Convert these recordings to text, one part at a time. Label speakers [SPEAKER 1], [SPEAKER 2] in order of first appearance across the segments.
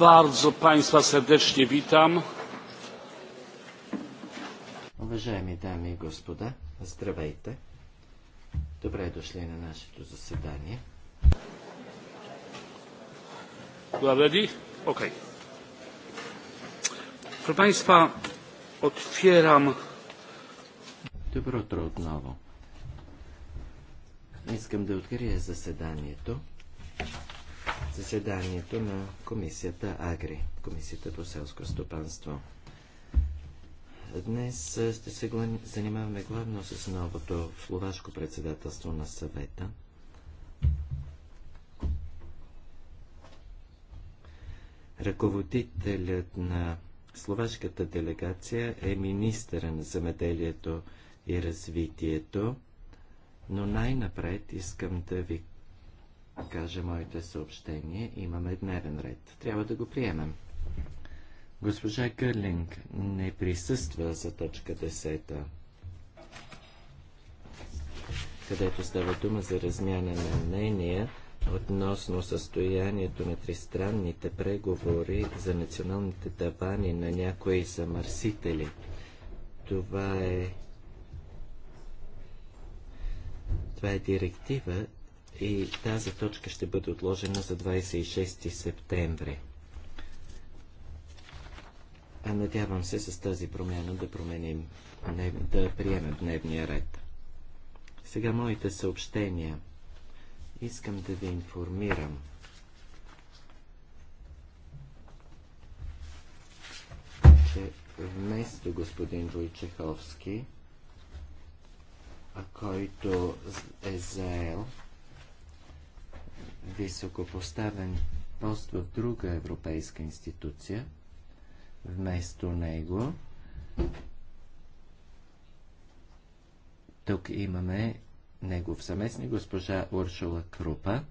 [SPEAKER 1] bardzo Państwa serdecznie witam. Уважаеми дами и господа, здравейте! Добре дошли на нашето заседание. Ready? Okay.
[SPEAKER 2] Proszę Państwa,
[SPEAKER 1] отвирам... Добро утро отново. Искам да открия заседанието заседанието на комисията Агри, комисията по селско стопанство. Днес ще се занимаваме главно с новото словашко председателство на съвета. Ръководителят на словашката делегация е министъра на земеделието и развитието, но най-напред искам да ви кажа моите съобщения. Имаме дневен ред. Трябва да го приемем. Госпожа Кърлинг не присъства за точка 10, където става дума за размяна на мнения относно състоянието на тристранните преговори за националните тавани на някои замърсители. Това е това е директива и тази точка ще бъде отложена за 26 септември. А надявам се с тази промяна да променим, да приемем дневния ред. Сега моите съобщения. Искам да ви информирам. че вместо господин Войчеховски, който е заел високопоставен пост в друга европейска институция, вместо него. Тук имаме негов съместник, госпожа Уршула Крупа.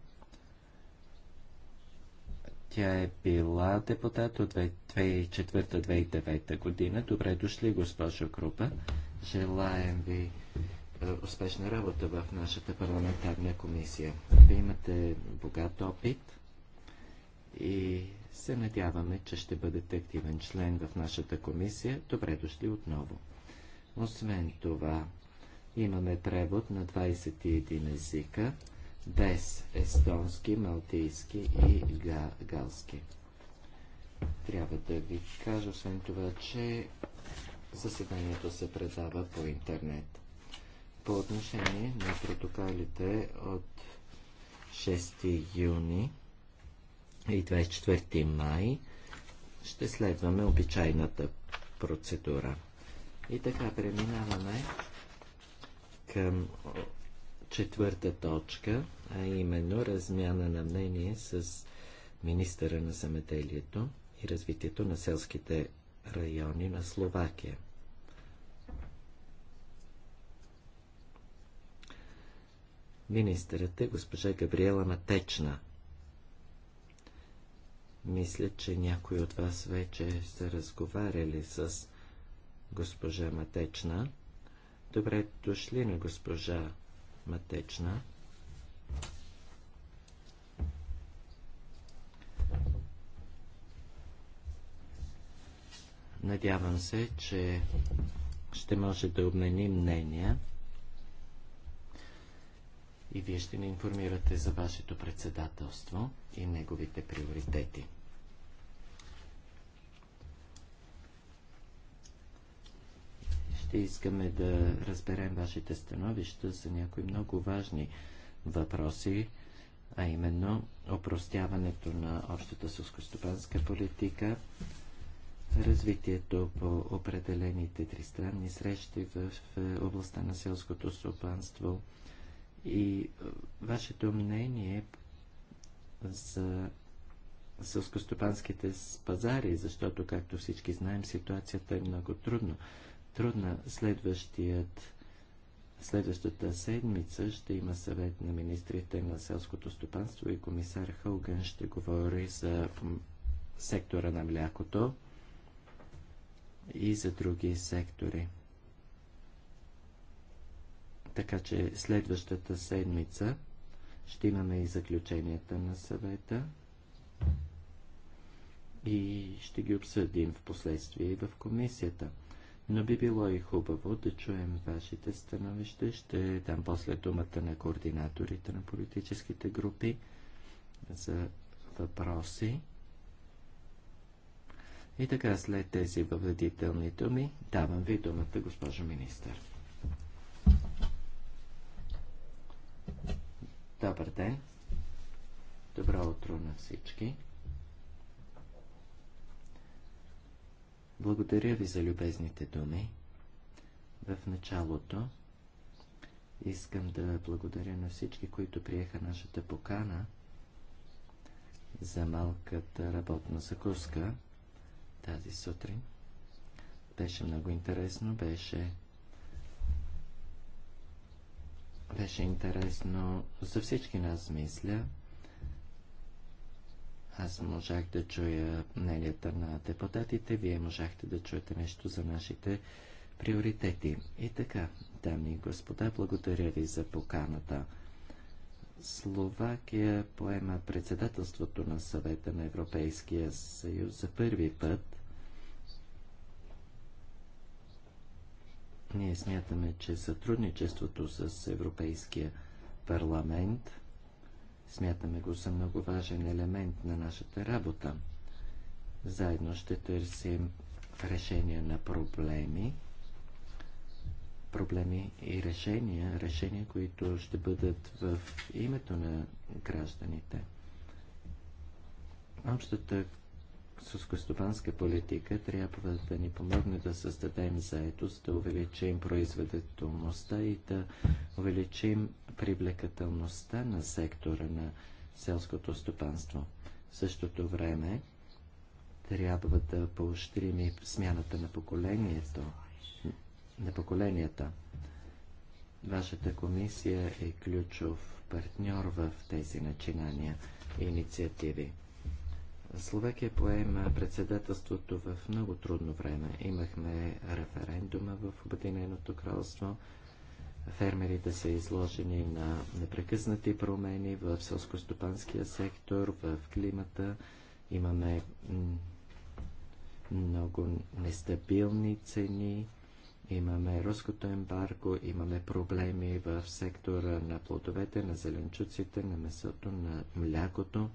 [SPEAKER 1] Тя е била депутат от 2004-2009 година. Добре дошли, госпожо Крупа. Желаем ви успешна работа в нашата парламентарна комисия. Вие имате богат опит и се надяваме, че ще бъдете активен член в нашата комисия. Добре дошли отново. Освен това, имаме превод на 21 езика без естонски, малтийски и галски. Трябва да ви кажа, освен това, че заседанието се предава по интернет по отношение на протоколите от 6 юни и 24 май ще следваме обичайната процедура. И така преминаваме към четвърта точка, а именно размяна на мнение с министъра на земеделието и развитието на селските райони на Словакия. Министърът е госпожа Габриела Матечна. Мисля, че някои от вас вече са разговаряли с госпожа Матечна. Добре дошли на госпожа Матечна. Надявам се, че ще може да обменим мнения и вие ще ни информирате за вашето председателство и неговите приоритети. Ще искаме да разберем вашите становища за някои много важни въпроси, а именно опростяването на общата сълскостопанска политика, развитието по определените тристранни срещи в е, областта на селското стопанство, и е, вашето мнение за сълскостопанските пазари, защото, както всички знаем, ситуацията е много трудно. трудна. Следващият, следващата седмица ще има съвет на министрите на селското стопанство и комисар Хълган ще говори за сектора на млякото и за други сектори. Така че следващата седмица ще имаме и заключенията на съвета и ще ги обсъдим в последствие и в комисията. Но би било и хубаво да чуем вашите становища. Ще дам после думата на координаторите на политическите групи за въпроси. И така, след тези въведителни думи, давам ви думата, госпожо министър. Добър ден! Добро утро на всички! Благодаря ви за любезните думи. В началото искам да благодаря на всички, които приеха нашата покана за малката работна закуска тази сутрин. Беше много интересно, беше беше интересно за всички нас, мисля. Аз можах да чуя мненията на депутатите, вие можахте да чуете нещо за нашите приоритети. И така, дами и господа, благодаря ви за поканата. Словакия поема председателството на съвета на Европейския съюз за първи път Ние смятаме, че сътрудничеството с Европейския парламент, смятаме го за много важен елемент на нашата работа. Заедно ще търсим решения на проблеми, проблеми и решения, решения, които ще бъдат в името на гражданите. Общата сускостопанска политика трябва да ни помогне да създадем заетост, да увеличим производителността и да увеличим привлекателността на сектора на селското стопанство. В същото време трябва да поощрим и смяната на поколението, на поколенията. Вашата комисия е ключов партньор в тези начинания и инициативи. Словакия поема председателството в много трудно време. Имахме референдума в Обединеното кралство. Фермерите са изложени на непрекъснати промени в селскостопанския сектор, в климата. Имаме много нестабилни цени. Имаме руското ембарго, имаме проблеми в сектора на плодовете, на зеленчуците, на месото, на млякото.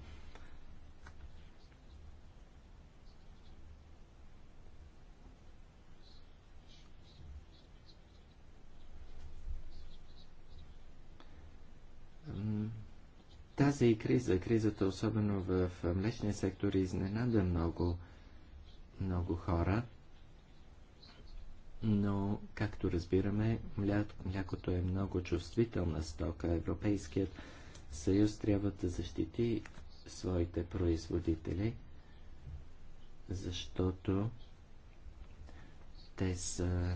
[SPEAKER 1] тази криза, кризата особено в млечния сектор, изненада много, много хора. Но, както разбираме, мля... млякото е много чувствителна стока. Европейският съюз трябва да защити своите производители, защото те са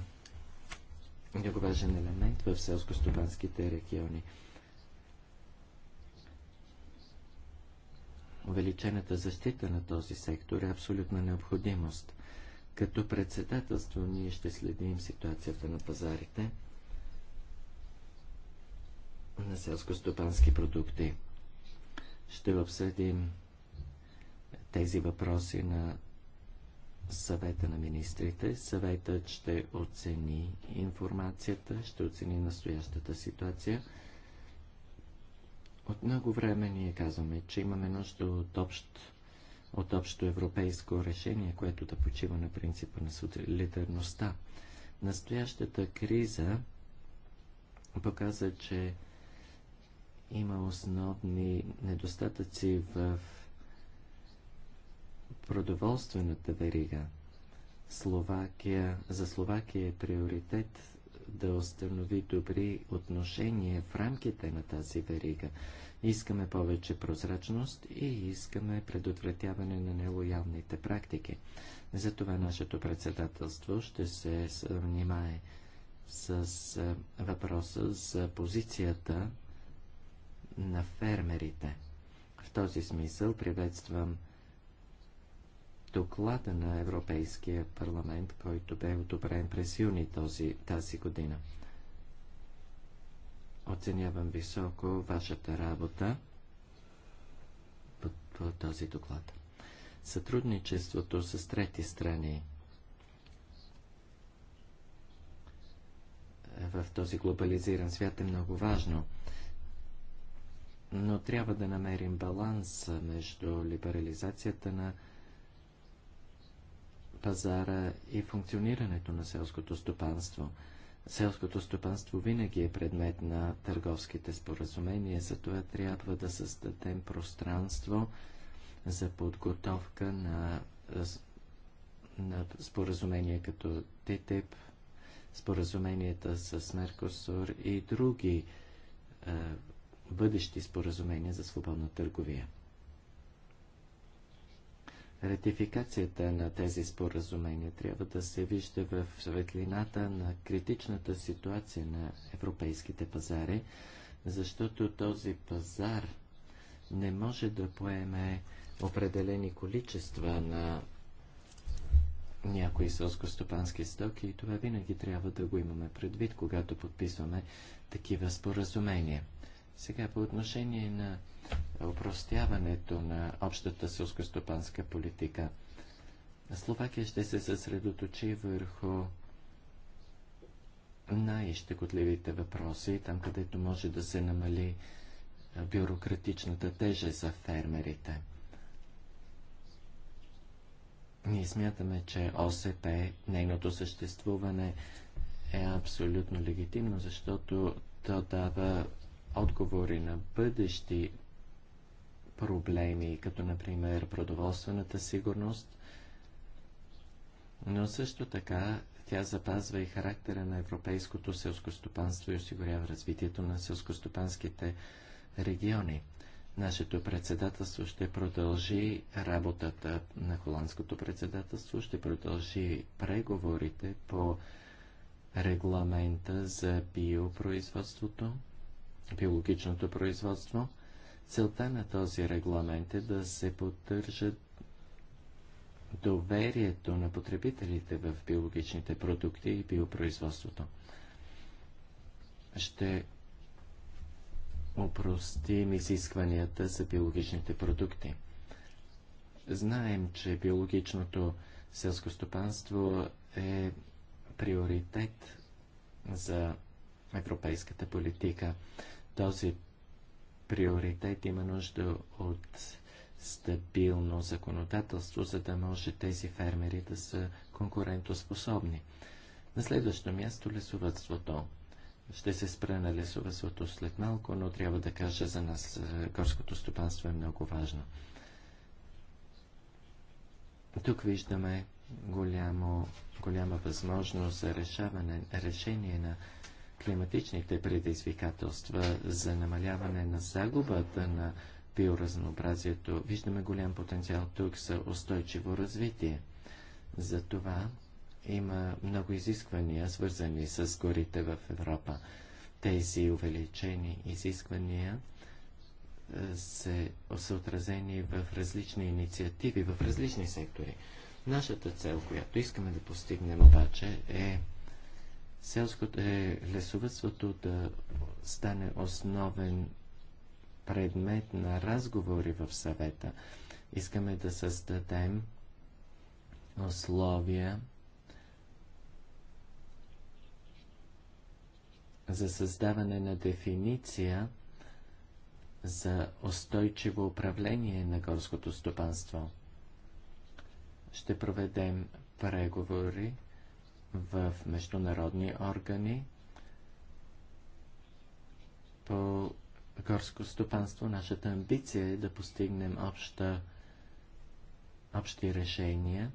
[SPEAKER 1] е много важен елемент в селско-стопанските региони. увеличената защита на този сектор е абсолютна необходимост. Като председателство ние ще следим ситуацията на пазарите на селско-стопански продукти. Ще обсъдим тези въпроси на съвета на министрите. Съветът ще оцени информацията, ще оцени настоящата ситуация от много време ние казваме, че имаме нужда от, общ, от общо европейско решение, което да почива на принципа на солидарността. Настоящата криза показа, че има основни недостатъци в продоволствената верига. Словакия, за Словакия е приоритет да установи добри отношения в рамките на тази верига. Искаме повече прозрачност и искаме предотвратяване на нелоялните практики. Затова нашето председателство ще се внимае с въпроса за позицията на фермерите. В този смисъл приветствам доклада на Европейския парламент, който бе одобрен през юни този, тази година. Оценявам високо вашата работа по, по този доклад. Сътрудничеството с трети страни в този глобализиран свят е много важно но трябва да намерим баланс между либерализацията на пазара и функционирането на селското стопанство. Селското стопанство винаги е предмет на търговските споразумения, затова трябва да създадем пространство за подготовка на, на споразумения като ТТИП, споразуменията с Меркосур и други е, бъдещи споразумения за свободна търговия. Ратификацията на тези споразумения трябва да се вижда в светлината на критичната ситуация на европейските пазари, защото този пазар не може да поеме определени количества на някои солско-стопански стоки и това винаги трябва да го имаме предвид, когато подписваме такива споразумения. Сега по отношение на упростяването на общата селскостопанска политика. Словакия ще се съсредоточи върху най-щекотливите въпроси, там където може да се намали бюрократичната тежест за фермерите. Ние смятаме, че ОСП, нейното съществуване е абсолютно легитимно, защото то дава отговори на бъдещи проблеми, като например продоволствената сигурност, но също така тя запазва и характера на европейското селскостопанство и осигурява развитието на селскостопанските региони. Нашето председателство ще продължи работата на холандското председателство, ще продължи преговорите по регламента за биопроизводството биологичното производство. Целта на този регламент е да се поддържат доверието на потребителите в биологичните продукти и биопроизводството. Ще упростим изискванията за биологичните продукти. Знаем, че биологичното селско стопанство е приоритет за европейската политика. Този приоритет има нужда от стабилно законодателство, за да може тези фермери да са конкурентоспособни. На следващо място лесовътството. Ще се спра на лесовътството след малко, но трябва да кажа за нас е, горското стопанство е много важно. Тук виждаме голямо, голяма възможност за решаване, решение на климатичните предизвикателства, за намаляване на загубата на биоразнообразието, виждаме голям потенциал тук за устойчиво развитие. Затова има много изисквания, свързани с горите в Европа. Тези увеличени изисквания е, се, са отразени в различни инициативи, в различни сектори. Нашата цел, която искаме да постигнем обаче е селското е лесовътството да стане основен предмет на разговори в съвета. Искаме да създадем условия за създаване на дефиниция за устойчиво управление на горското стопанство. Ще проведем преговори в международни органи по горско стопанство. Нашата амбиция е да постигнем обща, общи решения.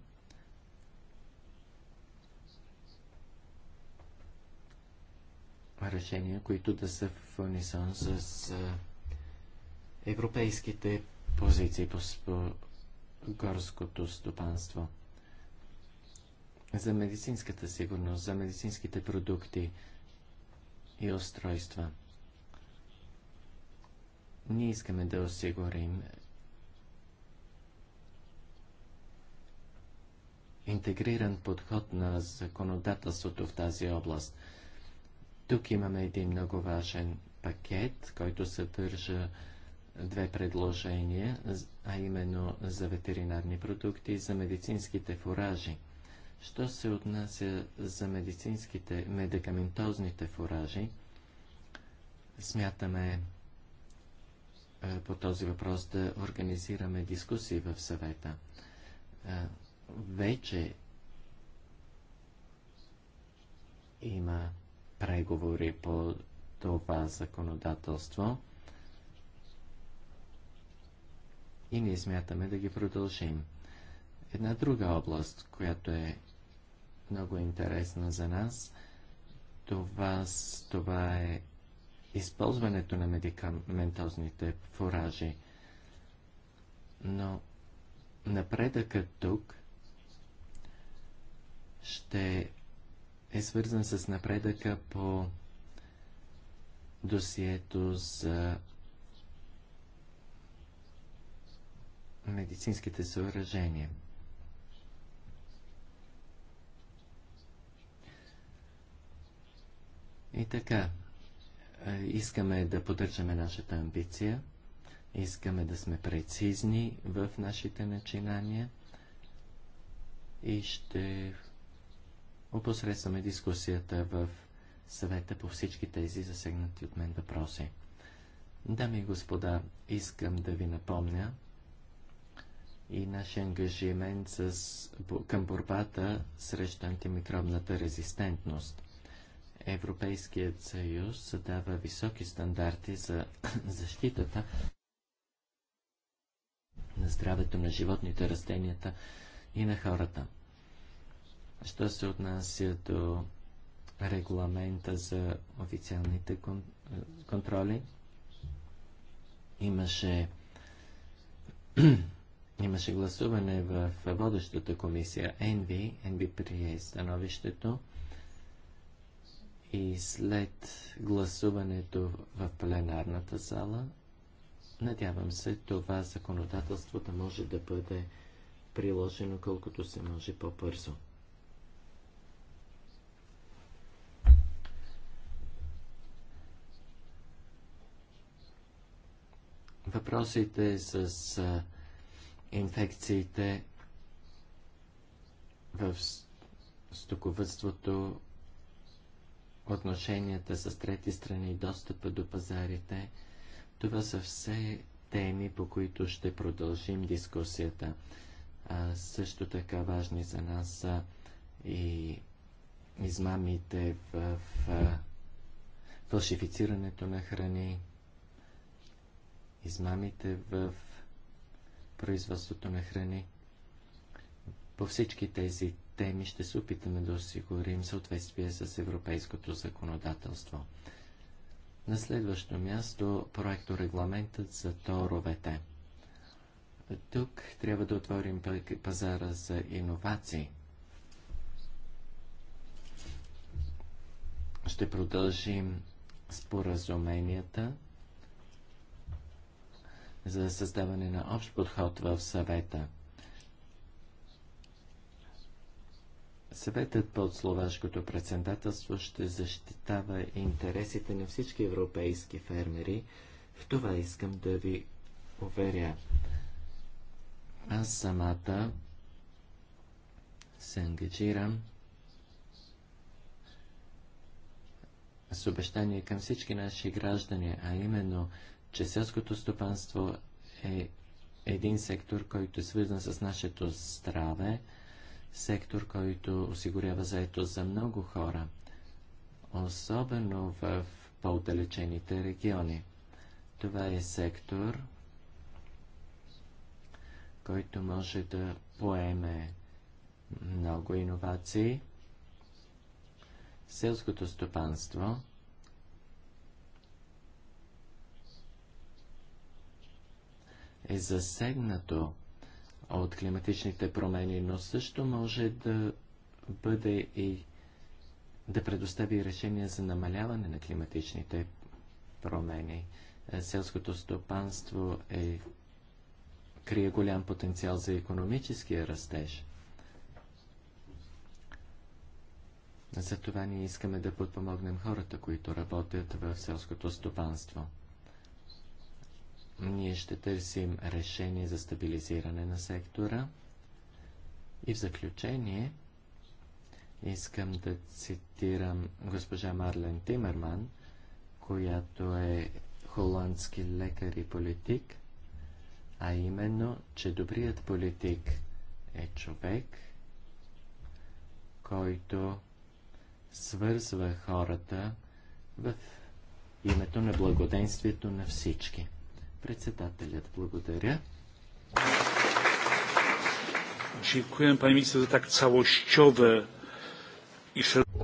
[SPEAKER 1] Решения, които да са в унисон с европейските позиции по горското стопанство за медицинската сигурност, за медицинските продукти и устройства. Ние искаме да осигурим интегриран подход на законодателството в тази област. Тук имаме един много важен пакет, който съдържа две предложения, а именно за ветеринарни продукти и за медицинските фуражи. Що се отнася за медицинските, медикаментозните фуражи, смятаме е, по този въпрос да организираме дискусии в съвета. Е, вече има преговори по това законодателство и ние смятаме да ги продължим. Една друга област, която е много интересна за нас. Това, това е използването на медикаментозните фуражи. Но напредъкът тук ще е свързан с напредъка по досието за медицинските съоръжения. И така, е, искаме да поддържаме нашата амбиция, искаме да сме прецизни в нашите начинания и ще опосредстваме дискусията в съвета по всички тези засегнати от мен въпроси. Дами и господа, искам да ви напомня и нашия ангажимент с, към борбата срещу антимикробната резистентност. Европейският съюз дава високи стандарти за защитата на здравето на животните, растенията и на хората. Що се отнася до регламента за официалните кон... Е, контроли, имаше имаше гласуване в водещата комисия НВ, ЕНВИ прие становището и след гласуването в пленарната зала, надявам се това законодателство да може да бъде приложено колкото се може по-бързо. Въпросите с инфекциите в стоковътството отношенията с трети страни и достъпа до пазарите. Това са все теми, по които ще продължим дискусията. А, също така важни за нас са и измамите в, в фалшифицирането на храни, измамите в производството на храни. По всички тези теми ще се опитаме да осигурим съответствие с европейското законодателство. На следващо място проекто регламентът за торовете. Тук трябва да отворим пазара за иновации. Ще продължим споразуменията за създаване на общ подход в съвета – Съветът под словашкото председателство ще защитава интересите на всички европейски фермери. В това искам да ви уверя. Аз самата се ангажирам с обещание към всички наши граждани, а именно, че селското стопанство е един сектор, който е свързан с нашето здраве, сектор, който осигурява заето за много хора, особено в по-отдалечените региони. Това е сектор, който може да поеме много иновации. Селското стопанство е засегнато от климатичните промени, но също може да бъде и да предостави решение за намаляване на климатичните промени. Е, селското стопанство е, крие голям потенциал за економическия растеж. Затова ние искаме да подпомогнем хората, които работят в селското стопанство. Ние ще търсим решение за стабилизиране на сектора. И в заключение искам да цитирам госпожа Марлен Тимерман, която е холандски лекар и политик, а именно, че добрият политик е човек, който свързва хората в името на благоденствието на всички. Председателят благодаря.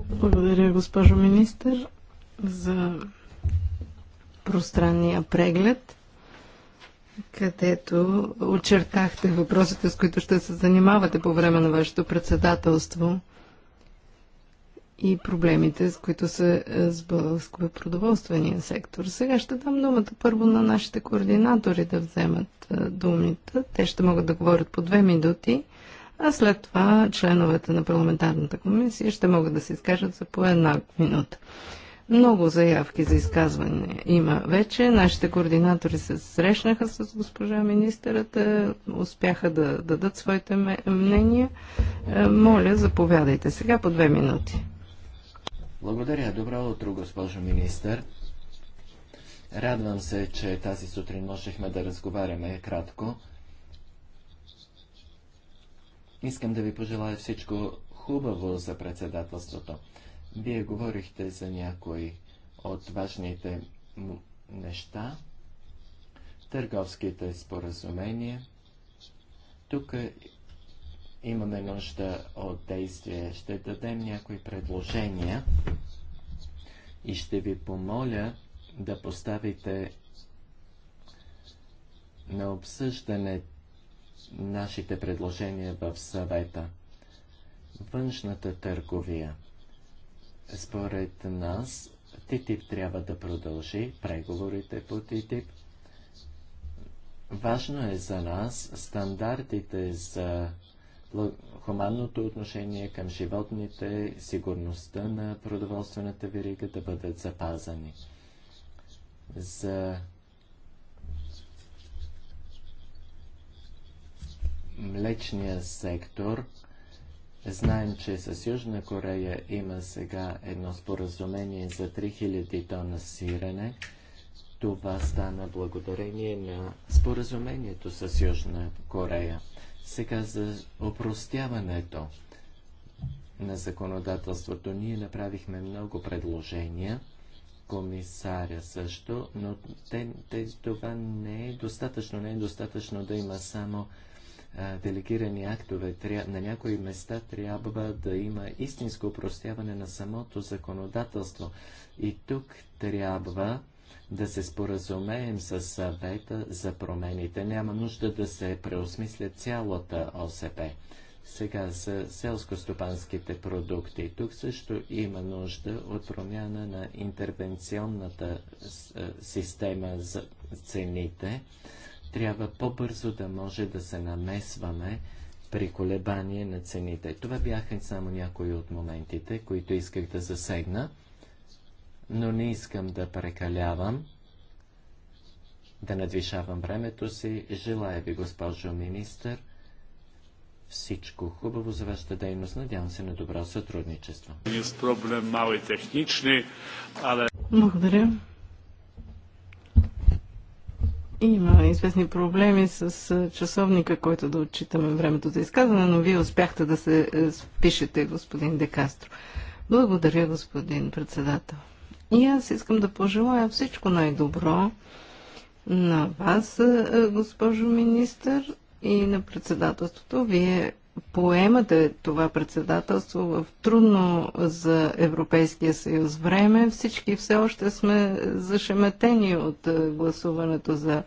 [SPEAKER 3] Благодаря, госпожо министър, за пространния преглед, където очертахте въпросите, с които ще се занимавате по време на вашето председателство и проблемите, с които се е, сблъсква продоволствения сектор. Сега ще дам думата първо на нашите координатори да вземат е, думите. Те ще могат да говорят по две минути, а след това членовете на парламентарната комисия ще могат да се изкажат за по една минута. Много заявки за изказване има вече. Нашите координатори се срещнаха с госпожа министърата, е, успяха да дадат своите мнения. Моля, заповядайте сега по две минути.
[SPEAKER 1] Благодаря. Добро утро, госпожо министър. Радвам се, че тази сутрин можехме да разговаряме кратко. Искам да ви пожелая всичко хубаво за председателството. Вие говорихте за някои от важните неща, търговските споразумения. Тук имаме нужда от действие. Ще дадем някои предложения и ще ви помоля да поставите на обсъждане нашите предложения в съвета. Външната търговия. Според нас ТТИП трябва да продължи преговорите по ТТИП. Важно е за нас стандартите за хуманното отношение към животните, сигурността на продоволствената верига да бъдат запазани. За млечния сектор знаем, че с Южна Корея има сега едно споразумение за 3000 тона сирене. Това стана благодарение на споразумението с Южна Корея. Сега за опростяването на законодателството. Ние направихме много предложения, комисаря също, но те, те, това не е достатъчно. Не е достатъчно да има само а, делегирани актове. Тря... На някои места трябва да има истинско опростяване на самото законодателство. И тук трябва да се споразумеем с съвета за промените. Няма нужда да се преосмисля цялата ОСП. Сега за селско-стопанските продукти. Тук също има нужда от промяна на интервенционната е, система за цените. Трябва по-бързо да може да се намесваме при колебание на цените. Това бяха само някои от моментите, които исках да засегна но не искам да прекалявам, да надвишавам времето си. Желая ви, госпожо министър, всичко хубаво за вашата дейност. Надявам се на добро сътрудничество.
[SPEAKER 2] проблем и технични, але...
[SPEAKER 3] Благодаря. Има известни проблеми с е, часовника, който да отчитаме времето за изказване, но вие успяхте да се впишете, е, господин Декастро. Благодаря, господин председател. И аз искам да пожелая всичко най-добро на вас, е, е, госпожо министър, и на председателството. Вие поемате това председателство в трудно за Европейския съюз време. Всички все още сме зашеметени от е, гласуването за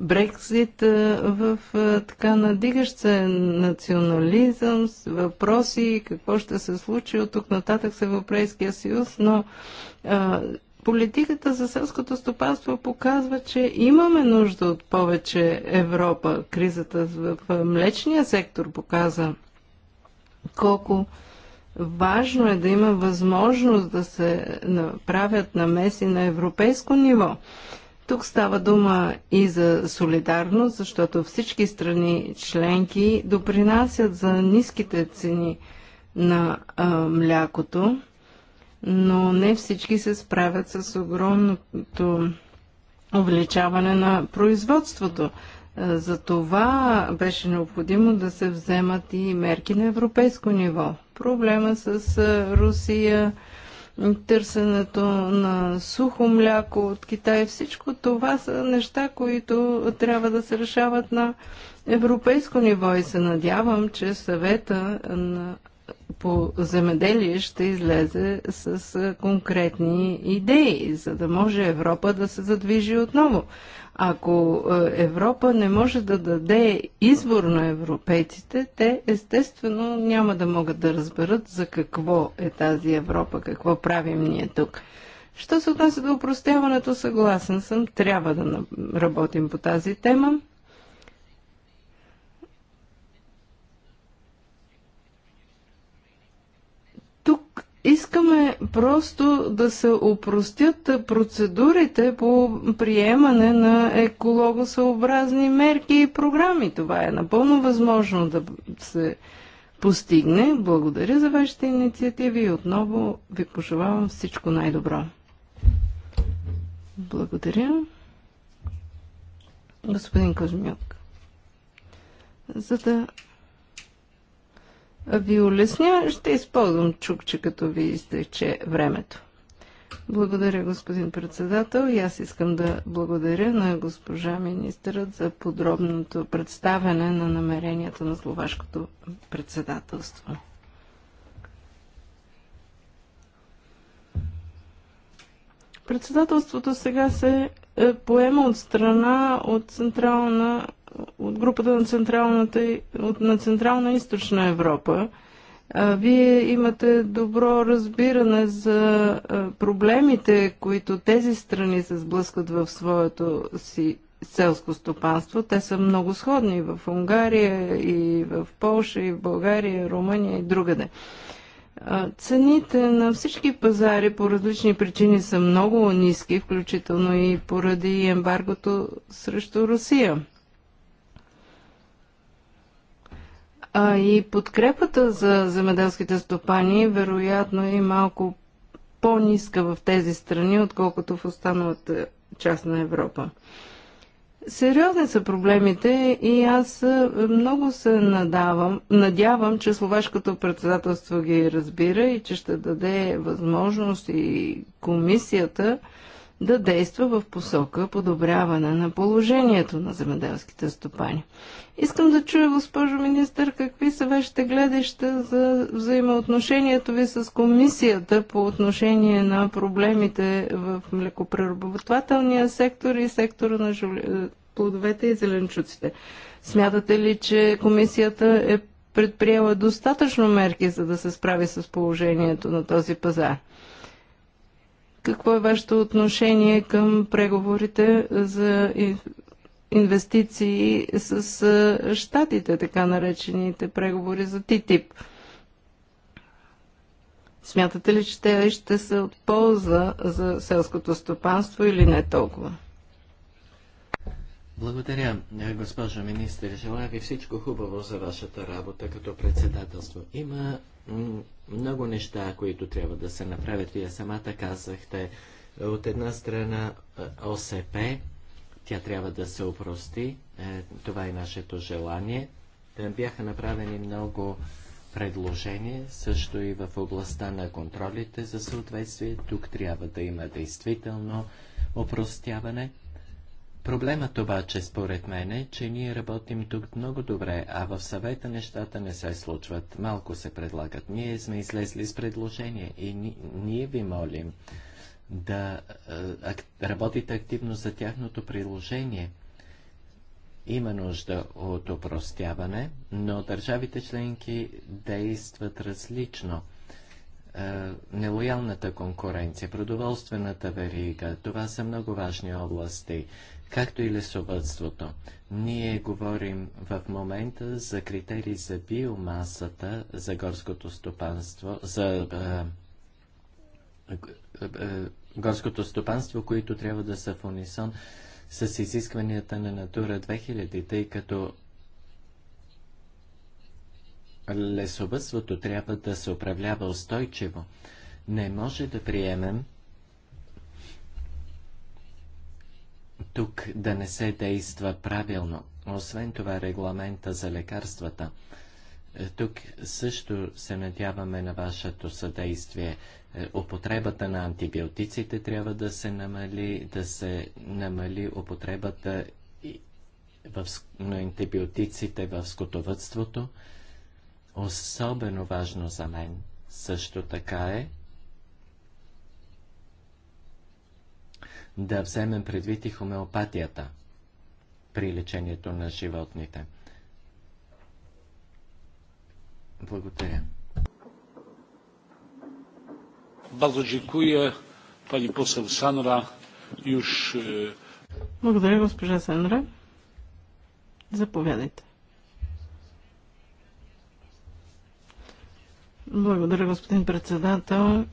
[SPEAKER 3] Брексит в така надигащ се национализъм, с въпроси какво ще се случи от тук нататък с Европейския съюз, но а, политиката за селското стопанство показва, че имаме нужда от повече Европа. Кризата в млечния сектор показа колко важно е да има възможност да се направят намеси на европейско ниво. Тук става дума и за солидарност, защото всички страни членки допринасят за ниските цени на а, млякото, но не всички се справят с огромното увеличаване на производството. За това беше необходимо да се вземат и мерки на европейско ниво. Проблема с Русия, търсенето на сухо мляко от Китай. Всичко това са неща, които трябва да се решават на европейско ниво и се надявам, че съвета на по земеделие ще излезе с конкретни идеи, за да може Европа да се задвижи отново. Ако е, Европа не може да даде избор на европейците, те естествено няма да могат да разберат за какво е тази Европа, какво правим ние тук. Що се отнася до упростяването, съгласен съм, трябва да работим по тази тема. Искаме просто да се опростят процедурите по приемане на екологосъобразни мерки и програми. Това е напълно възможно да се постигне. Благодаря за вашите инициативи и отново ви пожелавам всичко най-добро. Благодаря. Господин Козмюк, за да ви улесня, ще използвам чукче, като ви изтече времето. Благодаря, господин председател. И аз искам да благодаря на госпожа министърът за подробното представяне на намеренията на словашкото председателство. Председателството сега се е, поема от страна от Централна от групата на, централната, от, на Централна Източна Европа. А, вие имате добро разбиране за проблемите, които тези страни се сблъскат в своето си селско стопанство. Те са много сходни в Унгария и в Польша, и в България, Румъния и другаде. Цените на всички пазари по различни причини са много ниски, включително и поради ембаргото срещу Русия. А и подкрепата за земеделските стопани вероятно е малко по-ниска в тези страни, отколкото в останалата част на Европа. Сериозни са проблемите и аз много се надавам, надявам, че словашкото председателство ги разбира и че ще даде възможност и комисията да действа в посока подобряване на положението на земеделските стопани. Искам да чуя, госпожо министър, какви са вашите гледаща за взаимоотношението ви с комисията по отношение на проблемите в млекопреработвателния сектор и сектора на жули... плодовете и зеленчуците. Смятате ли, че комисията е предприела достатъчно мерки, за да се справи с положението на този пазар? Какво е вашето отношение към преговорите за инвестиции с щатите, така наречените преговори за ТИТИП? Смятате ли, че те ще са от полза за селското стопанство или не толкова?
[SPEAKER 1] Благодаря, госпожо министър. Желая ви всичко хубаво за вашата работа като председателство. Има много неща, които трябва да се направят. Вие самата казахте, от една страна е, ОСП, тя трябва да се опрости, е, това е нашето желание. Е, бяха направени много предложения, също и в областта на контролите за съответствие. Тук трябва да има действително опростяване. Проблемът обаче, според мен, е, че ние работим тук много добре, а в съвета нещата не се случват, малко се предлагат. Ние сме излезли с предложение и ни, ние ви молим да е, ак, работите активно за тяхното приложение. Има нужда от опростяване, но държавите членки действат различно е, нелоялната конкуренция, продоволствената верига. Това са много важни области както и лесовътството. Ние говорим в момента за критерии за биомасата, за горското стопанство, за е, е, горското стопанство, които трябва да са в унисон с изискванията на Натура 2000, тъй като лесовътството трябва да се управлява устойчиво. Не може да приемем тук да не се действа правилно. Освен това, регламента за лекарствата. Е, тук също се надяваме на вашето съдействие. Е, употребата на антибиотиците трябва да се намали, да се намали употребата в, на антибиотиците в скотовътството. Особено важно за мен също така е да вземем предвид и хомеопатията при лечението на животните. Благодаря.
[SPEAKER 2] Bardzo dziękuję pani poseł Już... E,
[SPEAKER 3] Благодаря, госпожа Сандра. Заповядайте. Благодаря, господин председател.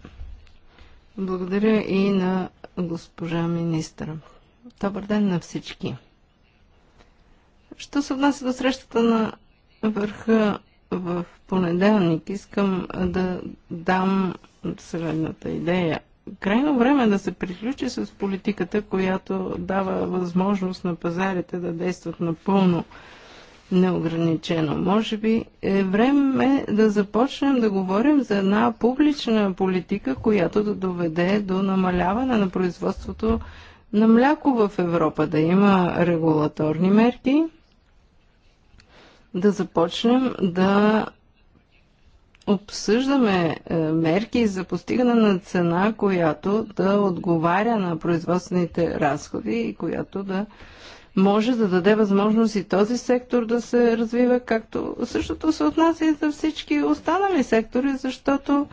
[SPEAKER 3] Благодаря и на госпожа министра. Добър ден на всички. Що се отнася до срещата на върха в понеделник, искам да дам следната идея. Крайно време е да се приключи с политиката, която дава възможност на пазарите да действат напълно неограничено. Може би е време да започнем да говорим за една публична политика, която да доведе до намаляване на производството на мляко в Европа, да има регулаторни мерки, да започнем да обсъждаме е, мерки за постигане на цена, която да отговаря на производствените разходи и която да може да даде възможност и този сектор да се развива, както същото се отнася и за всички останали сектори, защото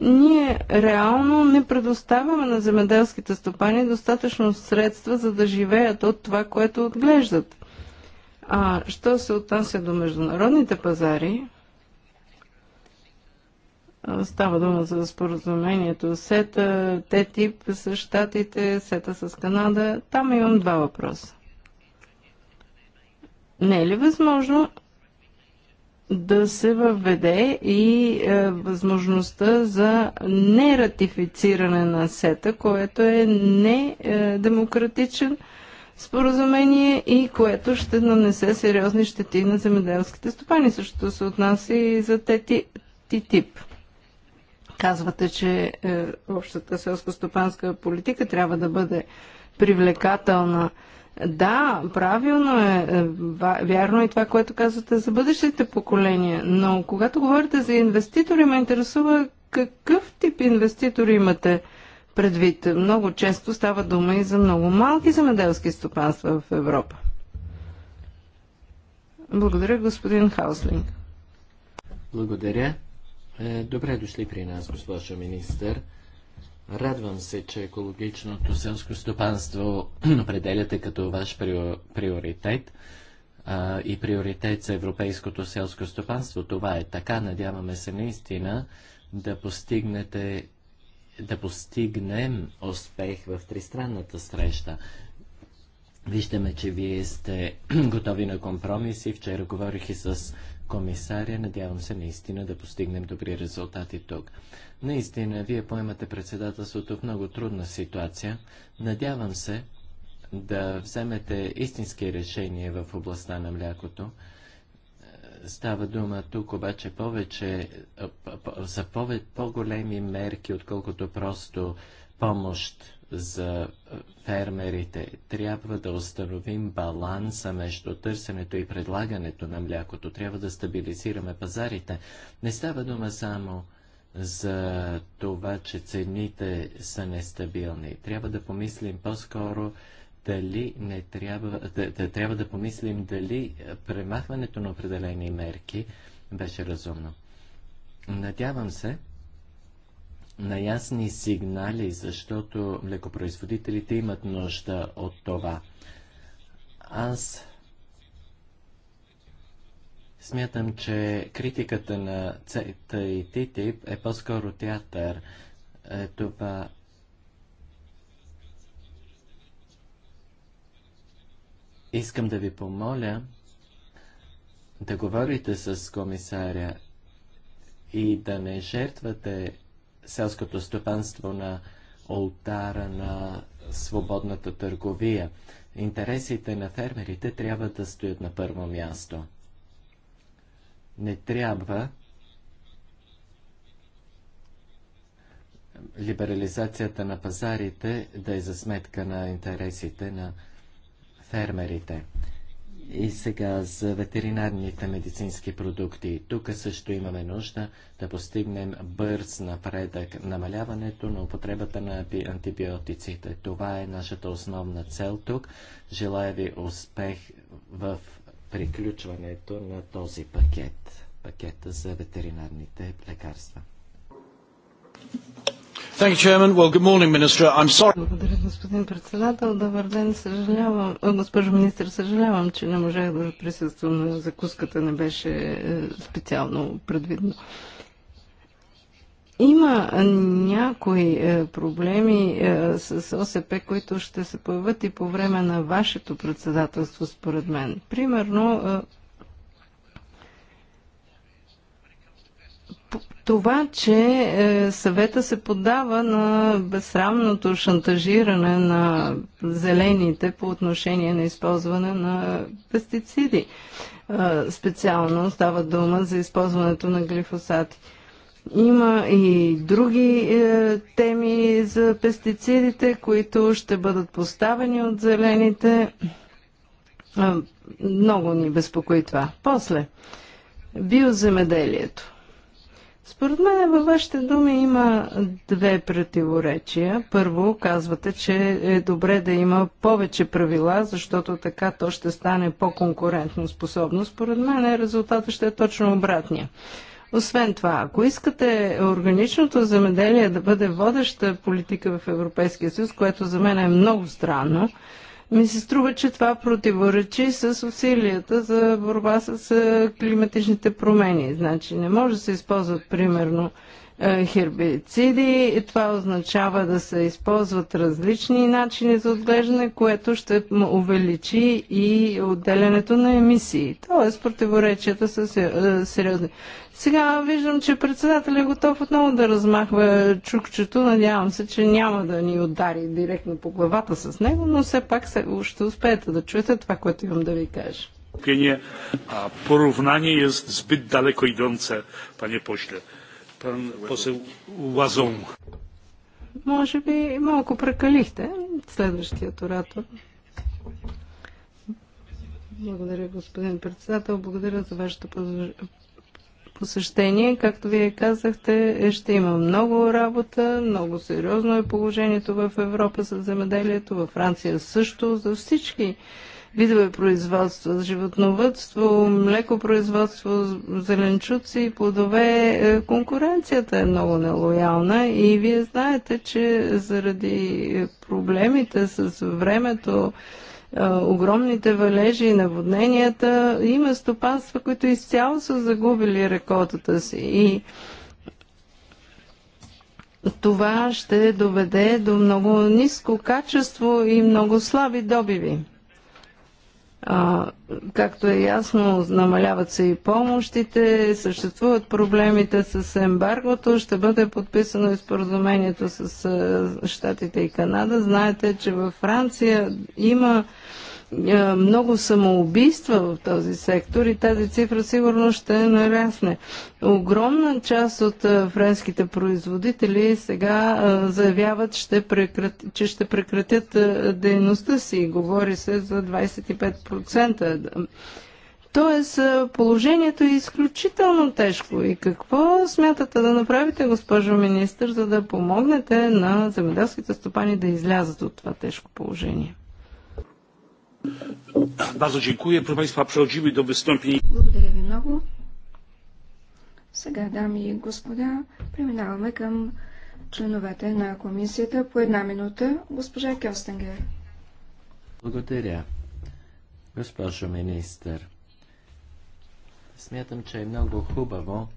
[SPEAKER 3] ние реално не предоставяме на земеделските стопани достатъчно средства, за да живеят от това, което отглеждат. А що се отнася до международните пазари, става дума за споразумението СЕТА, ТТИП с Штатите, СЕТА с Канада, там имам два въпроса. Не е ли възможно да се въведе и е, възможността за нератифициране на сета, което е недемократичен е, споразумение и което ще нанесе сериозни щети на земеделските стопани. Също се отнася и за тети, ТИТИП. Казвате, че е, общата селско-стопанска политика трябва да бъде привлекателна да, правилно е. е вярно е това, което казвате за бъдещите поколения. Но когато говорите за инвеститори, ме интересува какъв тип инвеститори имате предвид. Много често става дума и за много малки земеделски стопанства в Европа. Благодаря, господин Хауслинг.
[SPEAKER 1] Благодаря. Е, добре дошли при нас, госпожо министър. Радвам се, че екологичното селско стопанство определяте като ваш приоритет а, и приоритет за европейското селско стопанство. Това е така. Надяваме се наистина да постигнете да постигнем успех в тристранната среща. Виждаме, че вие сте готови на компромиси. Вчера говорих и с комисаря. Надявам се наистина да постигнем добри резултати тук. Наистина, вие поемате председателството в много трудна ситуация. Надявам се да вземете истински решения в областта на млякото. Става дума тук обаче повече за по-големи по мерки, отколкото просто помощ за фермерите. Трябва да установим баланса между търсенето и предлагането на млякото. Трябва да стабилизираме пазарите. Не става дума само за това, че цените са нестабилни. Трябва да помислим по-скоро дали не трябва, да, да, трябва да помислим дали премахването на определени мерки беше разумно. Надявам се на ясни сигнали, защото млекопроизводителите имат нужда от това. Аз Смятам, че критиката на ЦЕТА и ТИТИП е по-скоро театър. Е, това искам да ви помоля да говорите с комисаря и да не жертвате селското стопанство на олтара на свободната търговия. Интересите на фермерите трябва да стоят на първо място не трябва либерализацията на пазарите да е за сметка на интересите на фермерите. И сега за ветеринарните медицински продукти. Тук също имаме нужда да постигнем бърз напредък. Намаляването на употребата на антибиотиците. Това е нашата основна цел тук. Желая ви успех в приключването на този пакет, пакета за ветеринарните лекарства. Благодаря,
[SPEAKER 3] господин председател. Добър ден. Съжалявам, госпожо министр, съжалявам, че не можах да присъствам на закуската. Не беше е, специално предвидно. Има някои е, проблеми е, с ОСП, които ще се появят и по време на вашето председателство, според мен. Примерно, е, това, че съвета се поддава на безсрамното шантажиране на зелените по отношение на използване на пестициди. Специално става дума за използването на глифосати. Има и други е, теми за пестицидите, които ще бъдат поставени от зелените. Е, много ни безпокои това. После, биоземеделието. Според мен във вашите думи има две противоречия. Първо, казвате, че е добре да има повече правила, защото така то ще стане по-конкурентно способно. Според мен резултатът ще е точно обратния. Освен това, ако искате органичното земеделие да бъде водеща политика в Европейския съюз, което за мен е много странно, ми се струва, че това противоречи с усилията за борба с климатичните промени. Значи не може да се използват примерно е, хербициди. Това означава да се използват различни начини за отглеждане, което ще увеличи и отделянето на емисии. Тоест противоречията са е, сериозни. Сега виждам, че председателят е готов отново да размахва чукчето. Надявам се, че няма да ни удари директно по главата с него, но все пак ще успеете да чуете това, което имам да ви кажа.
[SPEAKER 2] Porównanie jest zbyt daleko idące, panie pośle. Pan poseł Łazą.
[SPEAKER 3] Може би малко прекалихте. следващия оратор. Благодаря, господин председател. Благодаря за вашето посещение. Както вие казахте, ще има много работа. Много сериозно е положението в Европа с земеделието, във Франция също. За всички видове производства, животновътство, млекопроизводство, зеленчуци и плодове, е, конкуренцията е много нелоялна и вие знаете, че заради проблемите с времето, е, огромните валежи и наводненията, има стопанства, които изцяло са загубили рекотата си. И това ще доведе до много ниско качество и много слаби добиви. А, както е ясно, намаляват се и помощите, съществуват проблемите с ембаргото, ще бъде подписано и споразумението с Штатите и Канада. Знаете, че във Франция има е, много самоубийства в този сектор и тази цифра сигурно ще нарасне. Огромна част от е, френските производители сега е, заявяват, ще прекрат... че ще прекратят дейността си. Говори се за 25%. Тоест, положението е изключително тежко. И какво смятате да направите, госпожо министр, за да помогнете на земеделските стопани да излязат от това тежко положение?
[SPEAKER 2] Bardzo dziękuję. Proszę Państwa, przechodzimy do wystąpień. Благодаря
[SPEAKER 4] ви много. Сега, дами и господа, преминаваме към членовете на комисията. По една минута, госпожа Кьостенгер.
[SPEAKER 1] Благодаря. Госпожо министър, смятам, че е много хубаво,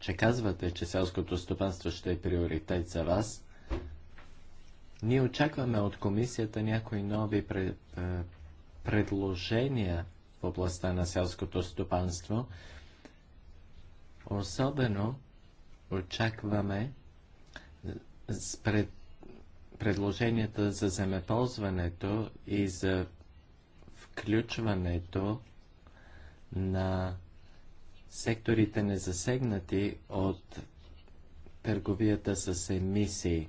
[SPEAKER 1] че казвате, че селското стопанство ще е приоритет за вас – ние очакваме от комисията някои нови е, предложения в областта на селското стопанство. Особено очакваме е, пред, предложенията за земеползването и за включването на секторите незасегнати от търговията с емисии.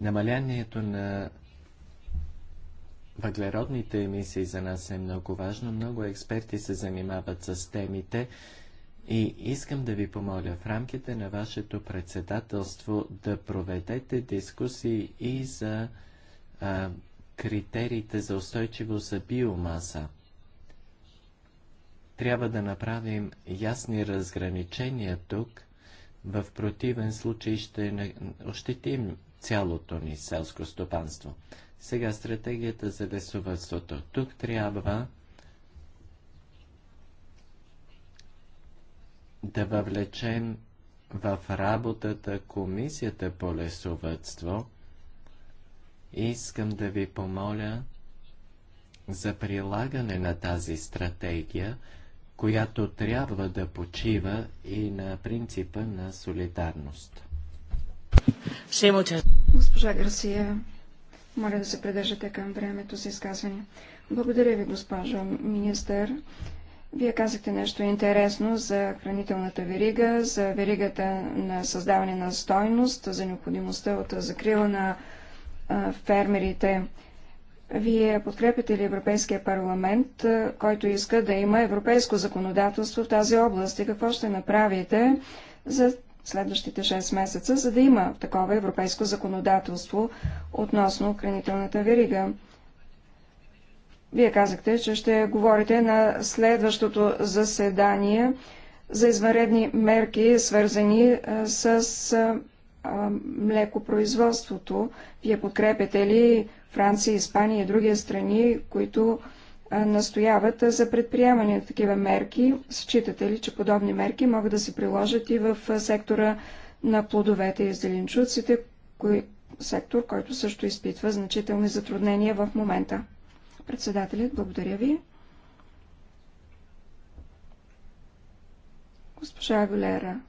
[SPEAKER 1] Намалянието на въглеродните емисии за нас е много важно. Много експерти се занимават с темите и искам да ви помоля в рамките на вашето председателство да проведете дискусии и за а, критериите за устойчиво за биомаса. Трябва да направим ясни разграничения тук, в противен случай ще ощетим цялото ни селско стопанство. Сега стратегията за лесовътството. Тук трябва да въвлечем в работата Комисията по лесовътство. Искам да ви помоля за прилагане на тази стратегия, която трябва да почива и на принципа на солидарност.
[SPEAKER 4] Госпожа Гарсия, моля да се придържате към времето за изказване. Благодаря ви, госпожо министър. Вие казахте нещо интересно за хранителната верига, за веригата на създаване на стойност, за необходимостта от закрила на фермерите. Вие подкрепите ли Европейския парламент, който иска да има европейско законодателство в тази област и какво ще направите, за следващите 6 месеца, за да има такова европейско законодателство относно хранителната верига. Вие казахте, че ще говорите на следващото заседание за извънредни мерки, свързани с млекопроизводството. Вие подкрепяте ли Франция, Испания и други страни, които настояват за предприемане на такива мерки. Считате ли, че подобни мерки могат да се приложат и в сектора на плодовете и зеленчуците, кои... сектор, който също изпитва значителни затруднения в момента? Председателят, благодаря ви. Госпожа Агулера.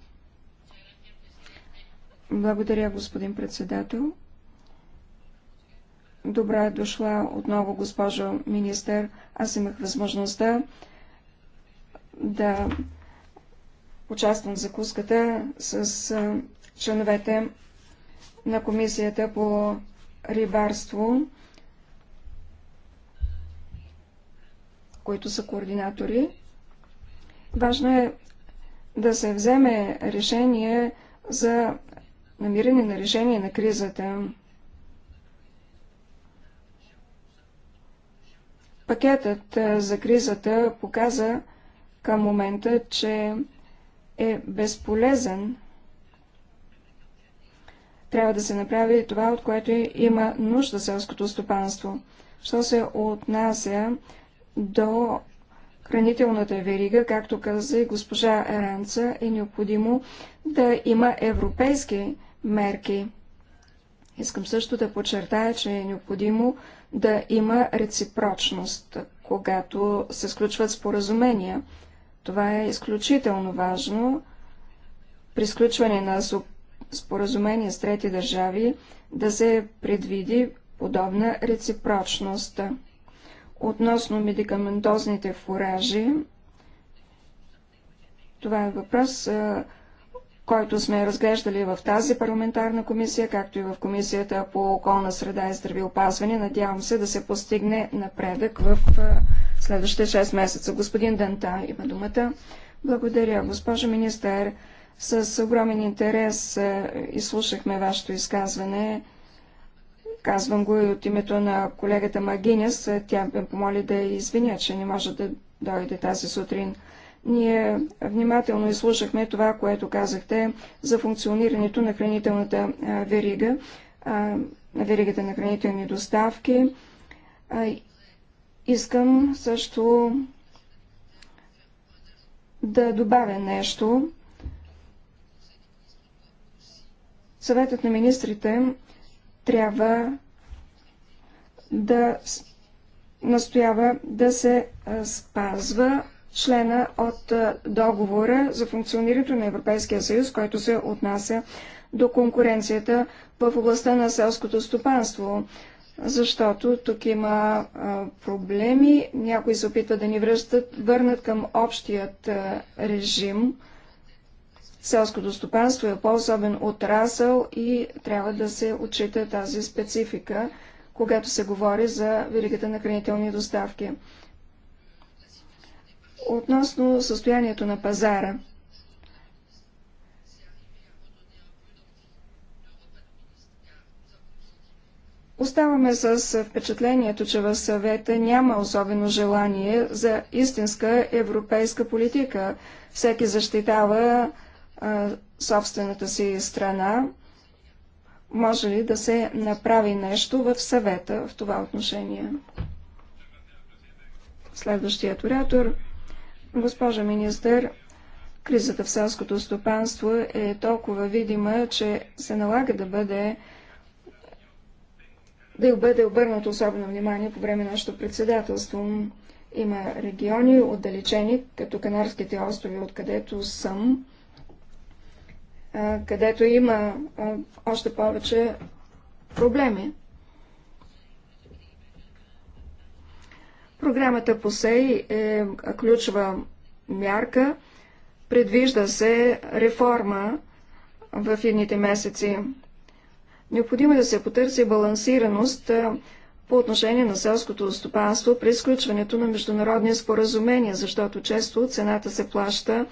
[SPEAKER 4] Благодаря, господин председател. Добре дошла отново, госпожо министър. Аз имах възможността да участвам в закуската с членовете на Комисията по рибарство, които са координатори. Важно е да се вземе решение за намиране на решение на кризата. Пакетът е, за кризата показа към момента, че е безполезен. Трябва да се направи това, от което има нужда селското стопанство. Що се отнася до хранителната верига, както каза и госпожа Еранца, е необходимо да има европейски мерки. Искам също да подчертая, че е необходимо да има реципрочност, когато се сключват споразумения. Това е изключително важно при сключване на споразумения с трети държави да се предвиди подобна реципрочност. Относно медикаментозните фуражи, това е въпрос, който сме разглеждали в тази парламентарна комисия, както и в комисията по околна среда и здравеопазване. Надявам се да се постигне напредък в следващите 6 месеца. Господин Данта има думата. Благодаря, госпожо министър. С огромен интерес изслушахме вашето изказване. Казвам го и от името на колегата Магинес. Тя ме помоли да извиня, че не може да дойде тази сутрин. Ние внимателно изслушахме това, което казахте за функционирането на хранителната верига, на веригата на хранителни доставки. Искам също да добавя нещо. Съветът на министрите трябва да настоява да се спазва члена от е, договора за функционирането на Европейския съюз, който се отнася до конкуренцията в областта на селското стопанство, защото тук има е, проблеми. Някои се опитват да ни връщат, върнат към общият е, режим. Селското стопанство е по-особен отрасъл и трябва да се отчита тази специфика, когато се говори за веригата на хранителни доставки. Относно състоянието на пазара. Оставаме с впечатлението, че в съвета няма особено желание за истинска европейска политика. Всеки защитава а, собствената си страна. Може ли да се направи нещо в съвета в това отношение? Следващият оратор. Госпожа министър, кризата в селското стопанство е толкова видима, че се налага да бъде да бъде обърнато особено внимание по време на нашето председателство. Има региони отдалечени, като Канарските острови, откъдето съм, където има още повече проблеми. Програмата ПОСЕЙ е ключова мярка. Предвижда се реформа в едните месеци. Необходимо е да се потърси балансираност по отношение на селското стопанство при изключването на международни споразумения, защото често цената се плаща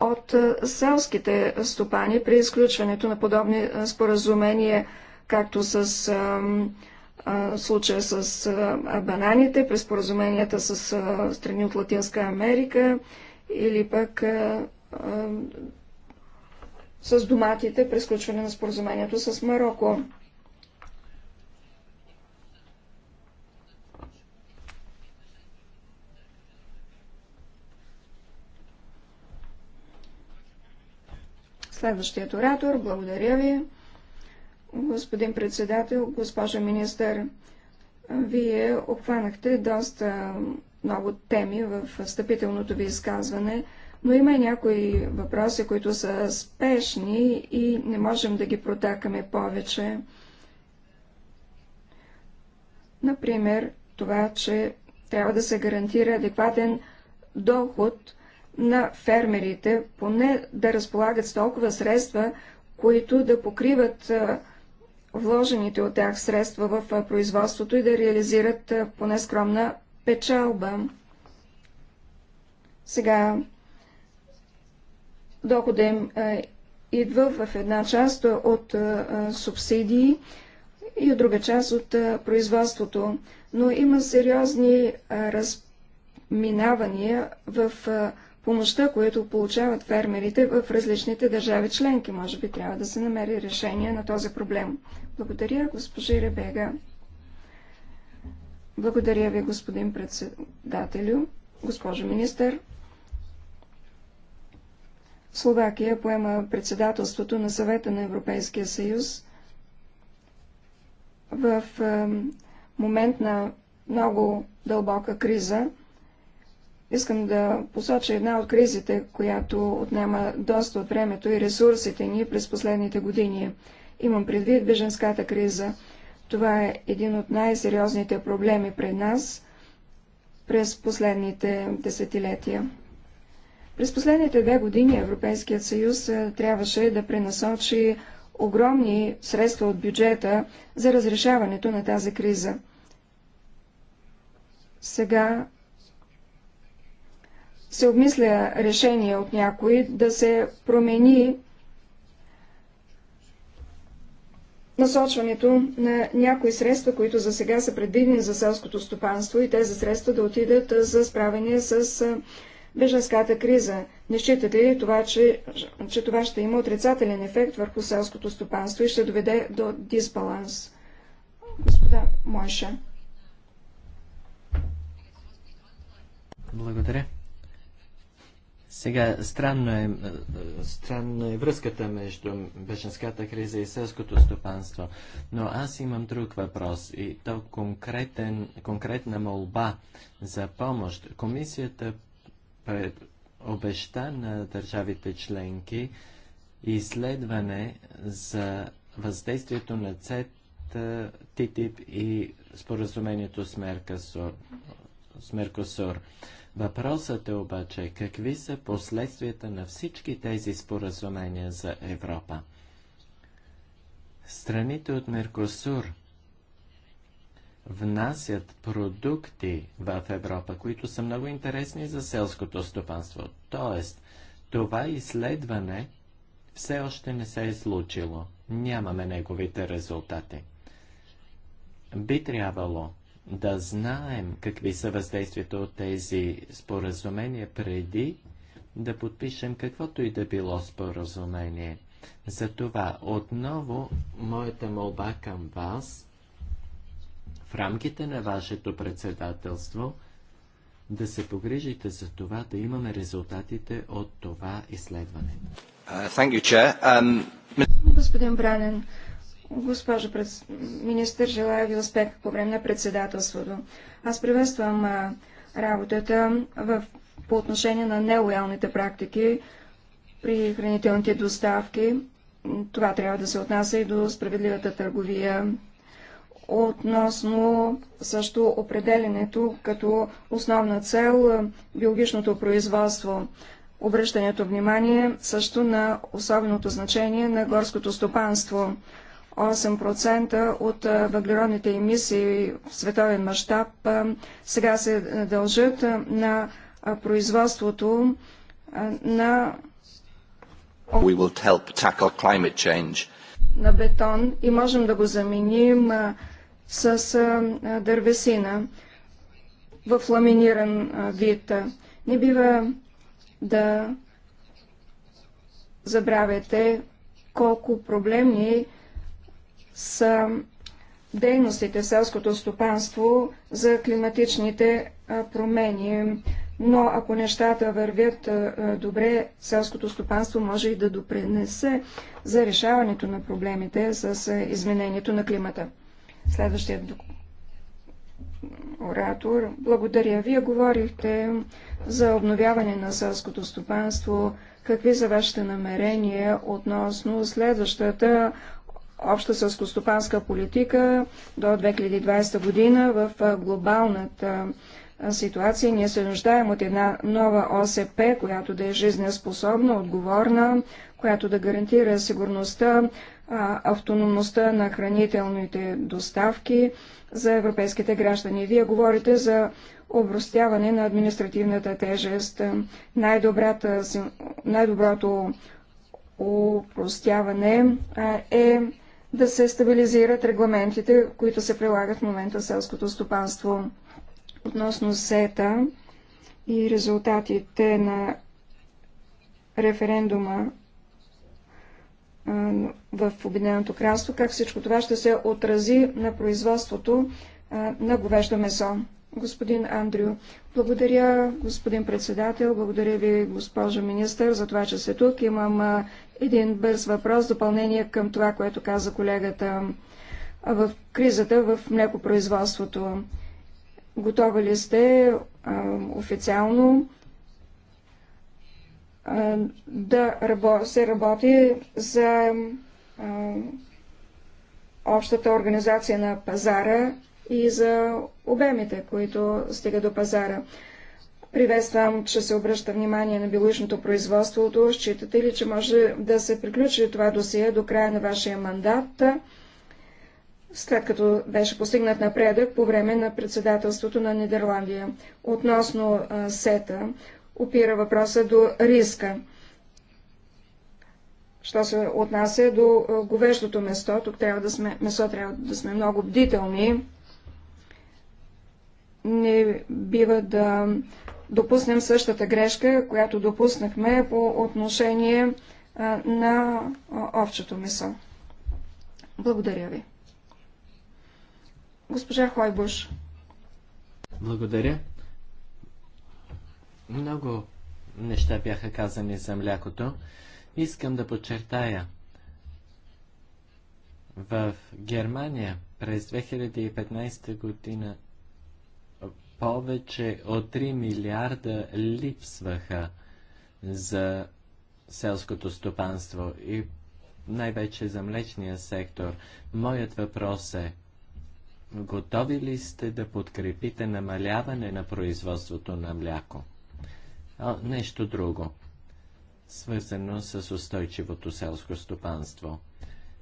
[SPEAKER 4] от селските стопани при изключването на подобни споразумения, както с случая с бананите, през споразуменията с страни от Латинска Америка или пък с доматите през включване на споразумението с Марокко. Следващият оратор, благодаря ви. Господин председател, госпожа министър, вие обхванахте доста много теми в встъпителното ви изказване, но има и някои въпроси, които са спешни и не можем да ги протакаме повече. Например, това, че трябва да се гарантира адекватен доход на фермерите, поне да разполагат с толкова средства, които да покриват а, вложените от тях средства в производството и да реализират поне скромна печалба. Сега дохода им идва в една част от субсидии и от друга част от производството, но има сериозни разминавания в помощта, която получават фермерите в различните държави членки. Може би трябва да се намери решение на този проблем. Благодаря, госпожи Ребега. Благодаря ви, господин председателю, госпожо министър. Словакия поема председателството на съвета на Европейския съюз в момент на много дълбока криза – Искам да посоча една от кризите, която отнема доста от времето и ресурсите ни през последните години. Имам предвид беженската криза. Това е един от най-сериозните проблеми пред нас през последните десетилетия. През последните две години Европейският съюз е, трябваше да пренасочи огромни средства от бюджета за разрешаването на тази криза. Сега се обмисля решение от някой да се промени насочването на някои средства, които за сега са предвидени за селското стопанство и тези средства да отидат за справяне с беженската криза. Не считате ли това, че, че това ще има отрицателен ефект върху селското стопанство и ще доведе до дисбаланс? Господа Мойша.
[SPEAKER 1] Благодаря. Сега, странно е, е, е, странно е връзката между беженската криза и селското стопанство, но аз имам друг въпрос и то конкретен, конкретна молба за помощ. Комисията пред, обеща на държавите членки изследване за въздействието на ЦЕТ, е, ТИТИП и споразумението с Меркосур. С Меркосур. Въпросът е обаче какви са последствията на всички тези споразумения за Европа. Страните от Меркосур внасят продукти в Европа, които са много интересни за селското стопанство. Тоест, това изследване все още не се е случило. Нямаме неговите резултати. Би трябвало да знаем какви са въздействията от тези споразумения преди да подпишем каквото и да било споразумение. Затова отново моята молба към вас в рамките на вашето председателство да се погрижите за това да имаме резултатите от това изследване. Uh,
[SPEAKER 4] you, um... Господин Бранен, Госпожо министър, желая ви успех по време на председателството. Аз приветствам а, работата в... по отношение на нелоялните практики при хранителните доставки. Това трябва да се отнася и до справедливата търговия относно също определенето като основна цел биологичното производство обръщането внимание също на особеното значение на горското стопанство. 8% от въглеродните емисии в световен мащаб сега се дължат на производството на на бетон и можем да го заменим с дървесина в ламиниран вид. Не бива да забравяте колко проблемни са дейностите в селското стопанство за климатичните промени. Но ако нещата вървят добре, селското стопанство може и да допринесе за решаването на проблемите с изменението на климата. Следващият оратор. Благодаря. Вие говорихте за обновяване на селското стопанство. Какви са вашите намерения относно следващата обща сълскостопанска политика до 2020 година в глобалната ситуация. Ние се нуждаем от една нова ОСП, която да е жизнеспособна, отговорна, която да гарантира сигурността, автономността на хранителните доставки за европейските граждани. Вие говорите за обростяване на административната тежест, най-доброто най упростяване е да се стабилизират регламентите, които се прилагат в момента в селското стопанство. Относно сета и резултатите на референдума в Обединеното кралство, как всичко това ще се отрази на производството на говеждо месо. Господин Андрю, благодаря, господин председател, благодаря ви, госпожо министър, за това, че сте тук. Имам един бърз въпрос, допълнение към това, което каза колегата в кризата в млекопроизводството. Готова ли сте а, официално а, да рабо, се работи за а, общата организация на пазара и за обемите, които стига до пазара? Приветствам, че се обръща внимание на биологичното производството. Считате ли, че може да се приключи това досие до края на вашия мандат, след като беше постигнат напредък по време на председателството на Нидерландия? Относно сета, опира въпроса до риска. Що се отнася до говеждото место. тук трябва да сме, месо трябва да сме много бдителни. Не бива да допуснем същата грешка, която допуснахме по отношение на овчето месо. Благодаря ви. Госпожа Хойбуш.
[SPEAKER 1] Благодаря. Много неща бяха казани за млякото. Искам да подчертая. В Германия през 2015 година повече от 3 милиарда липсваха за селското стопанство и най-вече за млечния сектор. Моят въпрос е, готови ли сте да подкрепите намаляване на производството на мляко? А, нещо друго, свързано с устойчивото селско стопанство.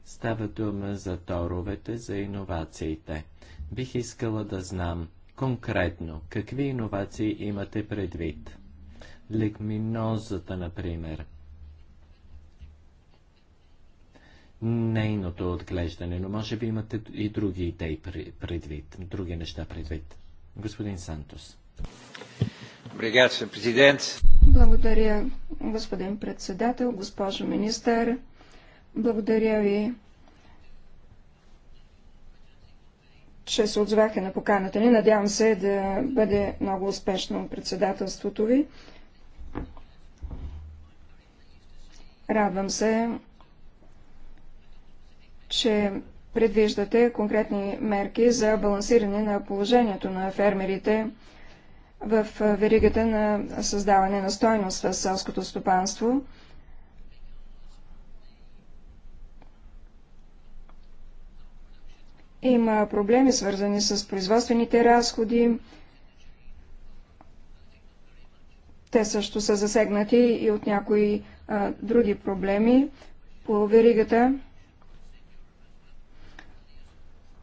[SPEAKER 1] Става дума за торовете, за иновациите. Бих искала да знам – Конкретно, какви иновации имате предвид? Лигминозата, например. Нейното отглеждане, но може би имате и други идеи предвид, други неща предвид. Господин Сантос.
[SPEAKER 4] Благодаря, господин председател, госпожо министър. Благодаря ви че се отзваха на поканата ни. Надявам се да бъде много успешно председателството ви. Радвам се, че предвиждате конкретни мерки за балансиране на положението на фермерите в веригата на създаване на стойност в селското стопанство. Има проблеми, свързани с производствените разходи. Те също са засегнати и от някои а, други проблеми по веригата.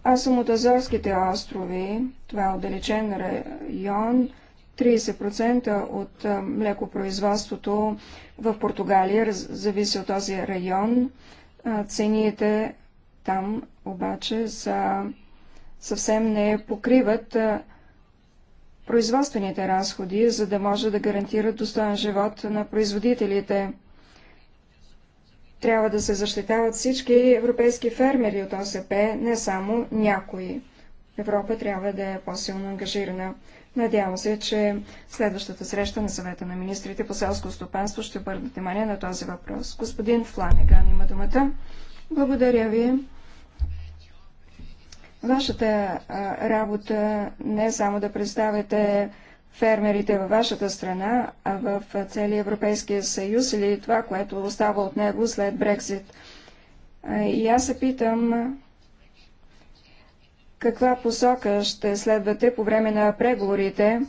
[SPEAKER 4] Аз съм от Азорските острови. Това е отдалечен район. 30% от млекопроизводството в Португалия зависи от този район. цените там обаче са, съвсем не покриват производствените разходи, за да може да гарантират достоен живот на производителите. Трябва да се защитават всички европейски фермери от ОСП, не само някои. Европа трябва да е по-силно ангажирана. Надявам се, че следващата среща на съвета на министрите по селско стопанство ще обърнат внимание на този въпрос. Господин Фланеган има думата. Благодаря ви. Вашата работа не е само да представяте фермерите във вашата страна, а в целия Европейския съюз или това, което остава от него след Брекзит. И аз се питам каква посока ще следвате по време на преговорите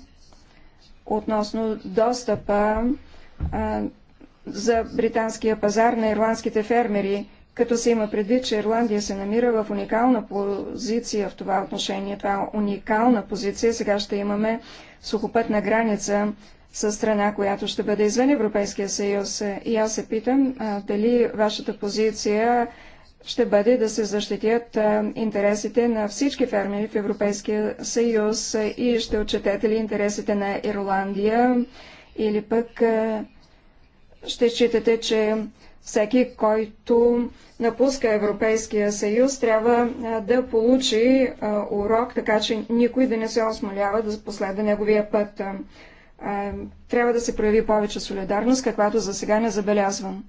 [SPEAKER 4] относно достъпа а, за британския пазар на ирландските фермери като се има предвид, че Ирландия се намира в уникална позиция в това отношение. Това е уникална позиция. Сега ще имаме сухопътна граница с страна, която ще бъде извън Европейския съюз. И аз се питам а, дали вашата позиция ще бъде да се защитят а, интересите на всички фермери в Европейския съюз а, и ще отчетете ли интересите на Ирландия или пък ще считате, че всеки, който напуска Европейския съюз, трябва да получи урок, така че никой да не се осмолява да последва неговия път. Трябва да се прояви повече солидарност, каквато за сега не забелязвам.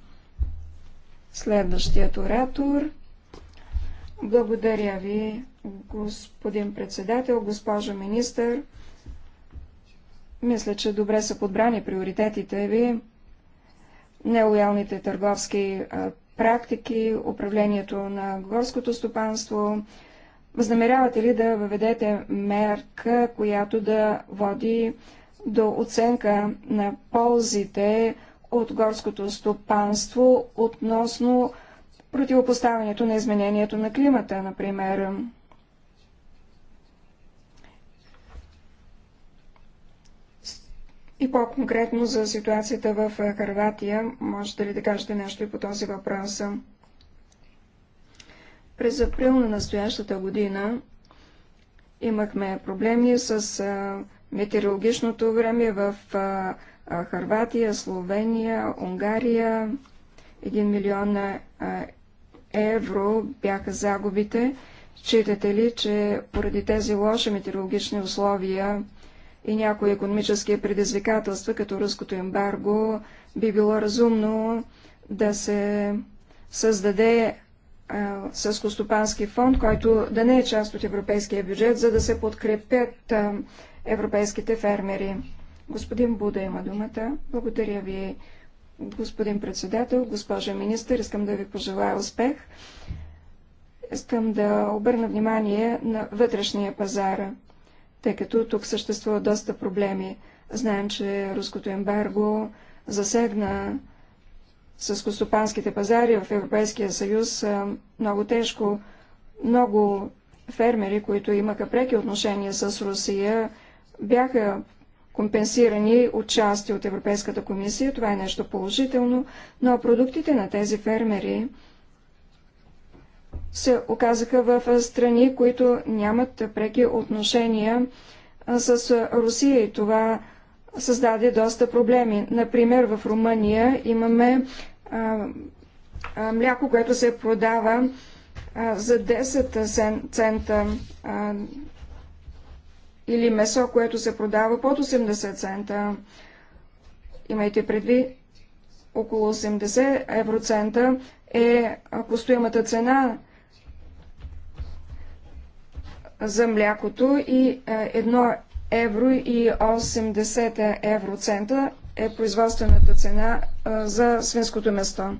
[SPEAKER 4] Следващият оратор. Благодаря ви, господин председател, госпожо министър. Мисля, че добре са подбрани приоритетите ви нелоялните търговски практики, управлението на горското стопанство. Възнамерявате ли да въведете мерка, която да води до оценка на ползите от горското стопанство относно противопоставянето на изменението на климата, например? И по-конкретно за ситуацията в Харватия, можете ли да кажете нещо и по този въпрос? През април на настоящата година имахме проблеми с метеорологичното време в Харватия, Словения, Унгария. 1 милион евро бяха загубите. Считате ли, че поради тези лоши метеорологични условия и някои економически предизвикателства, като руското ембарго, би било разумно да се създаде съскостопански фонд, който да не е част от европейския бюджет, за да се подкрепят а, европейските фермери. Господин Буда има думата. Благодаря ви, господин председател, госпожа министър. Искам да ви пожелая успех. Искам да обърна внимание на вътрешния пазар тъй като тук съществуват доста проблеми. Знаем, че руското ембарго засегна с костопанските пазари в Европейския съюз много тежко. Много фермери, които имаха преки отношения с Русия, бяха компенсирани от части от Европейската комисия. Това е нещо положително, но продуктите на тези фермери се оказаха в страни, които нямат преки отношения с Русия и това създаде доста проблеми. Например, в Румъния имаме мляко, което се продава за 10 цента или месо, което се продава под 80 цента. Имайте предвид, около 80 евроцента е постоямата цена за млякото и 1 е, евро и 80 евроцента е производствената цена е, за свинското место.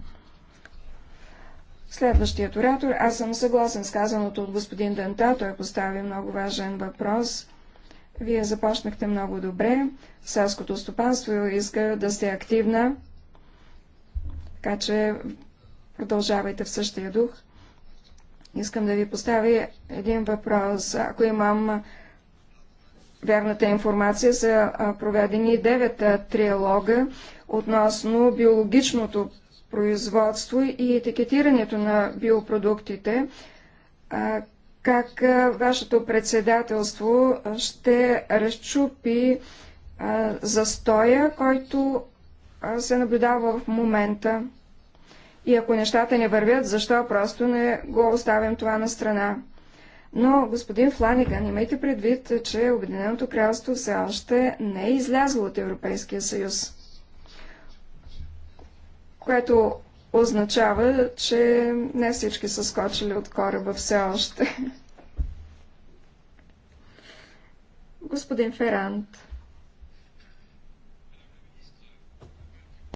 [SPEAKER 4] Следващият оратор. Аз съм съгласен с казаното от господин Данта. Той постави много важен въпрос. Вие започнахте много добре. Селското стопанство иска да сте активна. Така че продължавайте в същия дух. Искам да ви поставя един въпрос. Ако имам вярната информация са проведени 9 триалога относно биологичното производство и етикетирането на биопродуктите. Как вашето председателство ще разчупи застоя, който се наблюдава в момента? И ако нещата не вървят, защо просто не го оставим това на страна? Но, господин Фланиган, имайте предвид, че Обединеното кралство все още не е излязло от Европейския съюз, което означава, че не всички са скочили от кораба все още. Господин Ферант.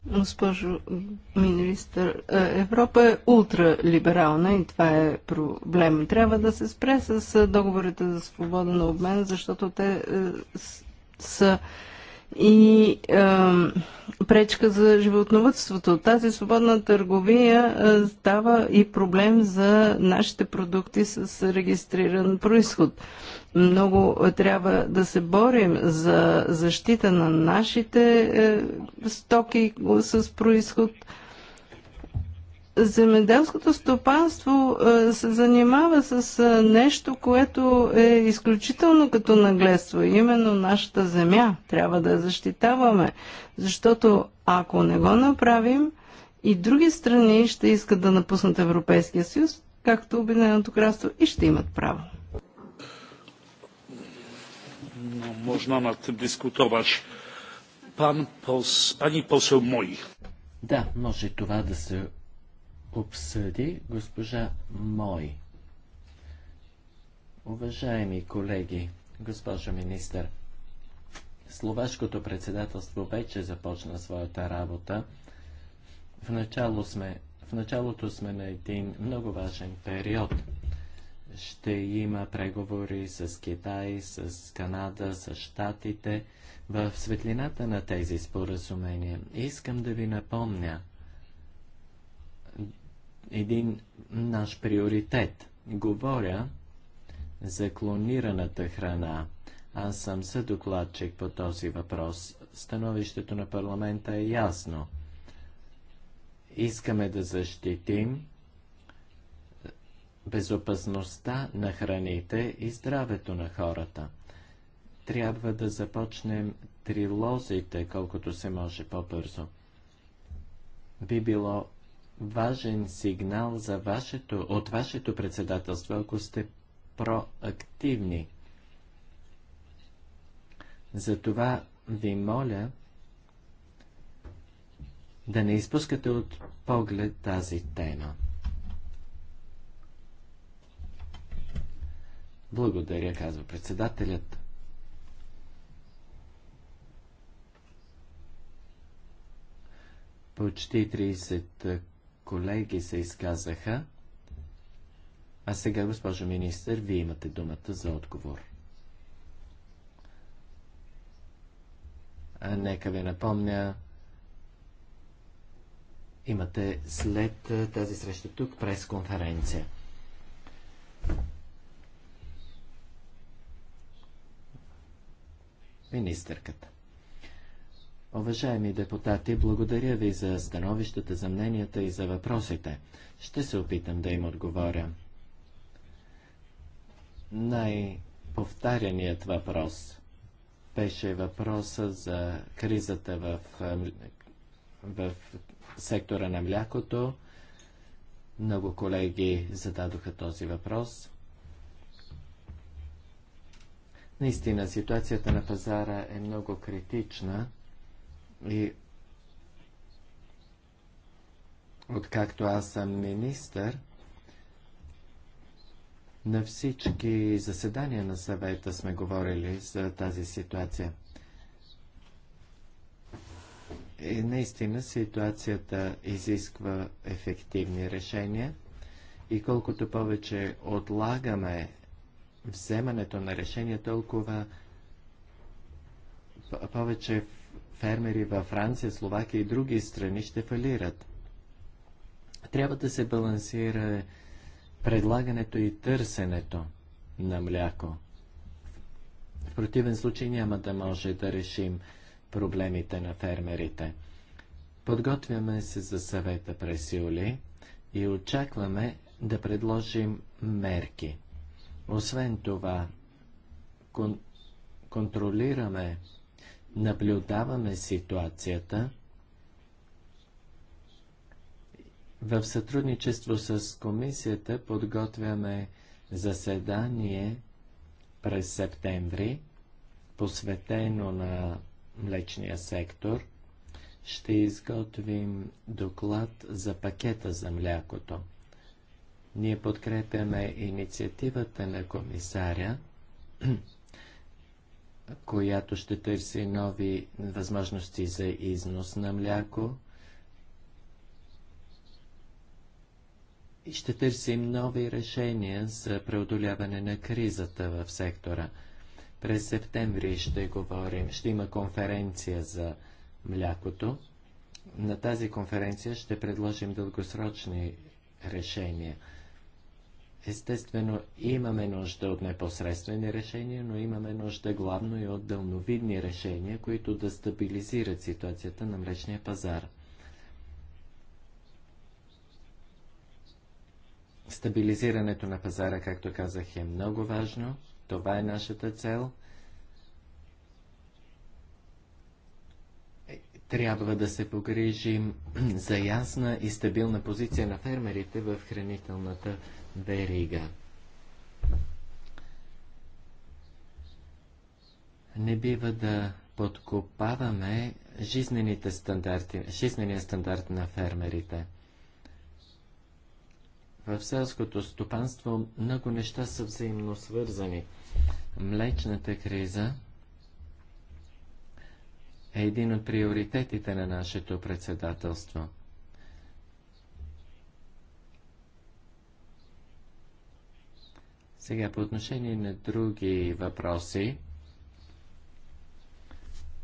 [SPEAKER 3] Госпожо министър, е, Европа е ултралиберална и това е проблем. Трябва да се спре с е, договорите за свободен обмен, защото те е, са и е, пречка за животновътството. Тази свободна търговия става и проблем за нашите продукти с регистриран происход много е, трябва да се борим за защита на нашите е, стоки с происход. Земеделското стопанство е, се занимава с нещо, което е изключително като нагледство, именно нашата земя. Трябва да я защитаваме, защото ако не го направим, и други страни ще искат да напуснат Европейския съюз, както Обединеното кралство, и ще имат право.
[SPEAKER 2] można nad tym dyskutować. Pan пос... Pani poseł Moi.
[SPEAKER 1] Да, може това да се обсъди госпожа Мой. Уважаеми колеги, госпожо министър, Словашкото председателство вече започна своята работа. В, начало сме, в началото сме на един много важен период – ще има преговори с Китай, с Канада, с Штатите. В светлината на тези споразумения искам да ви напомня един наш приоритет. Говоря за клонираната храна. Аз съм съдокладчик по този въпрос. Становището на парламента е ясно. Искаме да защитим безопасността на храните и здравето на хората. Трябва да започнем трилозите колкото се може по-бързо. Би било важен сигнал за вашето, от вашето председателство, ако сте проактивни. Затова ви моля да не изпускате от поглед тази тема. Благодаря, казва председателят. Почти 30 колеги се изказаха. А сега, госпожо министър, вие имате думата за отговор. А нека ви напомня, имате след тази среща тук пресконференция. министърката. Уважаеми депутати, благодаря ви за становищата, за мненията и за въпросите. Ще се опитам да им отговоря. Най-повтаряният въпрос беше въпроса за кризата в, в сектора на млякото. Много колеги зададоха този въпрос. Наистина, ситуацията на пазара е много критична и откакто аз съм министър, на всички заседания на съвета сме говорили за тази ситуация. И наистина ситуацията изисква ефективни решения и колкото повече отлагаме вземането на решения, толкова повече фермери във Франция, Словакия и други страни ще фалират. Трябва да се балансира предлагането и търсенето на мляко. В противен случай няма да може да решим проблемите на фермерите. Подготвяме се за съвета през юли и очакваме да предложим мерки. Освен това, кон- контролираме, наблюдаваме ситуацията в сътрудничество с комисията подготвяме заседание през септември, посветено на млечния сектор. Ще изготвим доклад за пакета за млякото. Ние подкрепяме инициативата на комисаря, която ще търси нови възможности за износ на мляко и ще търсим нови решения за преодоляване на кризата в сектора. През септември ще говорим, ще има конференция за млякото. На тази конференция ще предложим дългосрочни решения – Естествено, имаме нужда от непосредствени решения, но имаме нужда главно и от дълновидни решения, които да стабилизират ситуацията на млечния пазар. Стабилизирането на пазара, както казах, е много важно. Това е нашата цел. Трябва да се погрижим за ясна и стабилна позиция на фермерите в хранителната верига. Не бива да подкопаваме жизнените стандарти, жизнения стандарт на фермерите. В селското стопанство много неща са взаимно свързани. Млечната криза е един от приоритетите на нашето председателство – Сега по отношение на други въпроси,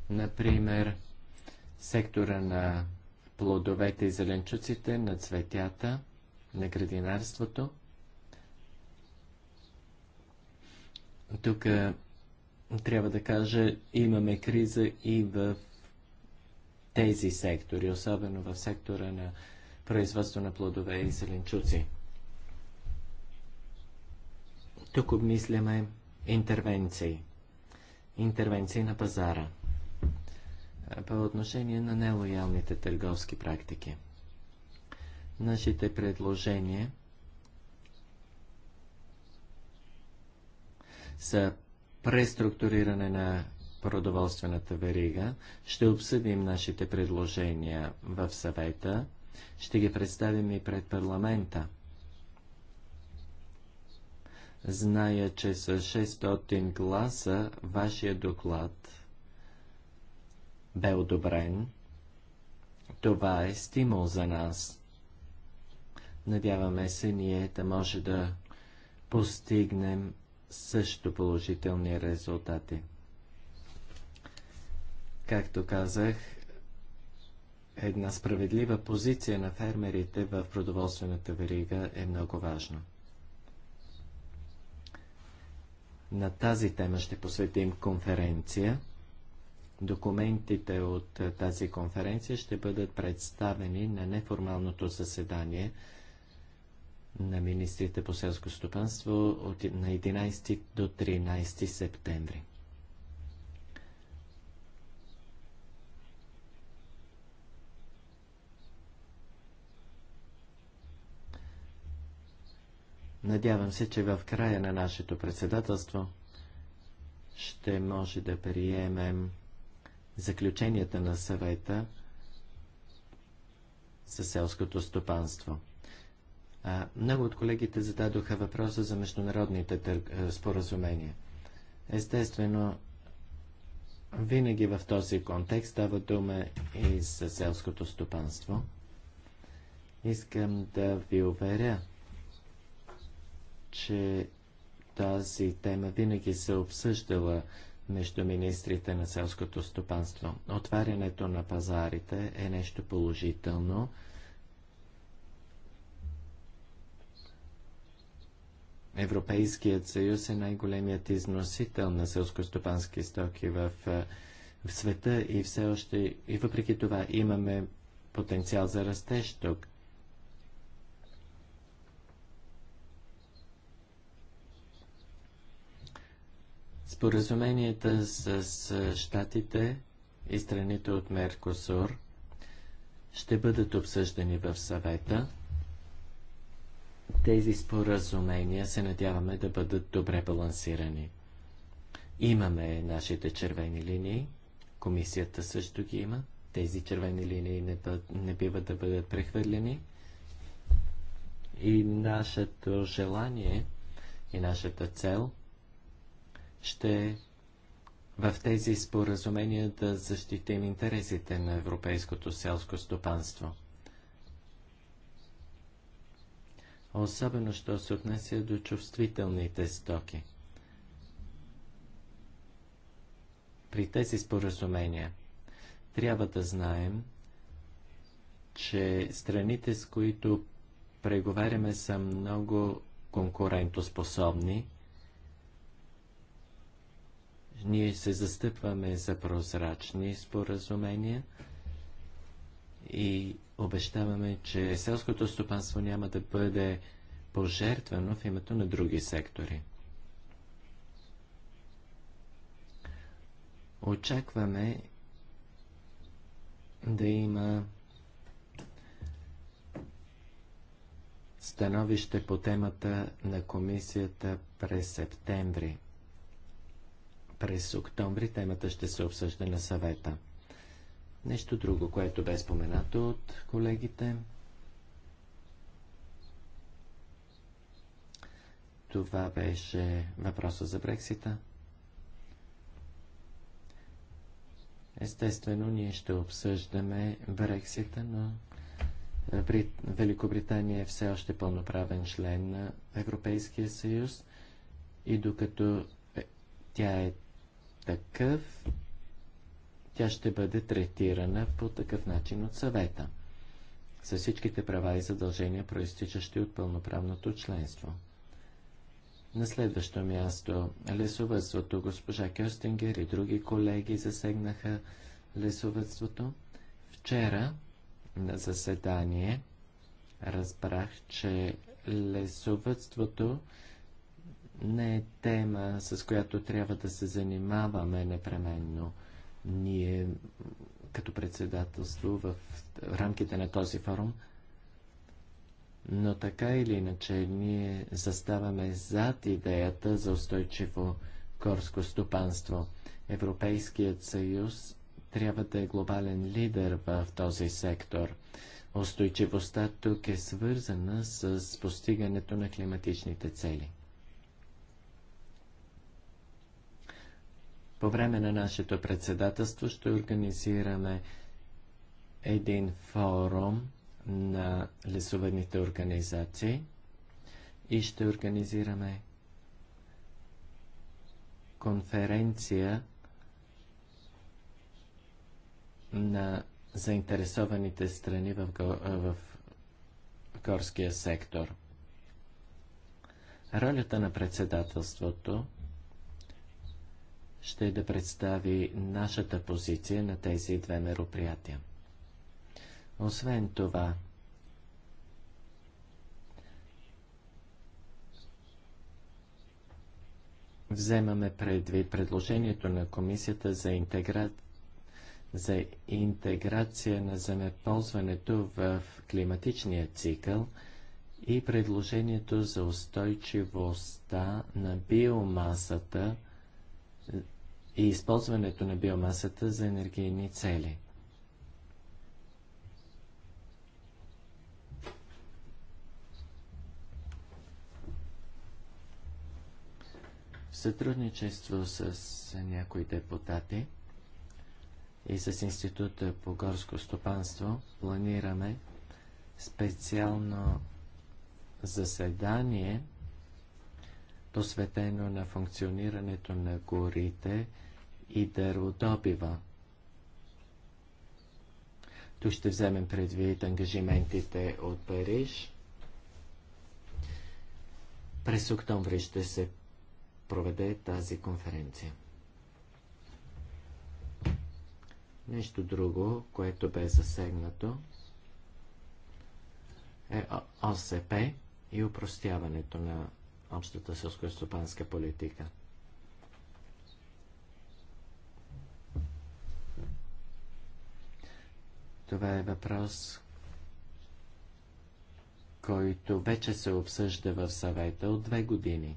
[SPEAKER 1] например сектора на плодовете и зеленчуците, на цветята, на градинарството. Тук трябва да кажа, имаме криза и в тези сектори, особено в сектора на производство на плодове и зеленчуци. Тук обмисляме интервенции. Интервенции на пазара. По отношение на нелоялните търговски практики. Нашите предложения са преструктуриране на продоволствената верига. Ще обсъдим нашите предложения в съвета. Ще ги представим и пред парламента. Зная, че с 600 гласа вашия доклад бе одобрен. Това е стимул за нас. Надяваме се ние да може да постигнем също положителни резултати. Както казах, една справедлива позиция на фермерите в продоволствената верига е много важна. На тази тема ще посветим конференция. Документите от е, тази конференция ще бъдат представени на неформалното заседание на министрите по селско стопанство от на 11 до 13 септември. Надявам се, че в края на нашето председателство ще може да приемем заключенията на съвета за селското стопанство. А, много от колегите зададоха въпроса за международните търг... споразумения. Естествено, винаги в този контекст става дума и за селското стопанство. Искам да ви уверя, че тази тема винаги се обсъждала между министрите на селското стопанство. Отварянето на пазарите е нещо положително. Европейският съюз е най-големият износител на селскостопански стоки в, е, в света и все още, и въпреки това имаме потенциал за растеж тук. Споразуменията с, щатите и страните от Меркосур ще бъдат обсъждани в съвета. Тези споразумения се надяваме да бъдат добре балансирани. Имаме нашите червени линии, комисията също ги има. Тези червени линии не, бъд, не бива да бъдат прехвърлени. И нашето желание и нашата цел ще в тези споразумения да защитим интересите на европейското селско стопанство. Особено, що се отнася до чувствителните стоки. При тези споразумения трябва да знаем, че страните, с които преговаряме, са много конкурентоспособни – ние се застъпваме за прозрачни споразумения и обещаваме, че селското стопанство няма да бъде пожертвано в името на други сектори. Очакваме да има становище по темата на комисията през септември през октомври темата ще се обсъжда на съвета. Нещо друго, което бе споменато от колегите. Това беше въпроса за Брексита. Естествено, ние ще обсъждаме Брексита, но Брит... Великобритания е все още пълноправен член на Европейския съюз и докато е, тя е такъв, тя ще бъде третирана по такъв начин от съвета, с всичките права и задължения, проистичащи от пълноправното членство. На следващо място лесовътството госпожа Кьостингер и други колеги засегнаха лесовътството. Вчера на заседание разбрах, че лесовътството не е тема, с която трябва да се занимаваме непременно. Ние, като председателство, в рамките на този форум, но така или иначе ние заставаме зад идеята за устойчиво горско стопанство. Европейският съюз трябва да е глобален лидер в този сектор. Устойчивостта тук е свързана с постигането на климатичните цели. По време на нашето председателство ще организираме един форум на лесовъдните организации и ще организираме конференция на заинтересованите страни в, в горския сектор. Ролята на председателството ще да представи нашата позиция на тези две мероприятия. Освен това, вземаме предвид предложението на Комисията за, интегра... за интеграция на земеползването в климатичния цикъл и предложението за устойчивостта на биомасата – и използването на биомасата за енергийни цели. В сътрудничество с някои депутати и с Института по горско стопанство планираме специално заседание, посветено на функционирането на горите и дърводобива. Тук ще вземем предвид ангажиментите от Париж. През октомври ще се проведе тази конференция. Нещо друго, което бе засегнато, е ОСП и упростяването на общата селско-стопанска политика – Това е въпрос, който вече се обсъжда в съвета от две години.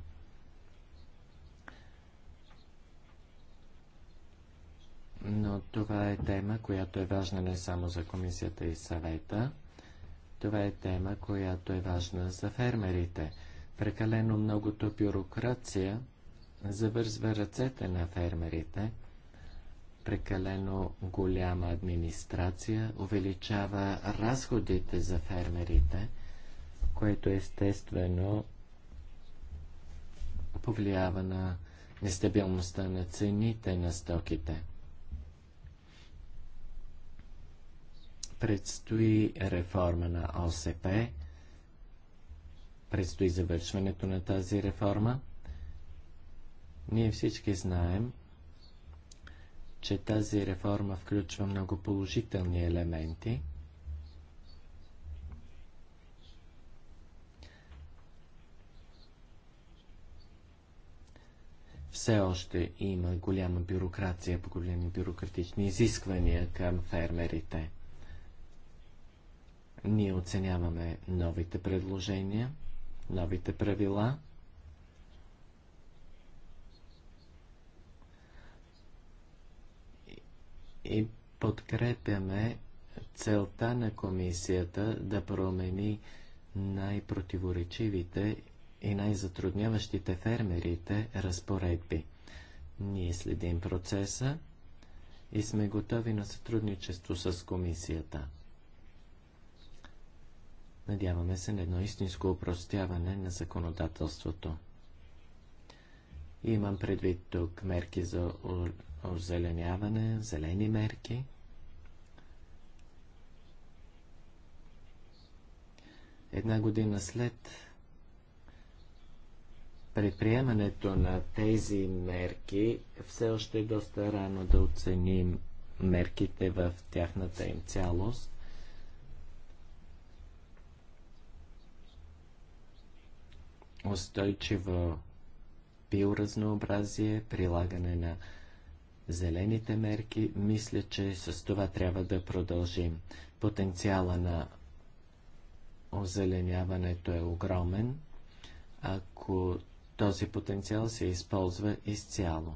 [SPEAKER 1] Но това е тема, която е важна не само за комисията и съвета. Това е тема, която е важна за фермерите. Прекалено многото бюрокрация завързва ръцете на фермерите – прекалено голяма администрация, увеличава разходите за фермерите, което естествено повлиява на нестабилността на цените на стоките. Предстои реформа на ОСП, предстои завършването на тази реформа. Ние всички знаем, че тази реформа включва много положителни елементи. Все още има голяма бюрокрация, по големи бюрократични изисквания към фермерите. Ние оценяваме новите предложения, новите правила – и подкрепяме целта на комисията да промени най-противоречивите и най-затрудняващите фермерите разпоредби. Ние следим процеса и сме готови на сътрудничество с комисията. Надяваме се на едно истинско упростяване на законодателството. Имам предвид тук мерки за озеленяване, зелени мерки. Една година след предприемането на тези мерки, все още е доста рано да оценим мерките в тяхната им цялост. Устойчиво биоразнообразие, прилагане на зелените мерки, мисля, че с това трябва да продължим. Потенциала на озеленяването е огромен, ако този потенциал се използва изцяло.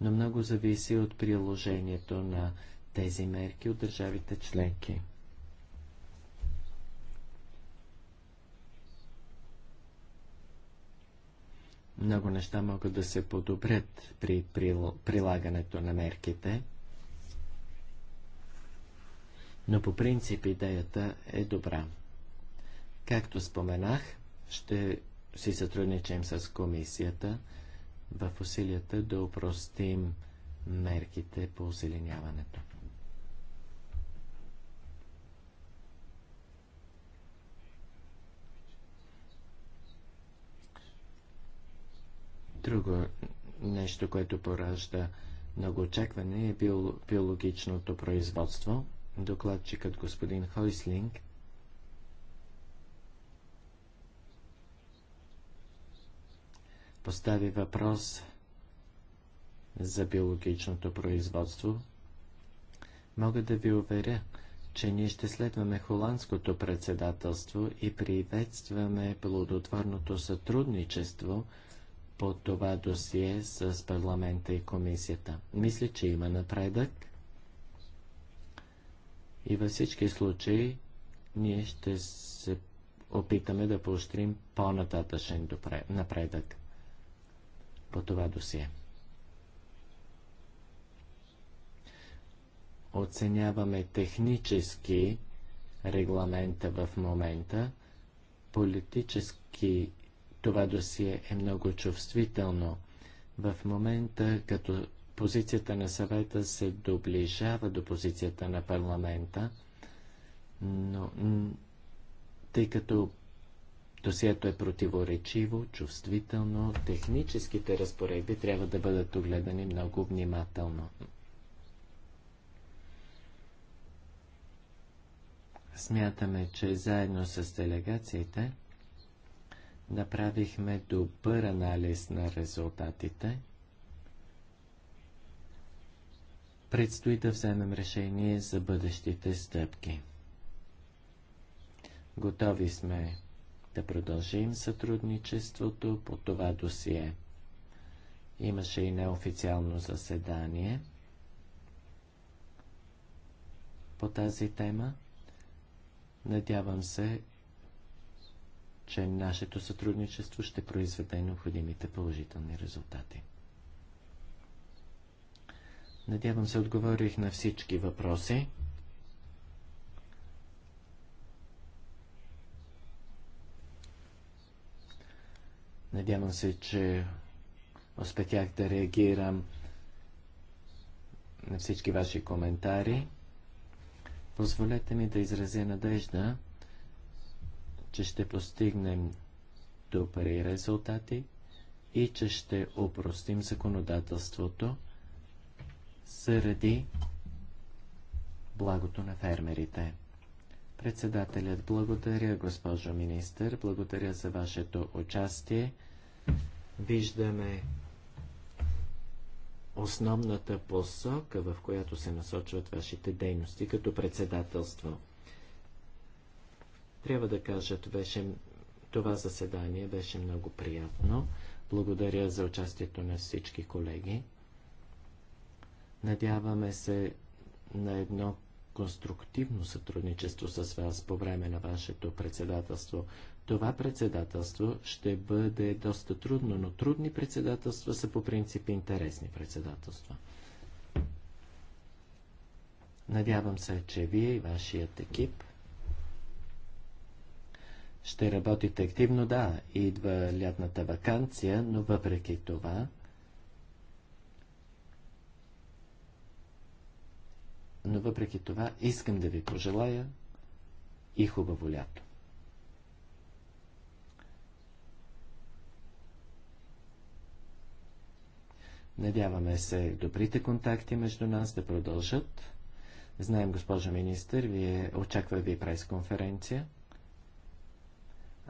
[SPEAKER 1] Но много зависи от приложението на тези мерки от държавите членки. Много неща могат да се подобрят при прилагането на мерките, но по принцип идеята е добра. Както споменах, ще си сътрудничим с комисията в усилията да упростим мерките по усиленяването. Друго нещо, което поражда много очакване е био, биологичното производство. Докладчикът господин Хойслинг постави въпрос за биологичното производство. Мога да ви уверя, че ние ще следваме холандското председателство и приветстваме плодотворното сътрудничество – по това досие с парламента и комисията. Мисля, че има напредък и във всички случаи ние ще се опитаме да поощрим по-нататъчен напредък по това досие. Оценяваме технически регламента в момента, политически това досие е много чувствително. В момента, като позицията на съвета се доближава до позицията на парламента, но тъй като досието е противоречиво, чувствително, техническите разпоредби трябва да бъдат огледани много внимателно. Смятаме, че заедно с делегациите Направихме добър анализ на резултатите. Предстои да вземем решение за бъдещите стъпки. Готови сме да продължим сътрудничеството по това досие. Имаше и неофициално заседание по тази тема. Надявам се че нашето сътрудничество ще произведе необходимите положителни резултати. Надявам се отговорих на всички въпроси. Надявам се, че успетях да реагирам на всички ваши коментари. Позволете ми да изразя надежда, че ще постигнем добри резултати и че ще упростим законодателството заради благото на фермерите. Председателят благодаря, госпожо министър, благодаря за вашето участие. Виждаме основната посока, в която се насочват вашите дейности като председателство. Трябва да кажа, беше, това заседание беше много приятно. Благодаря за участието на всички колеги. Надяваме се на едно конструктивно сътрудничество с вас по време на вашето председателство. Това председателство ще бъде доста трудно, но трудни председателства са по принцип интересни председателства. Надявам се, че вие и вашият екип ще работите активно, да, идва лятната вакансия, но въпреки това но въпреки това искам да ви пожелая и хубаво лято. Надяваме се добрите контакти между нас да продължат. Знаем, госпожо министър, вие очаква ви пресконференция. конференция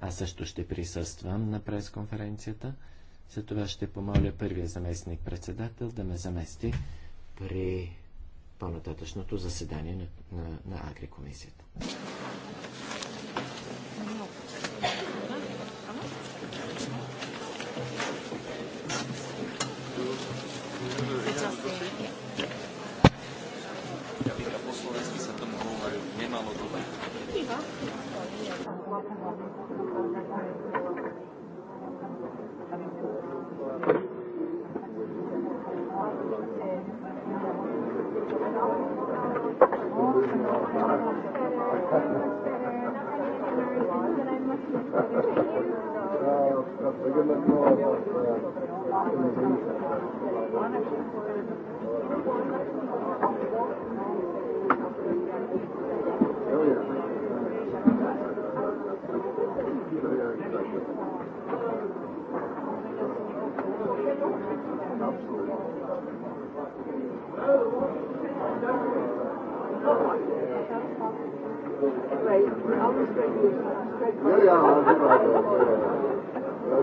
[SPEAKER 1] аз също ще присъствам на пресконференцията. За това ще помоля първия заместник председател да ме замести при по-нататъчното заседание на, на, на Агрикомисията. nemalo dobre.
[SPEAKER 2] yeah, yeah, I'll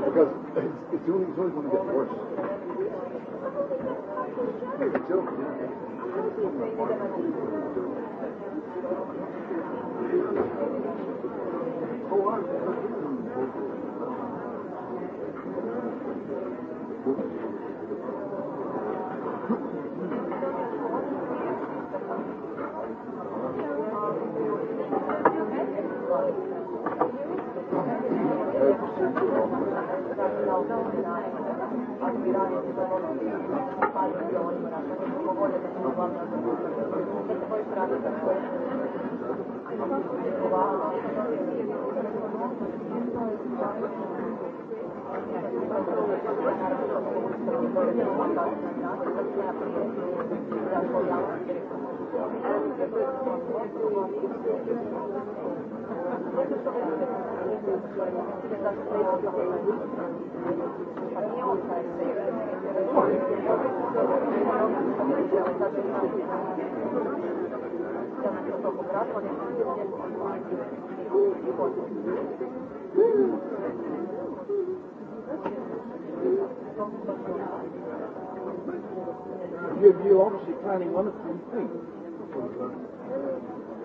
[SPEAKER 2] because It's, it's, only, it's only going to get worse. It's a joke, yeah. Oh, I'm You're, you're obviously planning one of three things.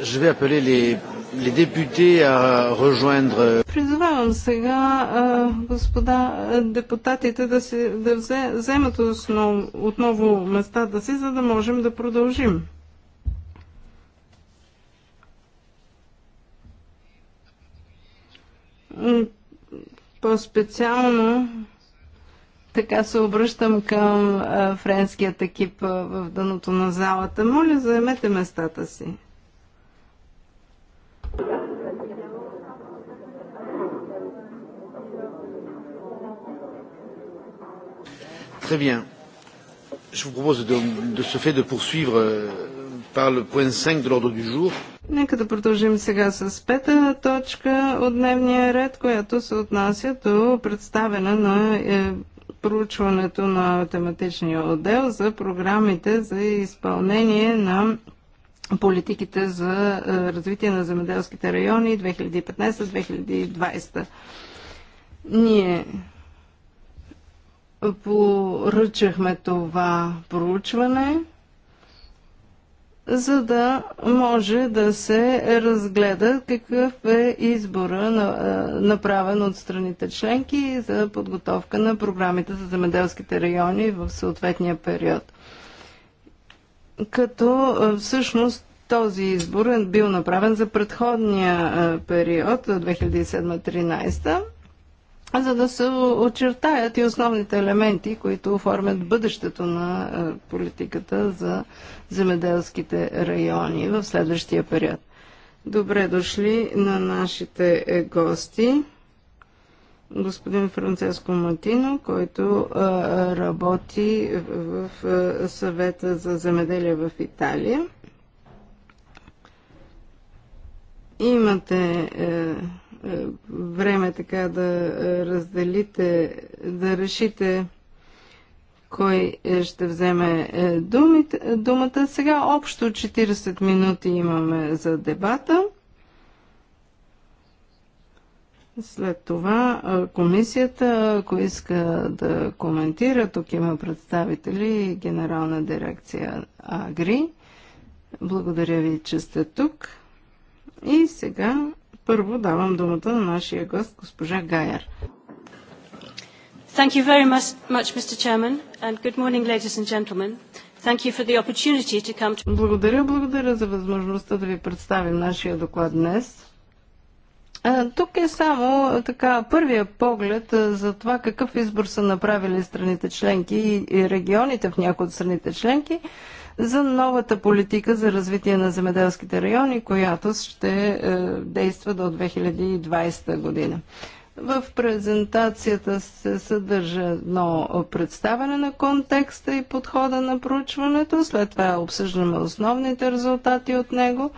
[SPEAKER 3] Je vais appeler les, les députés à rejoindre. Euh, Призовавам сега господа депутатите да, си, да вземат отново места да си, за да можем да продължим. По-специално така се обръщам към френският екип в дъното на залата. Моля, заемете местата си. Très bien.
[SPEAKER 2] Je vous propose de, de ce fait de poursuivre euh, par le point 5 de l'ordre du jour.
[SPEAKER 3] Нека да продължим сега с пета точка от дневния ред, която се отнася до представена на е, проучването на тематичния отдел за програмите за изпълнение на политиките за е, развитие на земеделските райони 2015-2020. Ние поръчахме това проучване за да може да се разгледа какъв е избора е, направен от страните членки за подготовка на програмите за земеделските райони в съответния период. Като е, всъщност този избор е бил направен за предходния е, период 2007-2013 за да се очертаят и основните елементи, които оформят бъдещето на е, политиката за земеделските райони в следващия период. Добре дошли на нашите е, гости. Господин Францеско Матино, който е, работи в съвета за земеделие в Италия. Имате е, време е така да е, разделите, да решите кой ще вземе думата. Сега общо 40 минути имаме за дебата. След това комисията, ако иска да коментира, тук има представители Генерална дирекция Агри. Благодаря ви, че сте тук. И сега първо давам думата на нашия гост, госпожа Гайер. Thank you very much, much, Mr. Chairman, and good morning, ladies and gentlemen. Thank you for the opportunity to come to... Благодаря, благодаря за възможността да ви представим нашия доклад днес. Тук е само така първия поглед за това какъв избор са направили страните членки и регионите в някои от страните членки за новата политика за развитие на земеделските райони, която ще е, действа до 2020 година. В презентацията се съдържа едно представяне на контекста и подхода на проучването, след това обсъждаме основните резултати от него.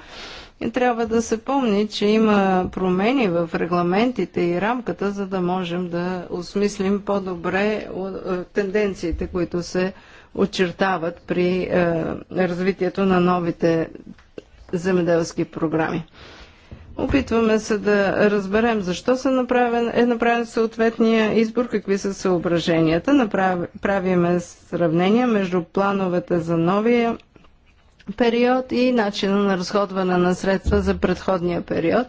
[SPEAKER 3] И трябва да се помни, че има промени в регламентите и рамката, за да можем да осмислим по-добре е, тенденциите, които се очертават при е, развитието на новите земеделски програми. Опитваме се да разберем защо са направен, е направен съответния избор, какви са съображенията. Направ, правиме сравнение между плановете за новия период и начина на разходване на средства за предходния период,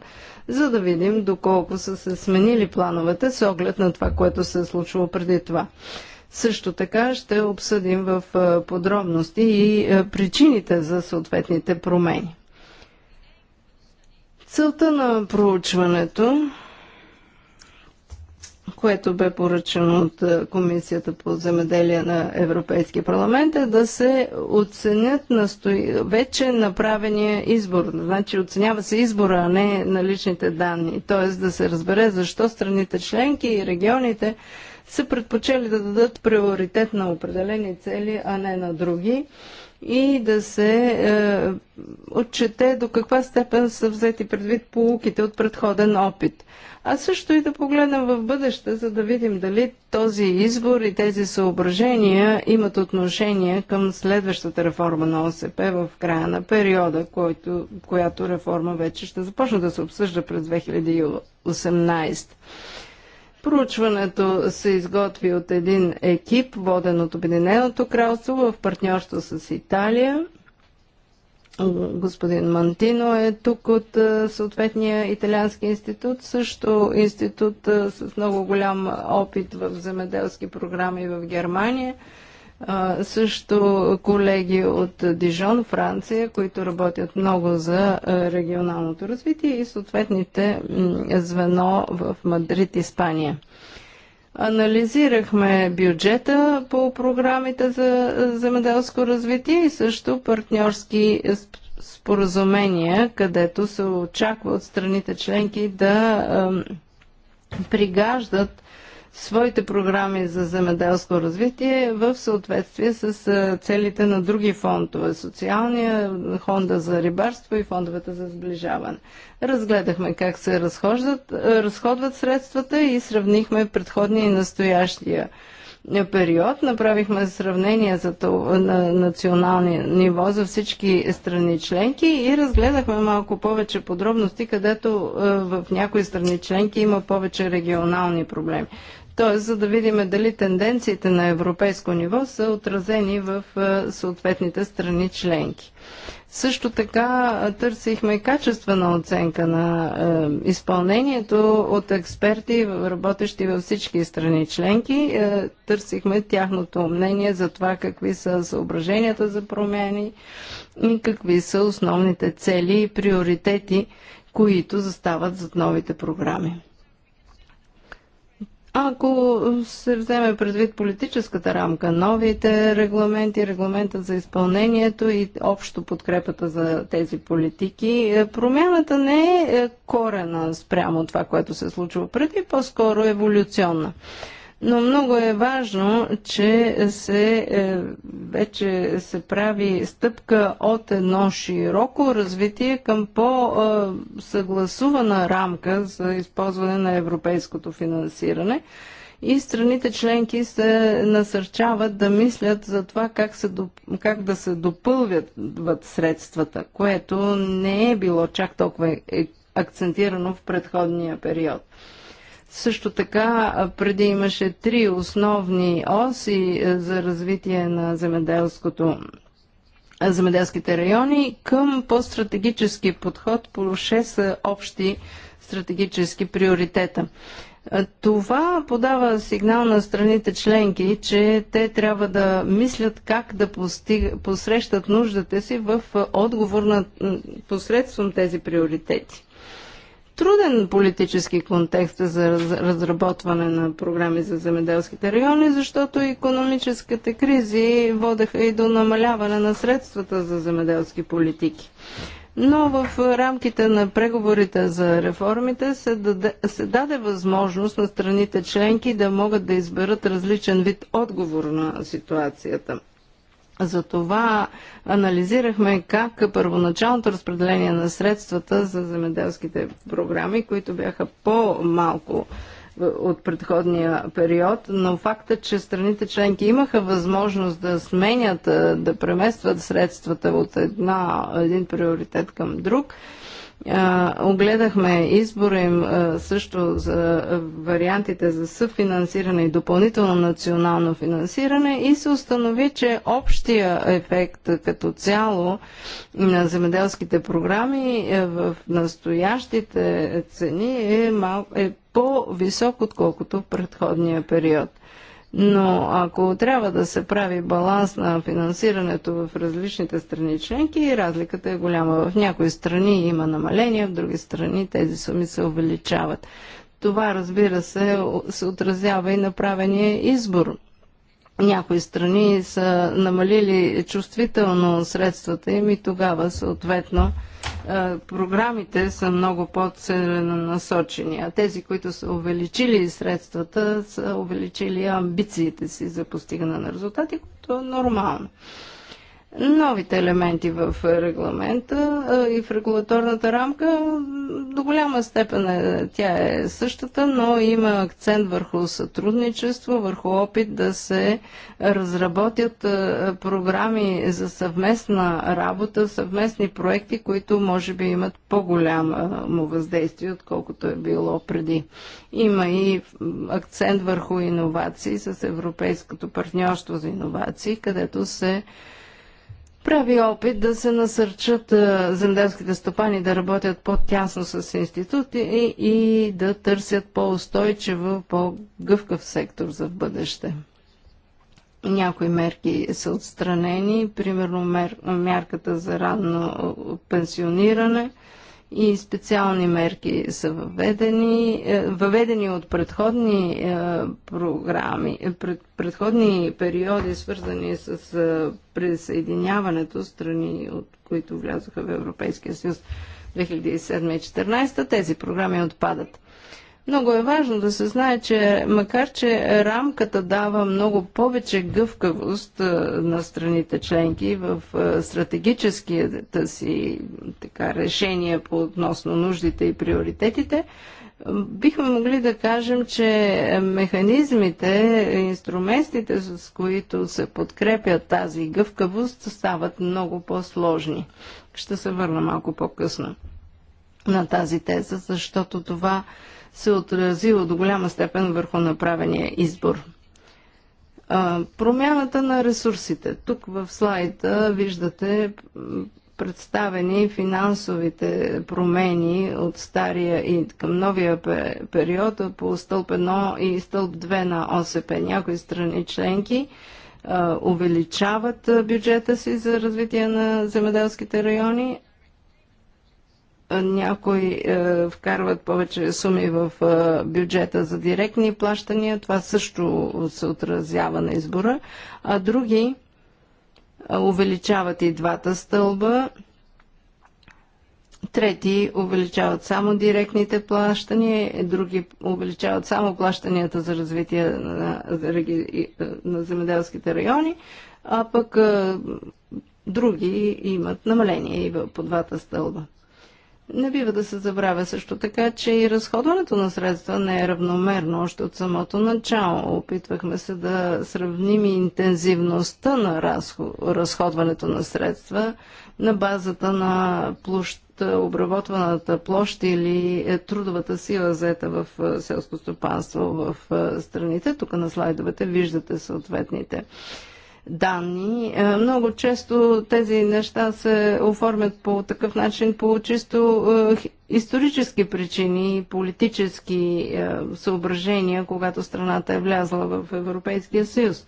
[SPEAKER 3] за да видим доколко са се сменили плановете с оглед на това, което се е случило преди това. Също така ще обсъдим в подробности и причините за съответните промени. Целта на проучването, което бе поръчено от Комисията по земеделие на Европейския парламент, е да се оценят настои... вече направения избор. Значи оценява се избора, а не наличните данни. Т.е. да се разбере защо страните членки и регионите са предпочели да дадат приоритет на определени цели, а не на други и да се е, отчете до каква степен са взети предвид полуките от предходен опит. А също и да погледнем в бъдеще, за да видим дали този избор и тези съображения имат отношение към следващата реформа на ОСП в края на периода, който, която реформа вече ще започне да се обсъжда през 2018. Проучването се изготви от един екип, воден от Обединеното кралство в партньорство с Италия. Господин Мантино е тук от е, съответния италиански институт, също институт е, с много голям опит в земеделски програми в Германия също колеги от Дижон, Франция, които работят много за регионалното развитие и съответните звено в Мадрид, Испания. Анализирахме бюджета по програмите за земеделско развитие и също партньорски споразумения, където се очаква от страните членки да пригаждат своите програми за земеделско развитие в съответствие с целите на други фондове. Социалния, фонда за рибарство и фондовете за сближаване. Разгледахме как се разхождат, разходват средствата и сравнихме предходния и настоящия период. Направихме сравнение за то, на национални ниво за всички страни членки и разгледахме малко повече подробности, където в някои страни членки има повече регионални проблеми. Т.е. за да видим дали тенденциите на европейско ниво са отразени в съответните страни членки. Също така търсихме качествена оценка на е, изпълнението от експерти, работещи във всички страни членки. Е, търсихме тяхното мнение за това какви са съображенията за промени и какви са основните цели и приоритети, които застават зад новите програми. Ако се вземе предвид политическата рамка, новите регламенти, регламентът за изпълнението и общо подкрепата за тези политики, е, промяната не е, е корена спрямо това, което се е случва преди, по-скоро еволюционна. Но много е важно, че се, е, вече се прави стъпка от едно широко развитие към по-съгласувана рамка за използване на европейското финансиране и страните членки се насърчават да мислят за това как, се, как да се допълвят средствата, което не е било чак толкова е, акцентирано в предходния период. Също така, преди имаше три основни оси е, за развитие на земеделското е, земеделските райони към по-стратегически подход по 6 общи стратегически приоритета. Е, това подава сигнал на страните членки, че те трябва да мислят как да постиг... посрещат нуждата си в отговор на посредством тези приоритети труден политически контекст за разработване на програми за земеделските райони, защото економическите кризи водеха и до намаляване на средствата за земеделски политики. Но в рамките на преговорите за реформите се даде, се даде възможност на страните членки да могат да изберат различен вид отговор на ситуацията. Затова анализирахме как първоначалното разпределение на средствата за земеделските програми, които бяха по-малко от предходния период, но факта, че страните членки имаха възможност да сменят, да преместват средствата от една, един приоритет към друг – а, огледахме избора им а, също за вариантите за съфинансиране и допълнително национално финансиране и се установи, че общия ефект като цяло на земеделските програми е, в настоящите цени е, мал, е по-висок, отколкото в предходния период – но ако трябва да се прави баланс на финансирането в различните страни членки, разликата е голяма. В някои страни има намаление, в други страни тези суми се увеличават. Това, разбира се, се отразява и направения избор. Някои страни са намалили чувствително средствата им и тогава съответно е, програмите са много по-целенасочени, а тези, които са увеличили средствата, са увеличили амбициите си за постигане на резултати, което е нормално новите елементи в регламента и в регулаторната рамка. До голяма степен е, тя е същата, но има акцент върху сътрудничество, върху опит да се разработят програми за съвместна работа, съвместни проекти, които може би имат по-голямо въздействие, отколкото е било преди. Има и акцент върху иновации с Европейското партньорство за иновации, където се прави опит да се насърчат земеделските стопани да работят по-тясно с институти и, и да търсят по-устойчиво, по-гъвкав сектор за бъдеще. Някои мерки са отстранени, примерно мер, мярката за ранно пенсиониране – и специални мерки са въведени, е, въведени от предходни е, програми, е, пред, предходни периоди, свързани с присъединяването страни, от които влязоха в Европейския съюз 2007-2014. Тези програми отпадат. Много е важно да се знае, че макар, че рамката дава много повече гъвкавост е, на страните членки в е, стратегическите си така, решения по относно нуждите и приоритетите, бихме могли да кажем, че механизмите, инструментите, с които се подкрепят тази гъвкавост, стават много по-сложни. Ще се върна малко по-късно на тази теза, защото това се отразило до голяма степен върху направения избор. промяната на ресурсите. Тук в слайда виждате представени финансовите промени от стария и към новия период по стълб 1 и стълб 2 на ОСП. Някои страни членки увеличават бюджета си за развитие на земеделските райони, някои е, вкарват повече суми в е, бюджета за директни плащания, това също се отразява на избора, а други е, увеличават и двата стълба, трети увеличават само директните плащания, други увеличават само плащанията за развитие на, е, на земеделските райони, а пък е, други имат намаление и по двата стълба. Не бива да се забравя също така, че и разходването на средства не е равномерно още от самото начало. Опитвахме се да сравним и интензивността на разходването на средства на базата на площ, обработваната площ или е, трудовата сила заета в е, селско стопанство в е, страните. Тук на слайдовете виждате съответните данни. Е, много често тези неща се оформят по такъв начин, по чисто е, исторически причини, политически е, съображения, когато страната е влязла в Европейския съюз.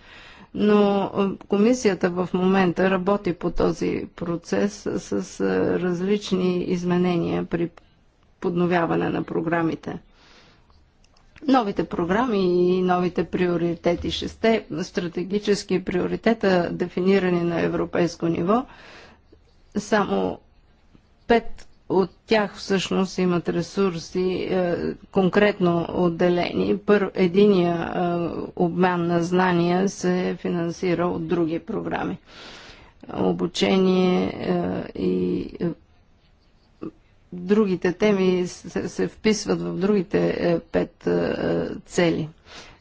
[SPEAKER 3] Но комисията в момента работи по този процес с различни изменения при подновяване на програмите. Новите програми и новите приоритети, шесте стратегически приоритета, дефинирани на европейско ниво, само пет от тях всъщност имат ресурси е, конкретно отделени. Пър, единия е, обмен на знания се финансира от други програми. Обучение е, и другите теми се, се вписват в другите е, пет е, цели.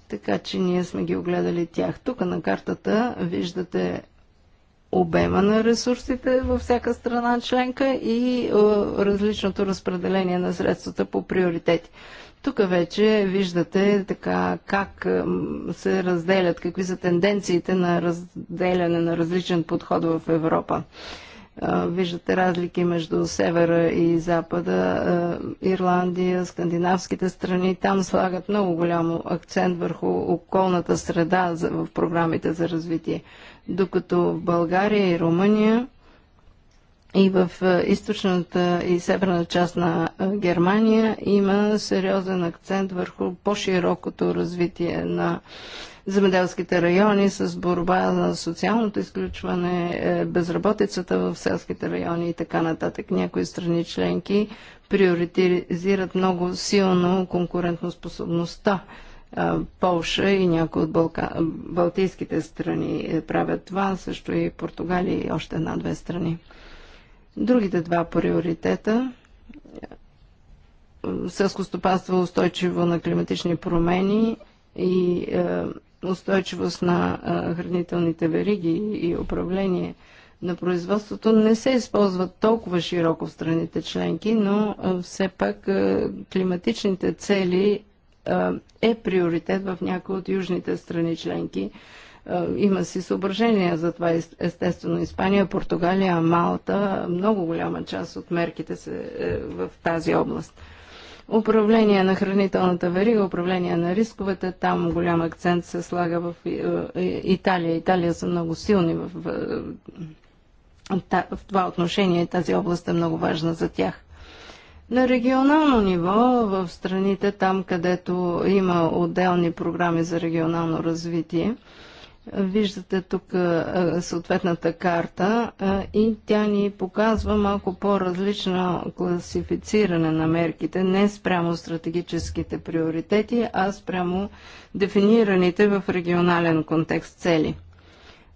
[SPEAKER 3] Така че ние сме ги огледали тях. Тук на картата виждате обема на ресурсите във всяка страна членка и е, различното разпределение на средствата по приоритети. Тук вече виждате така как е, се разделят, какви са тенденциите на разделяне на различен подход в Европа. Виждате разлики между севера и запада, Ирландия, скандинавските страни. Там слагат много голям акцент върху околната среда в програмите за развитие. Докато в България и Румъния и в източната и северна част на Германия има сериозен акцент върху по-широкото развитие на земеделските райони, с борба на социалното изключване, е, безработицата в селските райони и така нататък. Някои страни членки приоритизират много силно конкурентоспособността. Е, Полша и някои от Балка... балтийските страни е, правят това, също и Португалия и още една-две страни. Другите два приоритета селско стопанство устойчиво на климатични промени и е, устойчивост на хранителните вериги и управление на производството не се използват толкова широко в страните членки, но все пак климатичните цели е приоритет в някои от южните страни членки. Има си съображения за това, естествено. Испания, Португалия, Малта, много голяма част от мерките са е, в тази област. Управление на хранителната верига, управление на рисковете, там голям акцент се слага в е, е, Италия. Италия са много силни в, в, в това отношение и тази област е много важна за тях. На регионално ниво, в страните там, където има отделни програми за регионално развитие, Виждате тук съответната карта и тя ни показва малко по-различно класифициране на мерките, не спрямо стратегическите приоритети, а спрямо дефинираните в регионален контекст цели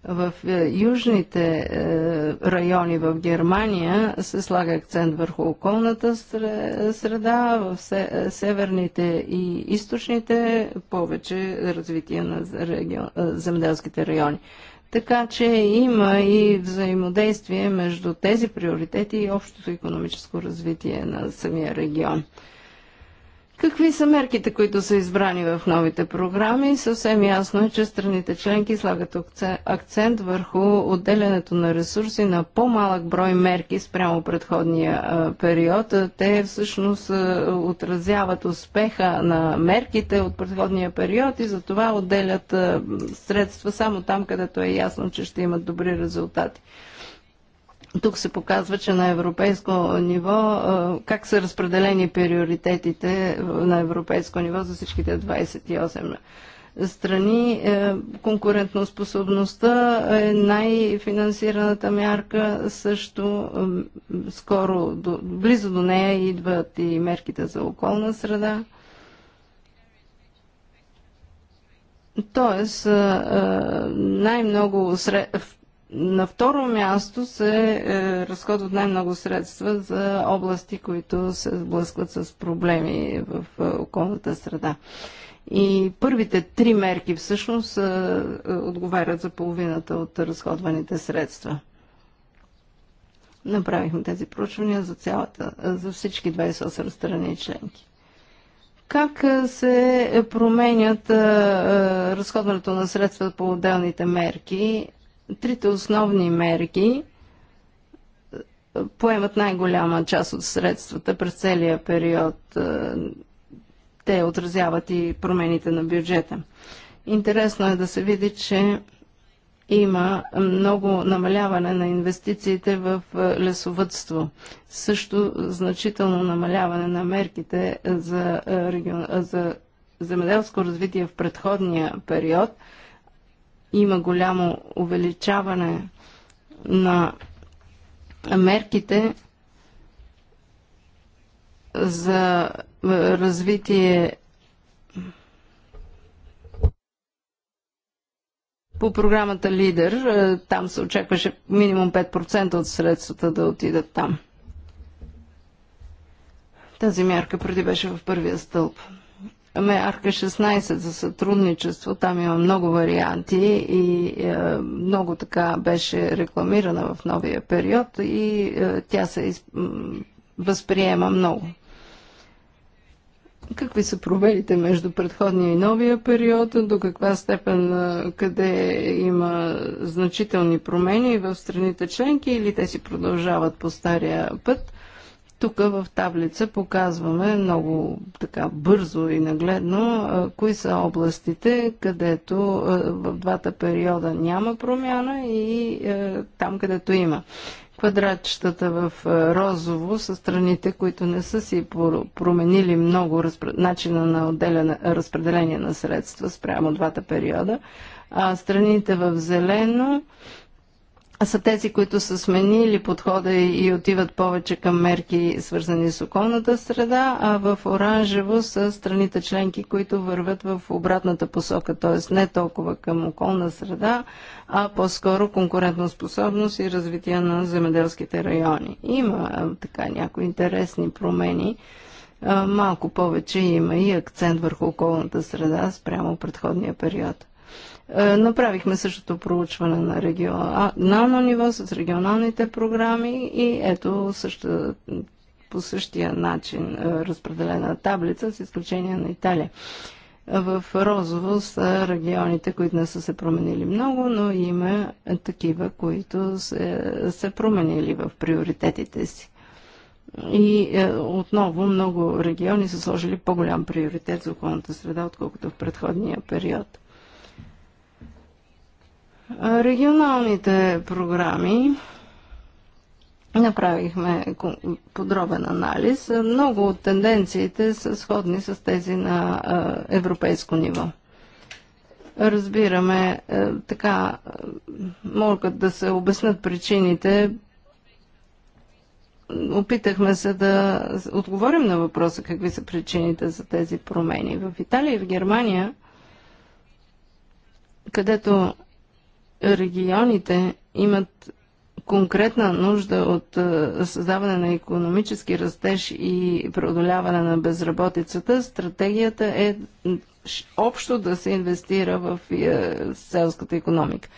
[SPEAKER 3] в е, южните е, райони в Германия се слага акцент върху околната среда, в е, северните и източните повече развитие на земеделските райони. Така че има и взаимодействие между тези приоритети и общото економическо развитие на самия регион. Какви са мерките, които са избрани в новите програми? Съвсем ясно е, че страните членки слагат акцент върху отделянето на ресурси на по-малък брой мерки спрямо предходния период. Те всъщност отразяват успеха на мерките от предходния период и затова отделят средства само там, където е ясно, че ще имат добри резултати. Тук се показва, че на европейско ниво, как са разпределени приоритетите на европейско ниво за всичките 28 страни. Е, Конкурентноспособността е най-финансираната мярка, също скоро, до, близо до нея идват и мерките за околна среда. Тоест, най-много на второ място се е, разходват най-много средства за области, които се сблъскват с проблеми в е, околната среда. И първите три мерки всъщност е, е отговарят за половината от разходваните средства. Направихме тези проучвания за, цялата, е, за всички 28 страни членки как е, се променят разходването на средства по отделните мерки трите основни мерки е, поемат най-голяма част от средствата през целия период. Е, те отразяват и промените на бюджета. Интересно е да се види, че има много намаляване на инвестициите в е, лесовътство. Също значително намаляване на мерките за, регион... за земеделско развитие в предходния период – има голямо увеличаване на мерките за е, развитие по програмата Лидер. Е, там се очакваше минимум 5% от средствата да отидат там. Тази мярка преди беше в първия стълб. Мерка 16 за сътрудничество. Там има много варианти и е, много така беше рекламирана в новия период и е, тя се възприема много. Какви са провелите между предходния и новия период? До каква степен е, къде има значителни промени в страните членки или те си продължават по стария път? Тук в таблица показваме много така бързо и нагледно кои са областите, където в двата периода няма промяна и там, където има. Квадратчетата в розово са страните, които не са си променили много начина на отделяне... разпределение на средства спрямо двата периода, а страните в зелено са тези, които са сменили подхода и отиват повече към мерки, свързани с околната среда, а в оранжево са страните членки, които върват в обратната посока, т.е. не толкова към околна среда, а по-скоро способност и развитие на земеделските райони. Има така някои интересни промени. Малко повече има и акцент върху околната среда спрямо предходния период. Е, направихме същото проучване на регионално ниво с регионалните програми и ето също, по същия начин е, разпределена таблица с изключение на Италия. В Розово са регионите, които не са се променили много, но има такива, които се, се променили в приоритетите си. И е, отново много региони са сложили по-голям приоритет за околната среда, отколкото в предходния период. Регионалните програми направихме подробен анализ. Много от тенденциите са сходни с тези на европейско ниво. Разбираме, така могат да се обяснат причините. Опитахме се да отговорим на въпроса какви са причините за тези промени. В Италия и в Германия, където регионите имат конкретна нужда от е, създаване на економически растеж и преодоляване на безработицата, стратегията е общо да се инвестира в е, селската економика.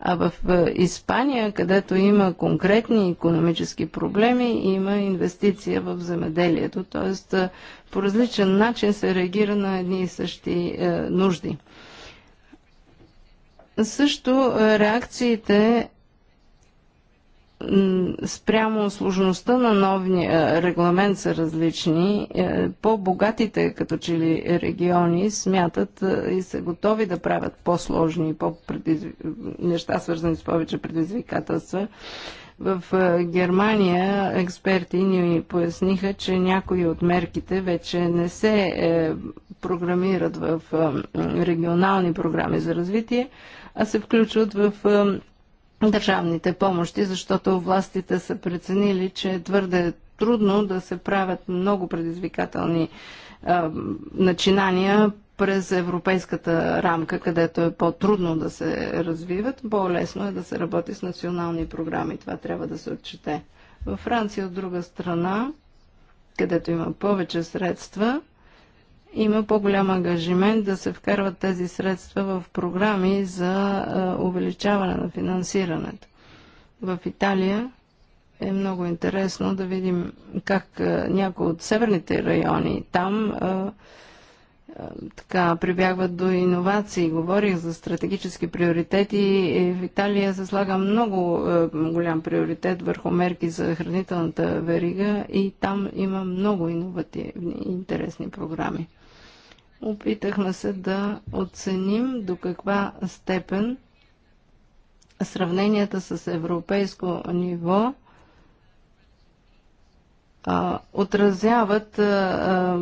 [SPEAKER 3] А в е, Испания, където има конкретни економически проблеми, има инвестиция в земеделието, т.е. по различен начин се реагира на едни и същи нужди. Също е, реакциите спрямо сложността на новния е, регламент са различни. Е, по-богатите, като че ли региони, смятат и са готови да правят по-сложни по неща, свързани с повече предизвикателства. В Германия експерти ни поясниха, че някои от мерките вече не се програмират в регионални програми за развитие, се включват в държавните помощи, защото властите са преценили, че е твърде трудно да се правят много предизвикателни начинания през европейската рамка, където е по-трудно да се развиват, по-лесно е да се работи с национални програми. Това трябва да се отчете. Във Франция, от друга страна, където има повече средства, има по-голям ангажимент да се вкарват тези средства в програми за увеличаване на финансирането. В Италия е много интересно да видим как някои от северните райони там така прибягват до иновации. Говорих за стратегически приоритети. В Италия се слага много голям приоритет върху мерки за хранителната верига и там има много иновативни интересни програми. Опитахме се да оценим до каква степен сравненията с европейско ниво а, отразяват а, а,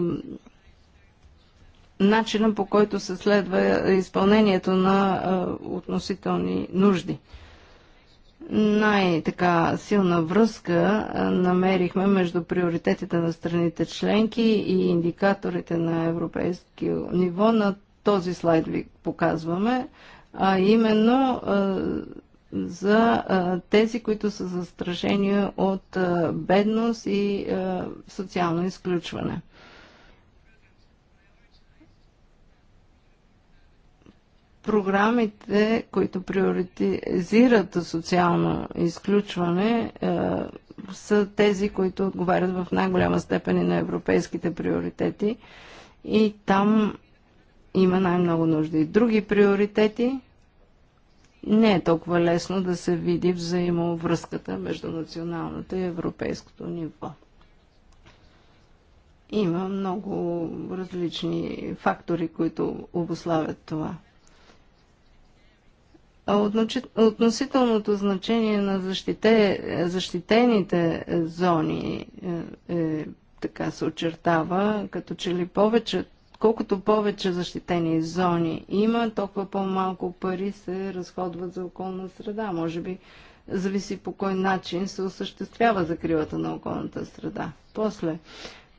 [SPEAKER 3] начина по който се следва изпълнението на а, относителни нужди най-така силна връзка намерихме между приоритетите на страните членки и индикаторите на европейски ниво. На този слайд ви показваме, а именно за тези, които са застрашени от бедност и социално изключване. програмите, които приоритизират социално изключване, е, са тези, които отговарят в най-голяма степен и на европейските приоритети. И там има най-много нужди. Други приоритети не е толкова лесно да се види взаимовръзката между националното и европейското ниво. Има много различни фактори, които обославят това. Относителното значение на защите, защитените е, зони е, е, така се очертава, като че ли повече, колкото повече защитени зони има, толкова по-малко пари се разходват за околна среда. Може би зависи по кой начин се осъществява закрилата на околната среда. После,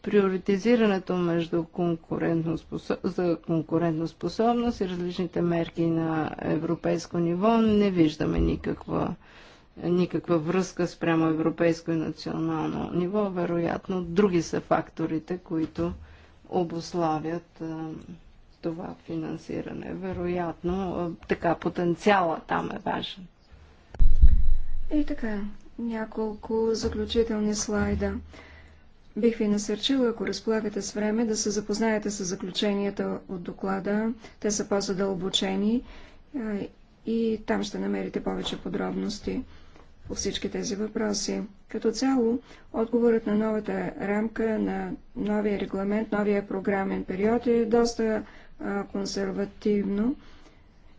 [SPEAKER 3] приоритизирането между конкурентоспособ... за конкурентоспособност и различните мерки на европейско ниво не виждаме никаква, никаква връзка спрямо европейско и национално ниво. Вероятно, други са факторите, които обославят а, това финансиране. Вероятно, а, така потенциала там е важен.
[SPEAKER 4] И така, няколко заключителни слайда. Бих ви насърчила, ако разполагате с време, да се запознаете с заключенията от доклада. Те са по-задълбочени и там ще намерите повече подробности по всички тези въпроси. Като цяло, отговорът на новата рамка, на новия регламент, новия програмен период е доста консервативно.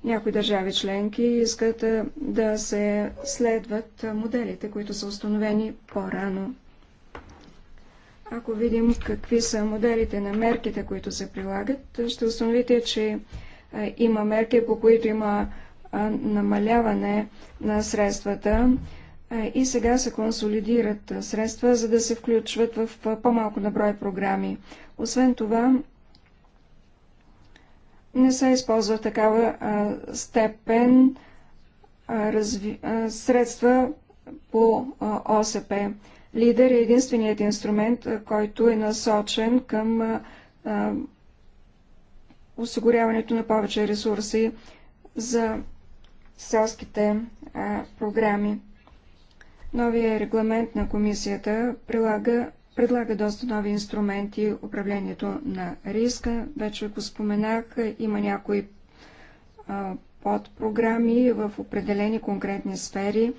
[SPEAKER 4] Някои държави членки искат да се следват моделите, които са установени по-рано. Ако видим какви са моделите на мерките, които се прилагат, ще установите, че е, има мерки, по които има намаляване на средствата е, и сега се консолидират средства, за да се включват в по-малко наброй програми. Освен това, не се използва такава степен средства по ОСП. Лидер е единственият инструмент, който е насочен към осигуряването на повече ресурси за селските програми. Новия регламент на комисията прилага, предлага доста нови инструменти. Управлението на риска, вече го споменах, има някои а, подпрограми в определени конкретни сфери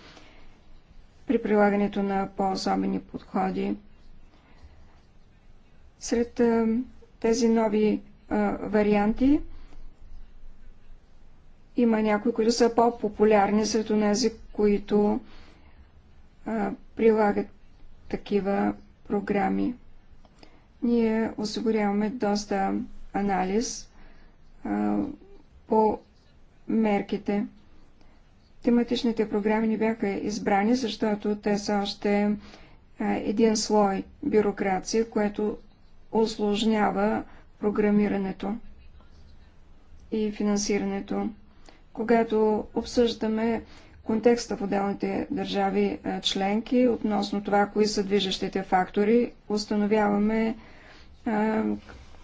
[SPEAKER 4] при прилагането на по-особени подходи. Сред тези нови варианти има някои, които са по-популярни сред тези, които прилагат такива програми. Ние осигуряваме доста анализ по мерките. Тематичните програми не бяха избрани, защото те са още един слой бюрокрация, което осложнява програмирането и финансирането. Когато обсъждаме контекста в отделните държави членки относно това, кои са движещите фактори, установяваме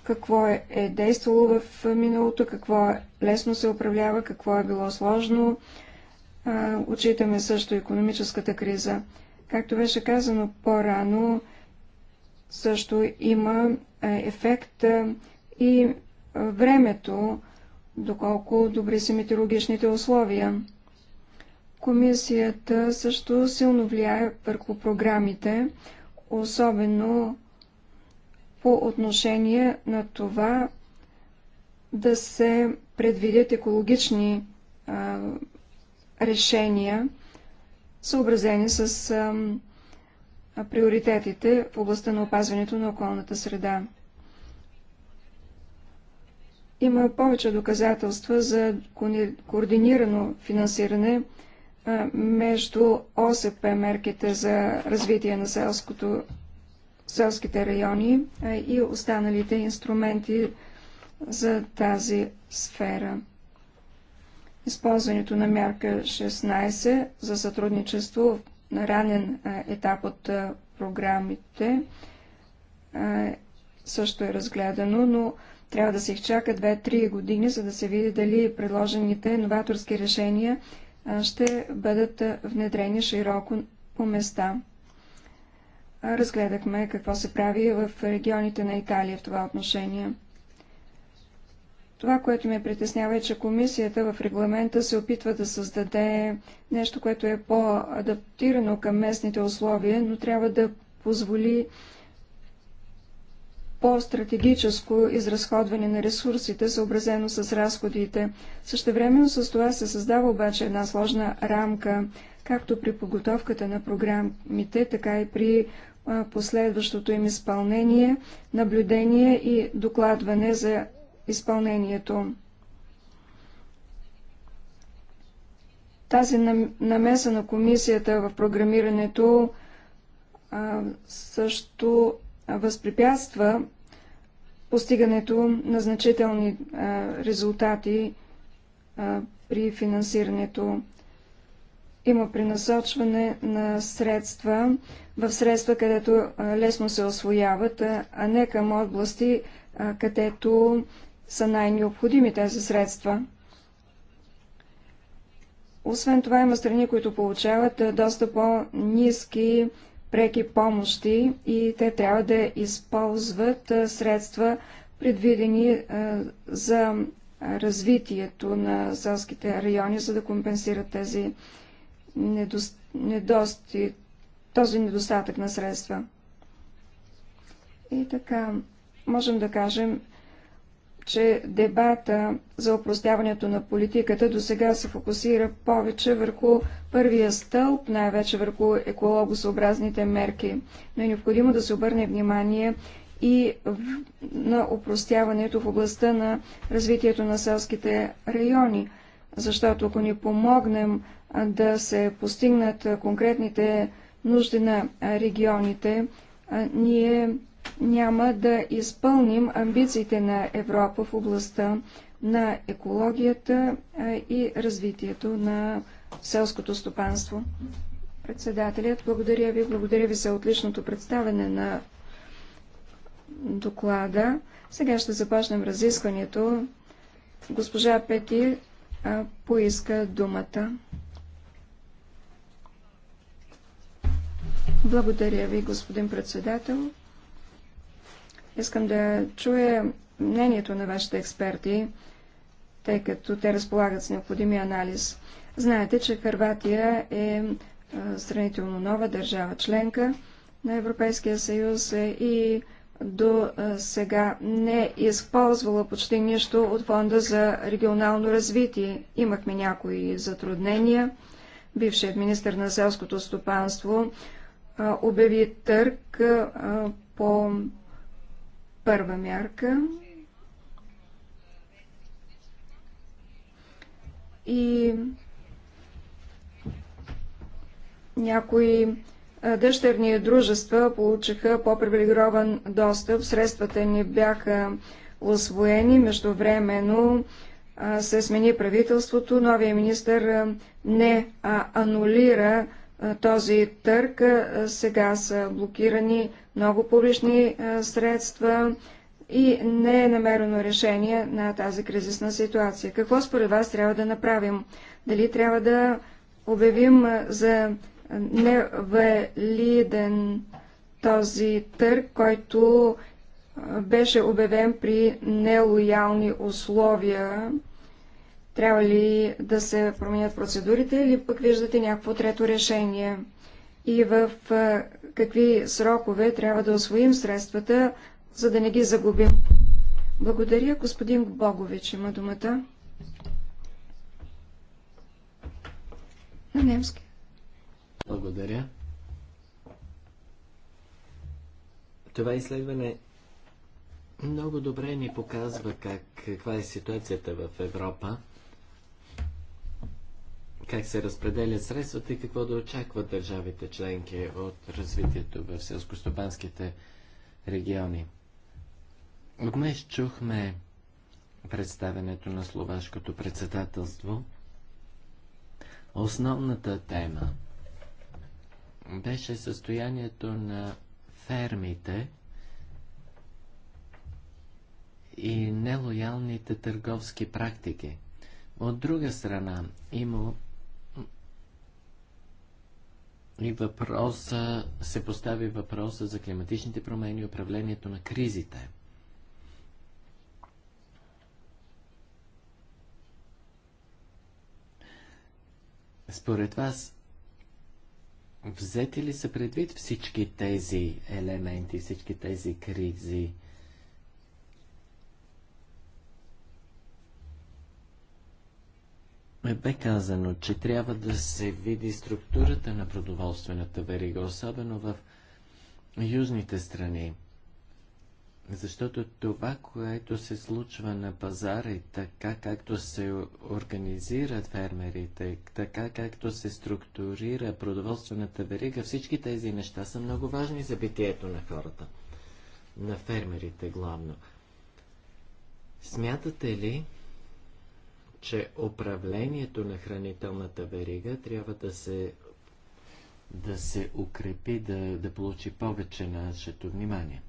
[SPEAKER 4] какво е, е действало в миналото, какво е лесно се управлява, какво е било сложно, Отчитаме също економическата криза. Както беше казано по-рано, също има ефект и времето, доколко добри са метеорологичните условия. Комисията също силно влияе върху програмите, особено по отношение на това да се предвидят екологични а, решения, съобразени с приоритетите в областта на опазването на околната среда. Има повече доказателства за координирано финансиране между ОСП мерките за развитие на селското, селските райони и останалите инструменти за тази сфера използването на мярка 16 за сътрудничество на ранен етап от програмите също е разгледано, но трябва да се изчака 2-3 години, за да се види дали предложените новаторски решения ще бъдат внедрени широко по места. Разгледахме какво се прави в регионите на Италия в това отношение. Това, което ме притеснява е, че комисията в регламента се опитва да създаде нещо, което е по-адаптирано към местните условия, но трябва да позволи по-стратегическо изразходване на ресурсите, съобразено с разходите. Същевременно с това се създава обаче една сложна рамка, както при подготовката на програмите, така и при последващото им изпълнение, наблюдение и докладване за изпълнението. Тази намеса на комисията в програмирането също възпрепятства постигането на значителни резултати при финансирането. Има пренасочване на средства в средства, където лесно се освояват, а не към области, където са най-необходими тези средства. Освен това има страни, които получават е, доста по-низки преки помощи и те трябва да използват е, средства, предвидени е, за развитието на селските райони, за да компенсират тези недост... недости... този недостатък на средства. И така, можем да кажем, че дебата за опростяването на политиката до сега се фокусира повече върху първия стълб, най-вече върху екологосъобразните мерки. Но е необходимо да се обърне внимание и на опростяването в областта на развитието на селските райони, защото ако ни помогнем да се постигнат конкретните нужди на регионите, ние няма да изпълним амбициите на Европа в областта на екологията и развитието на селското стопанство. Председателят, благодаря ви, благодаря ви за отличното представене на доклада. Сега ще започнем разискването. Госпожа Пети а, поиска думата. Благодаря ви, господин председател. Искам да чуя мнението на вашите експерти, тъй като те разполагат с необходимия анализ. Знаете, че Харватия е сравнително нова държава членка на Европейския съюз е, и до сега не е използвала почти нищо от фонда за регионално развитие. Имахме някои затруднения. Бившият министр на селското стопанство обяви търк по Първа мярка и някои дъщерни дружества получиха по-привилегирован достъп. Средствата ни бяха освоени. Междувременно се смени правителството. Новия министр не анулира този търг. Сега са блокирани много публични средства и не е намерено решение на тази кризисна ситуация. Какво според вас трябва да направим? Дали трябва да обявим за невалиден този търг, който беше обявен при нелоялни условия трябва ли да се променят процедурите или пък виждате някакво трето решение? И в какви срокове трябва да освоим средствата, за да не ги загубим? Благодаря, господин Богович има думата. На немски.
[SPEAKER 1] Благодаря. Това изследване много добре ни показва как, каква е ситуацията в Европа как се разпределят средствата и какво да очакват държавите членки от развитието в селскостопанските региони. Днес чухме представенето на словашкото председателство. Основната тема беше състоянието на фермите и нелоялните търговски практики. От друга страна, има и въпроса, се постави въпроса за климатичните промени и управлението на кризите. Според вас, взети ли са предвид всички тези елементи, всички тези кризи? Ме бе казано, че трябва да се види структурата на продоволствената верига, особено в южните страни. Защото това, което се случва на пазара и така както се организират фермерите, така както се структурира продоволствената верига, всички тези неща са много важни за битието на хората, на фермерите главно. Смятате ли, че управлението на хранителната верига трябва да се, да се укрепи, да, да получи повече нашето внимание.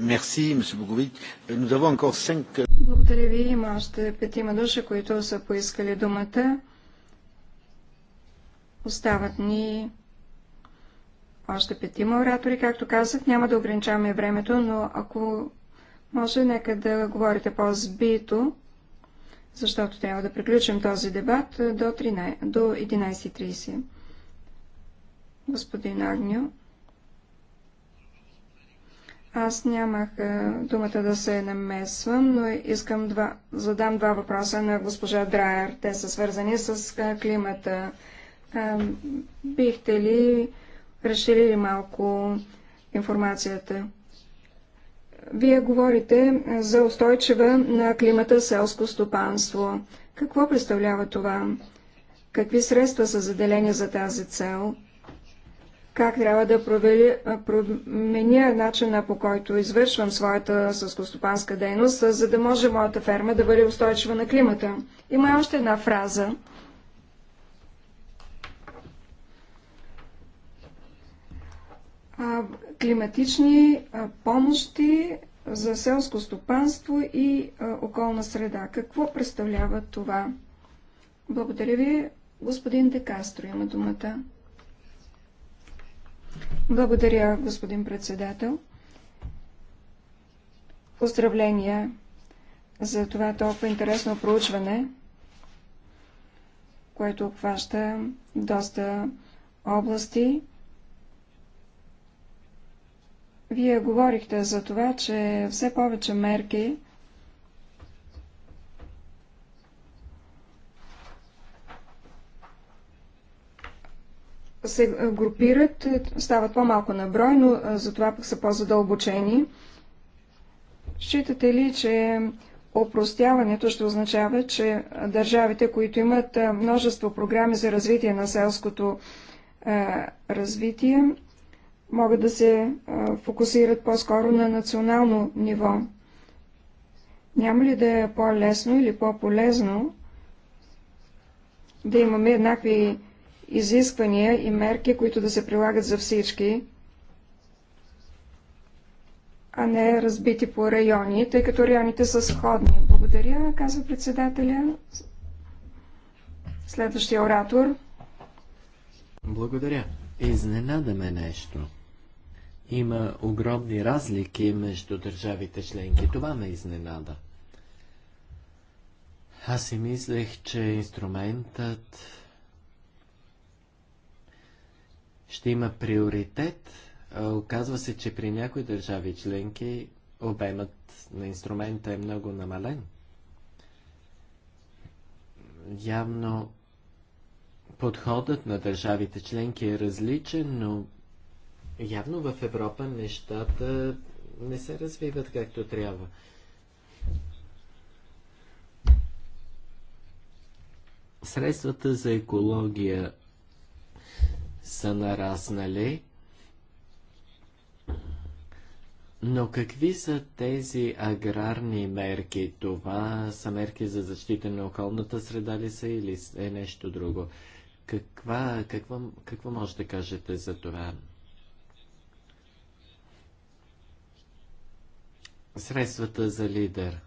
[SPEAKER 1] Merci, Nous avons cinq... Euh,
[SPEAKER 4] Благодаря ви. Има още петима души, които са поискали думата. Остават ни още петима оратори, както казах. Няма да ограничаваме времето, но ако може, нека да говорите по-збито, защото трябва да приключим този дебат е, до, 11.30. до 11.30. Господин Агню, аз нямах е, думата да се намесвам, но искам да задам два въпроса на госпожа Драер. Те са свързани с е, климата. Бихте ли разширили малко информацията? Вие говорите е, за устойчива на климата селско стопанство. Какво представлява това? Какви средства са заделени за тази цел? Как трябва да провели, е, променя начина по който извършвам своята съскостопанска дейност, за да може моята ферма да бъде устойчива на климата? Има още една фраза, климатични помощи за селско стопанство и околна среда. Какво представлява това? Благодаря ви. Господин Декастро има думата. Благодаря, господин председател. Поздравления за това толкова интересно проучване, което обхваща доста области. Вие говорихте за това, че все повече мерки се групират, стават по-малко на брой, но затова пък са по-задълбочени. Считате ли, че опростяването ще означава, че държавите, които имат множество програми за развитие на селското развитие, могат да се фокусират по-скоро на национално ниво. Няма ли да е по-лесно или по-полезно да имаме еднакви изисквания и мерки, които да се прилагат за всички, а не разбити по райони, тъй като районите са сходни. Благодаря, казва председателя. Следващия оратор.
[SPEAKER 1] Благодаря. Изненада ме нещо има огромни разлики между държавите членки. Това ме изненада. Аз си мислех, че инструментът ще има приоритет. Оказва се, че при някои държави членки обемът на инструмента е много намален. Явно подходът на държавите членки е различен, но Явно в Европа нещата не се развиват както трябва. Средствата за екология са нараснали, но какви са тези аграрни мерки? Това са мерки за защита на околната среда ли са или е нещо друго? Каква, какво, какво може да кажете за това? средствата за лидер.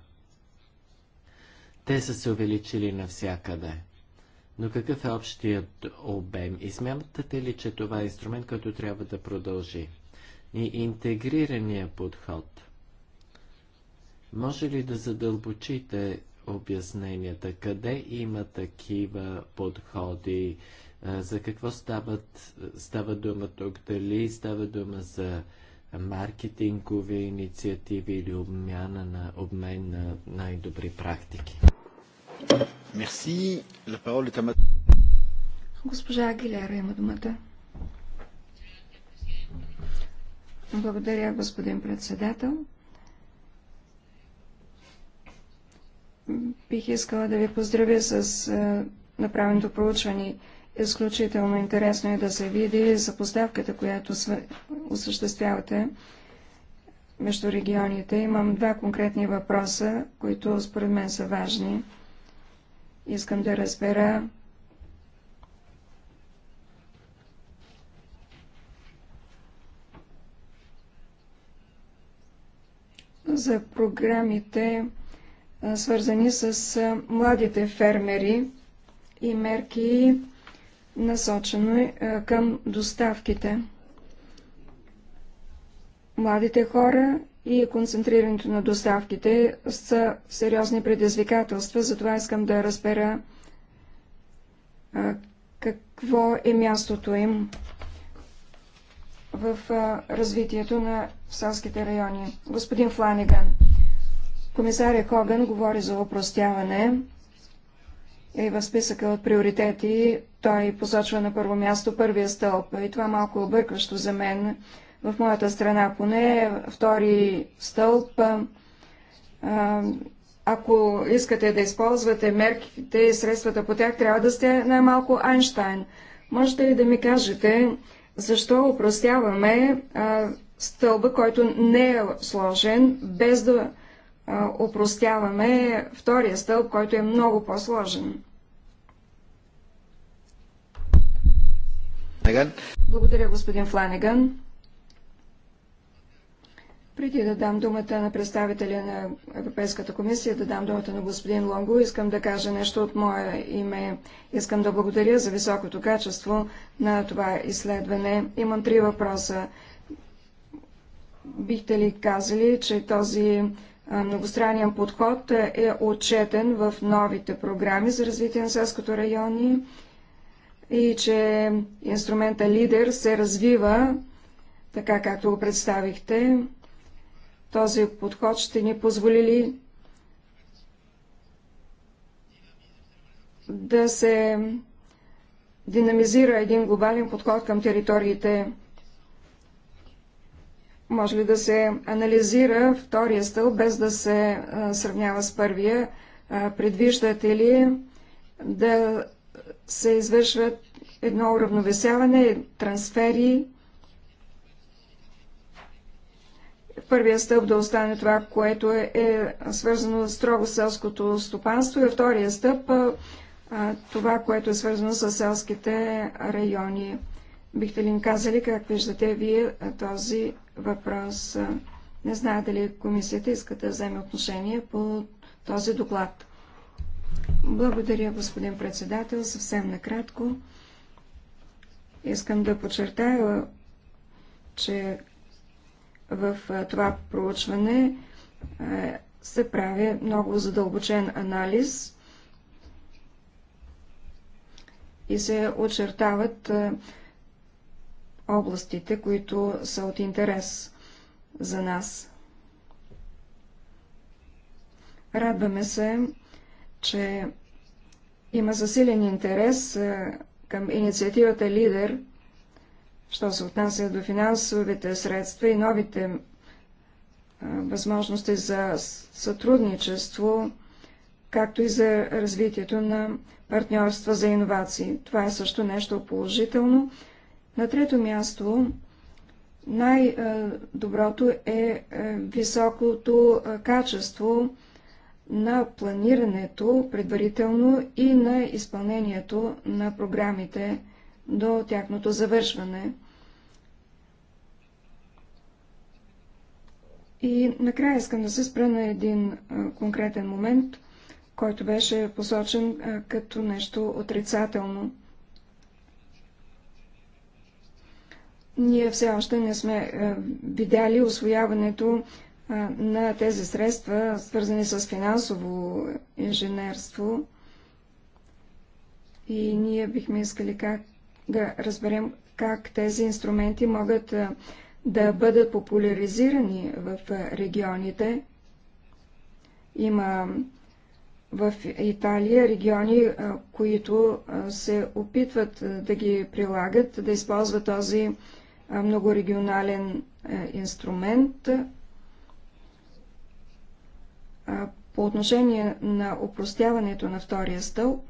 [SPEAKER 1] Те са се увеличили навсякъде. Но какъв е общият обем? И смятате ли, че това е инструмент, който трябва да продължи? И интегрирания подход. Може ли да задълбочите обясненията? Къде има такива подходи? За какво стават, става дума тук? Дали става дума за маркетингови инициативи или обмяна на обмен на най-добри практики. Мерси.
[SPEAKER 4] Госпожа Агилера има думата. Благодаря, господин председател. Бих искала да ви поздравя с направеното проучване Изключително интересно е да се види съпоставката, която осъществявате между регионите. Имам два конкретни въпроса, които според мен са важни. Искам да разбера за програмите, свързани с младите фермери и мерки насочено е, е към доставките. Младите хора и концентрирането на доставките са сериозни предизвикателства, затова искам да разбера е, какво е мястото им в е, развитието на селските райони. Господин Фланиган, комисаря Коган говори за опростяване и е в списъка от приоритети. Той посочва на първо място първия стълб. И това е малко объркващо за мен. В моята страна поне е втори стълб. Ако искате да използвате мерките и средствата по тях, трябва да сте най-малко Айнштайн. Можете ли да ми кажете защо упростяваме а, стълба, който не е сложен, без да опростяваме втория стълб, който е много по-сложен. Благодаря, господин Фланеган. Преди да дам думата на представителя на Европейската комисия, да дам думата на господин Лонго, искам да кажа нещо от мое име. Искам да благодаря за високото качество на това изследване. Имам три въпроса. Бихте ли казали, че този многостранен подход е, е отчетен в новите програми за развитие на селското райони и че инструмента лидер се развива така както го представихте. Този подход ще ни позволи ли да се динамизира един глобален подход към териториите може ли да се анализира втория стълб, без да се сравнява с първия? Предвиждате ли да се извършват едно уравновесяване, трансфери? Първия стълб да остане това, което е, е свързано с строго селското стопанство и втория стълб това, което е свързано с селските райони. Бихте ли ни казали как виждате вие този въпрос. Не знае дали комисията иска да вземе отношение по този доклад. Благодаря, господин председател. Съвсем накратко. Искам да подчертая, че в това проучване се прави много задълбочен анализ и се очертават областите, които са от интерес за нас. Радваме се, че има засилен интерес е, към инициативата Лидер, що се отнася до финансовите средства и новите е, възможности за сътрудничество, както и за развитието на партньорства за иновации. Това е също нещо положително. На трето място, най-доброто е, е високото е, качество на планирането предварително и на изпълнението на програмите до тяхното завършване. И накрая искам да се спра на един е, конкретен момент, който беше посочен като нещо отрицателно. Ние все още не сме е, видяли освояването е, на тези средства, свързани с финансово инженерство. И ние бихме искали как да разберем как тези инструменти могат е, да бъдат популяризирани в регионите. Има в Италия региони, които се опитват да ги прилагат, да използват този многорегионален е, инструмент. По отношение на опростяването на втория стълб,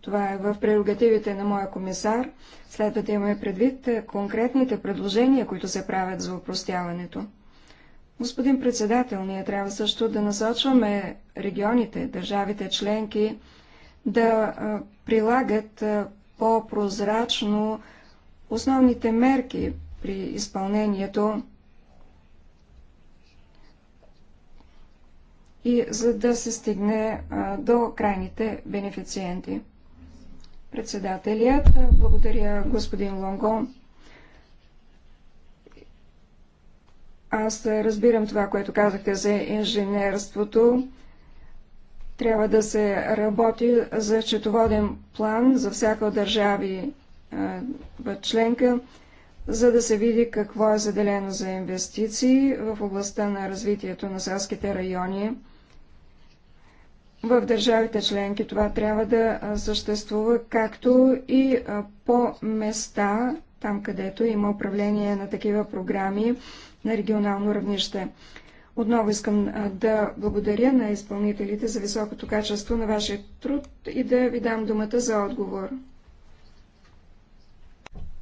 [SPEAKER 4] това е в прерогативите на моя комисар, следва да имаме предвид е, конкретните предложения, които се правят за упростяването. Господин председател, ние трябва също да насочваме регионите, държавите членки да прилагат по-прозрачно Основните мерки при изпълнението и за да се стигне до крайните бенефициенти. Председателят. благодаря господин Лонго. Аз разбирам това, което казахте за инженерството. Трябва да се работи за четоводен план за всяка от държави членка, за да се види какво е заделено за инвестиции в областта на развитието на селските райони. В държавите членки това трябва да съществува, както и по места, там където има управление на такива програми на регионално равнище. Отново искам да благодаря на изпълнителите за високото качество на вашия труд и да ви дам думата за отговор.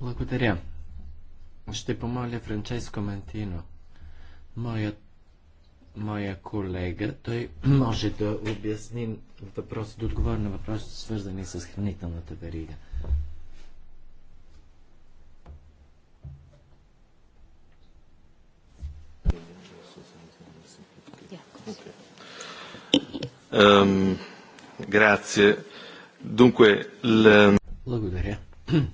[SPEAKER 1] Благодаря. Ще помоля Франческо Мантино, моя, моя колега, той може да обясни въпрос, да отговори на въпроси, свързани с хранителната верига. Благодаря.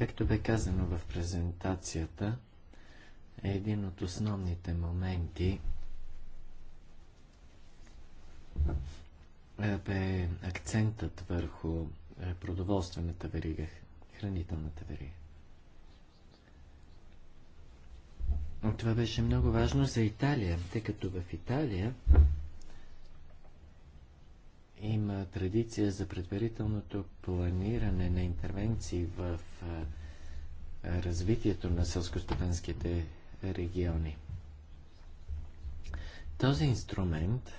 [SPEAKER 1] Както бе казано в презентацията, е един от основните моменти е, бе акцентът върху е, продоволствената верига, хранителната верига. Това беше много важно за Италия, тъй като в Италия традиция за предварителното планиране на интервенции в развитието на селскостопанските региони. Този инструмент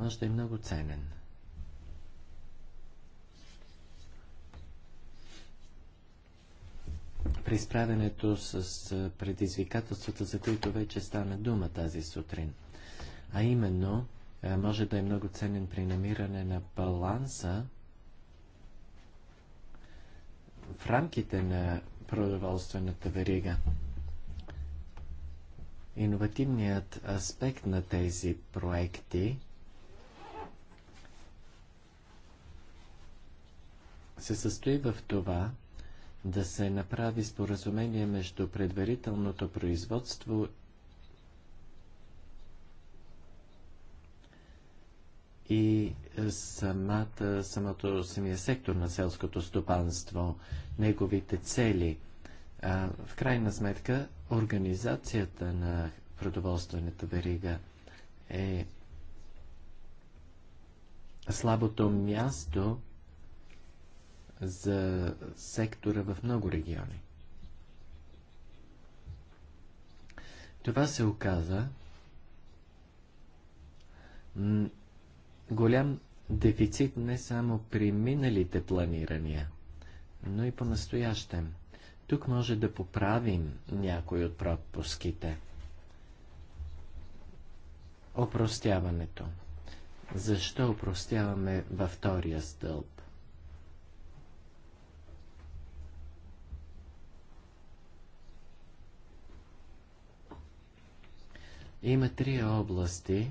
[SPEAKER 1] може да е много ценен. При справянето с предизвикателствата, за които вече стана дума тази сутрин, а именно е, може да е много ценен при намиране на баланса в рамките на продоволствената верига. Иновативният аспект на тези проекти се състои в това да се направи споразумение между предварителното производство и самата, самото самия сектор на селското стопанство, неговите цели. А, в крайна сметка, организацията на продоволствената верига е слабото място за сектора в много региони. Това се оказа голям дефицит не само при миналите планирания, но и по-настоящем. Тук може да поправим някои от пропуските. Опростяването. Защо опростяваме във втория стълб? Има три области,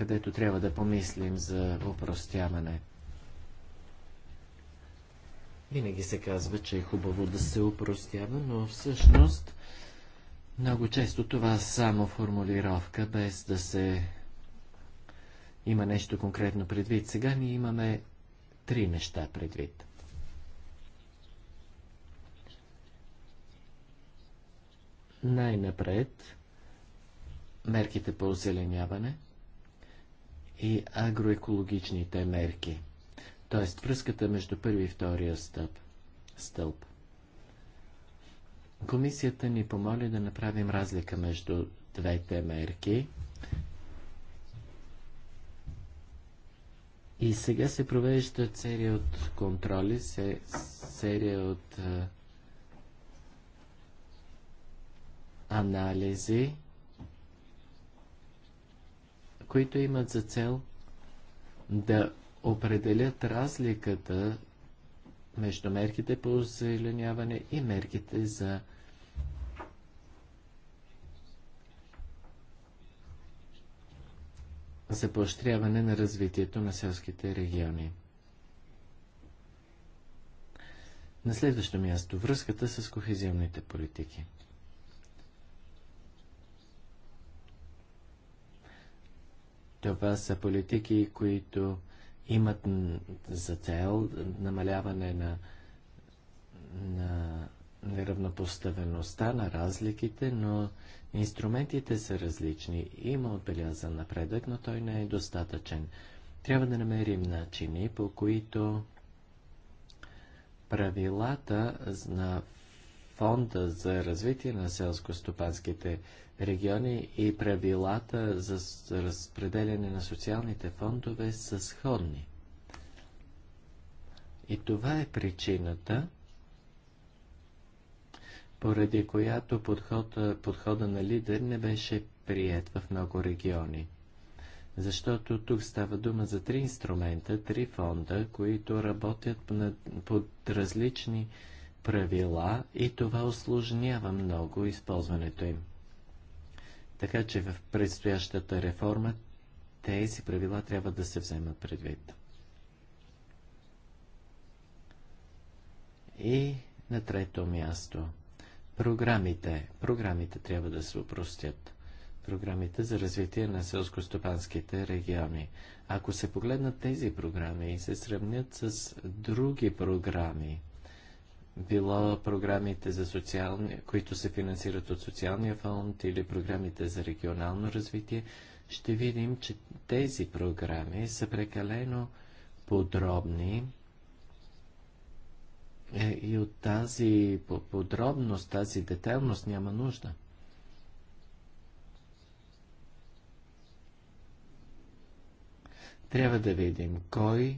[SPEAKER 1] където трябва да помислим за упростяване. Винаги се казва, че е хубаво да се упростява, но всъщност много често това е само формулировка, без да се има нещо конкретно предвид. Сега ние имаме три неща предвид. Най-напред мерките по озеленяване – и агроекологичните мерки, т.е. връзката между първи и втория стъп, стълб. Комисията ни помоли да направим разлика между двете мерки. И сега се провежда серия от контроли, серия от а, анализи които имат за цел да определят разликата между мерките по озеленяване и мерките за за поощряване на развитието на селските региони. На следващо място връзката с кохезионните политики – Това са политики, които имат за цел намаляване на, на неравнопоставеността, на разликите, но инструментите са различни. Има отбелязан напредък, но той не е достатъчен. Трябва да намерим начини, по които правилата на Фонда за развитие на селско-стопанските региони и правилата за разпределяне на социалните фондове са сходни. И това е причината, поради която подхода, подхода на лидер не беше прият в много региони. Защото тук става дума за три инструмента, три фонда, които работят под различни правила и това осложнява много използването им. Така че в предстоящата реформа тези правила трябва да се вземат предвид. И на трето място. Програмите. Програмите трябва да се упростят. Програмите за развитие на селско-стопанските региони. Ако се погледнат тези програми и се сравнят с други програми, било програмите, за социални, които се финансират от социалния фонд или програмите за регионално развитие, ще видим, че тези програми са прекалено подробни е, и от тази подробност, тази детайлност няма нужда. Трябва да видим кой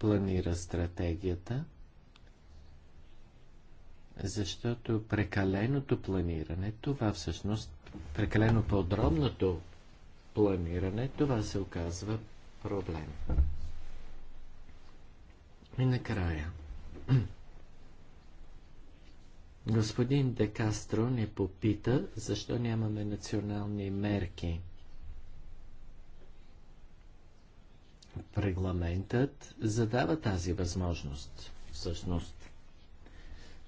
[SPEAKER 1] планира стратегията, защото прекаленото планиране, това всъщност, прекалено подробното планиране, това се оказва проблем. И накрая. Господин Декастро ни попита, защо нямаме национални мерки – регламентът задава тази възможност. Всъщност,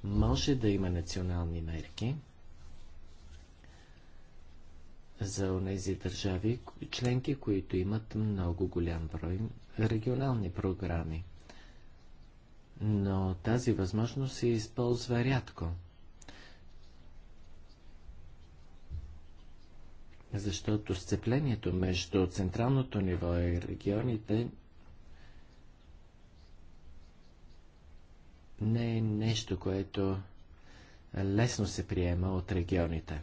[SPEAKER 1] може да има национални мерки за тези държави, членки, които имат много голям брой регионални програми. Но тази възможност се използва рядко – защото сцеплението между централното ниво и регионите не е нещо, което лесно се приема от регионите.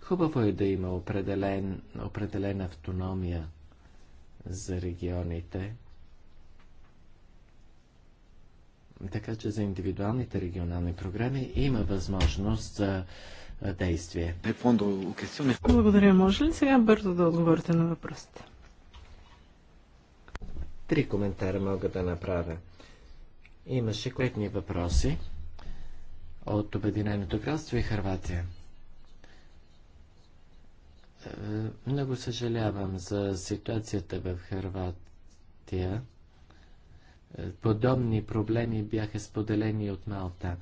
[SPEAKER 1] Хубаво е да има определен, определена автономия за регионите, така че за индивидуалните регионални програми има възможност за действие. Благодаря. Може ли сега бързо да отговорите на въпросите? Три коментара мога да направя. Имаше конкретни въпроси от Обединеното кралство и Харватия. Е, много съжалявам за ситуацията в Харватия. Е, подобни проблеми бяха споделени от Малта.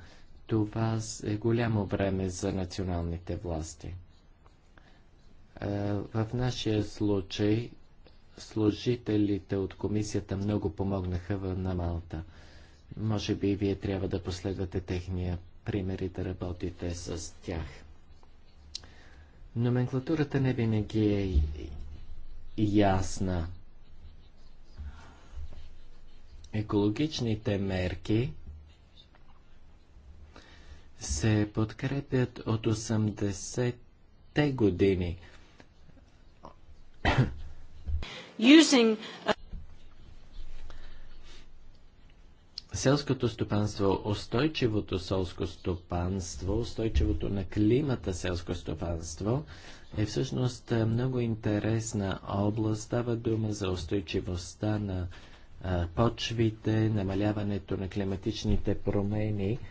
[SPEAKER 1] Това е голямо време за националните власти. Е, в нашия случай служителите от комисията много помогнаха на Малта. Може би вие трябва да последвате техния пример и да работите с тях. Номенклатурата не винаги е ясна. Екологичните мерки се подкрепят от 80-те години. Using... Селското стопанство, устойчивото селско стопанство, устойчивото на климата селско стопанство е всъщност много интересна област. Става дума за устойчивостта на а, почвите, намаляването на климатичните промени –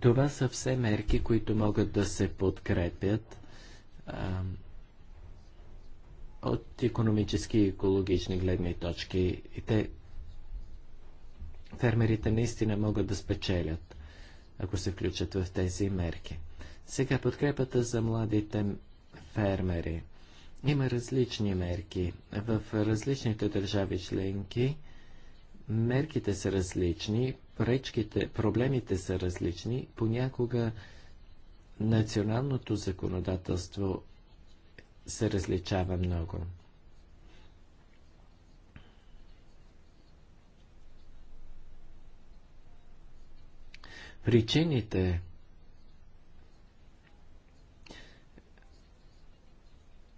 [SPEAKER 1] това са все мерки, които могат да се подкрепят а, от економически и екологични гледни точки. И те, фермерите наистина могат да спечелят, ако се включат в тези мерки. Сега подкрепата за младите фермери. Има различни мерки. В различните държави членки мерките са различни, пречките, проблемите са различни. Понякога националното законодателство се различава много. Причините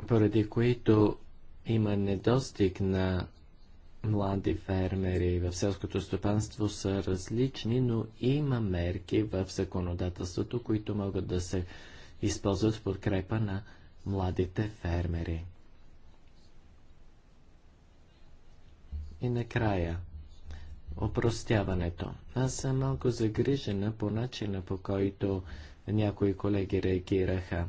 [SPEAKER 1] поради които има недостиг на млади фермери в селското стопанство са различни, но има мерки в законодателството, които могат да се използват в подкрепа на младите фермери. И накрая, опростяването. Аз съм малко загрижена по начина, по който някои колеги реагираха.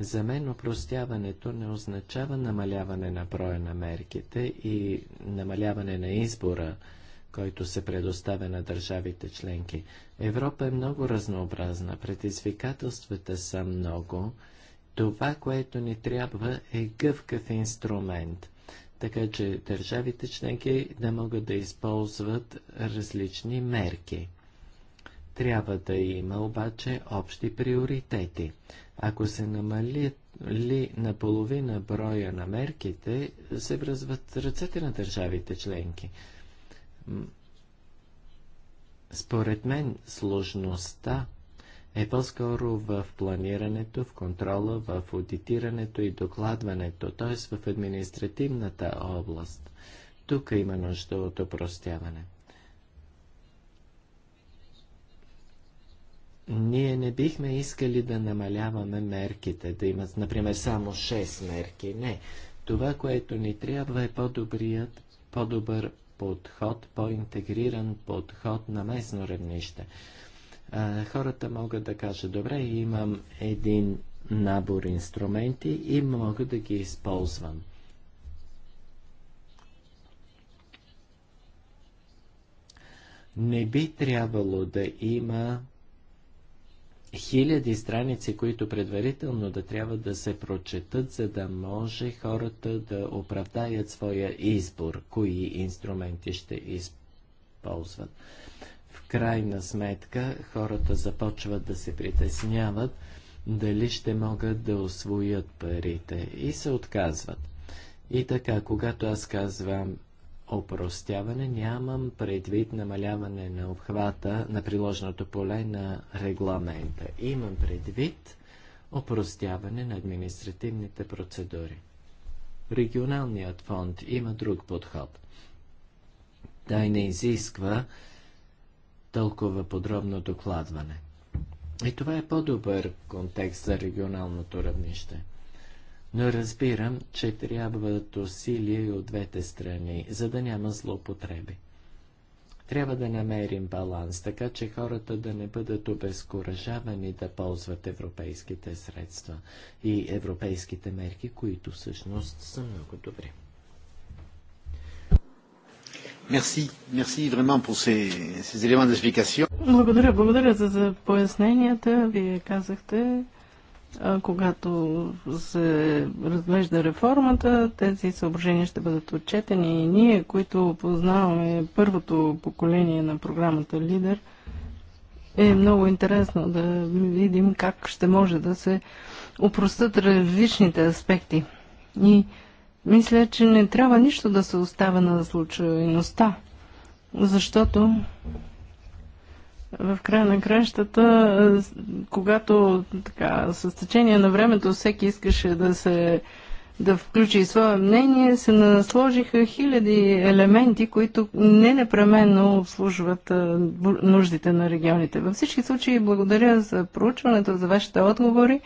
[SPEAKER 1] За мен опростяването не означава намаляване на броя на мерките и намаляване на избора, който се предоставя на държавите членки. Европа е много разнообразна, предизвикателствата са много. Това, което ни трябва е гъвкав инструмент, така че държавите членки да могат да използват различни мерки. Трябва да има обаче общи приоритети. Ако се намали ли наполовина броя на мерките, се връзват ръцете на държавите членки. Според мен сложността е по-скоро в планирането, в контрола, в аудитирането и докладването, т.е. в административната област. Тук има нужда от опростяване. Ние не бихме искали да намаляваме мерките, да имат, например, само 6 мерки. Не. Това, което ни трябва е по-добрият, по-добър подход, по-интегриран подход на местно равнище. хората могат да кажат, добре, имам един набор инструменти и мога да ги използвам. Не би трябвало да има хиляди страници, които предварително да трябва да се прочетат, за да може хората да оправдаят своя избор, кои инструменти ще използват. В крайна сметка хората започват да се притесняват дали ще могат да освоят парите и се отказват. И така, когато аз казвам опростяване, нямам предвид намаляване на обхвата на приложеното поле на регламента. Имам предвид опростяване на административните процедури. Регионалният фонд има друг подход. Тай не изисква толкова подробно докладване. И това е по-добър контекст за регионалното равнище но разбирам, че трябват усилия от двете страни, за да няма злоупотреби. Трябва да намерим баланс, така че хората да не бъдат обезкуражавани да ползват европейските средства и европейските мерки, които всъщност са много добри. Merci, merci vraiment pour ces, ces éléments d'explication.
[SPEAKER 3] Благодаря, благодаря за, за поясненията. Вие казахте, когато се разглежда реформата, тези съображения ще бъдат отчетени и ние, които познаваме първото поколение на програмата Лидер, е много интересно да видим как ще може да се упростат различните аспекти. И мисля, че не трябва нищо да се оставя на случайността, защото в края на кращата, когато така, с течение на времето всеки искаше да се да включи свое мнение, се насложиха хиляди елементи, които не непременно обслужват нуждите на регионите. Във всички случаи благодаря за проучването, за вашите отговори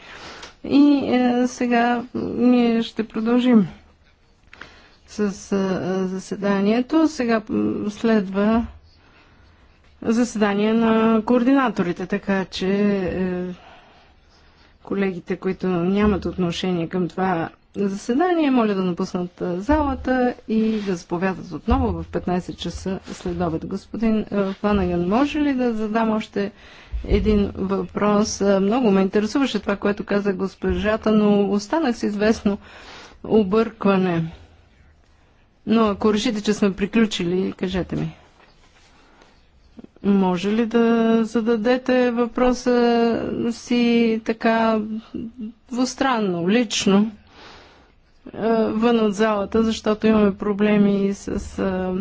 [SPEAKER 3] и е, сега ние ще продължим с е, заседанието. Сега следва заседание на координаторите, така че е, колегите, които нямат отношение към това заседание, моля да напуснат е, залата и да заповядат отново в 15 часа след обед. Господин е, Фланаган, може ли да задам още един въпрос? Е, много ме интересуваше това, което каза госпожата, но останах с известно объркване. Но ако решите, че сме приключили, кажете ми. Може ли да зададете въпроса си така двустранно, лично, вън от залата, защото имаме проблеми с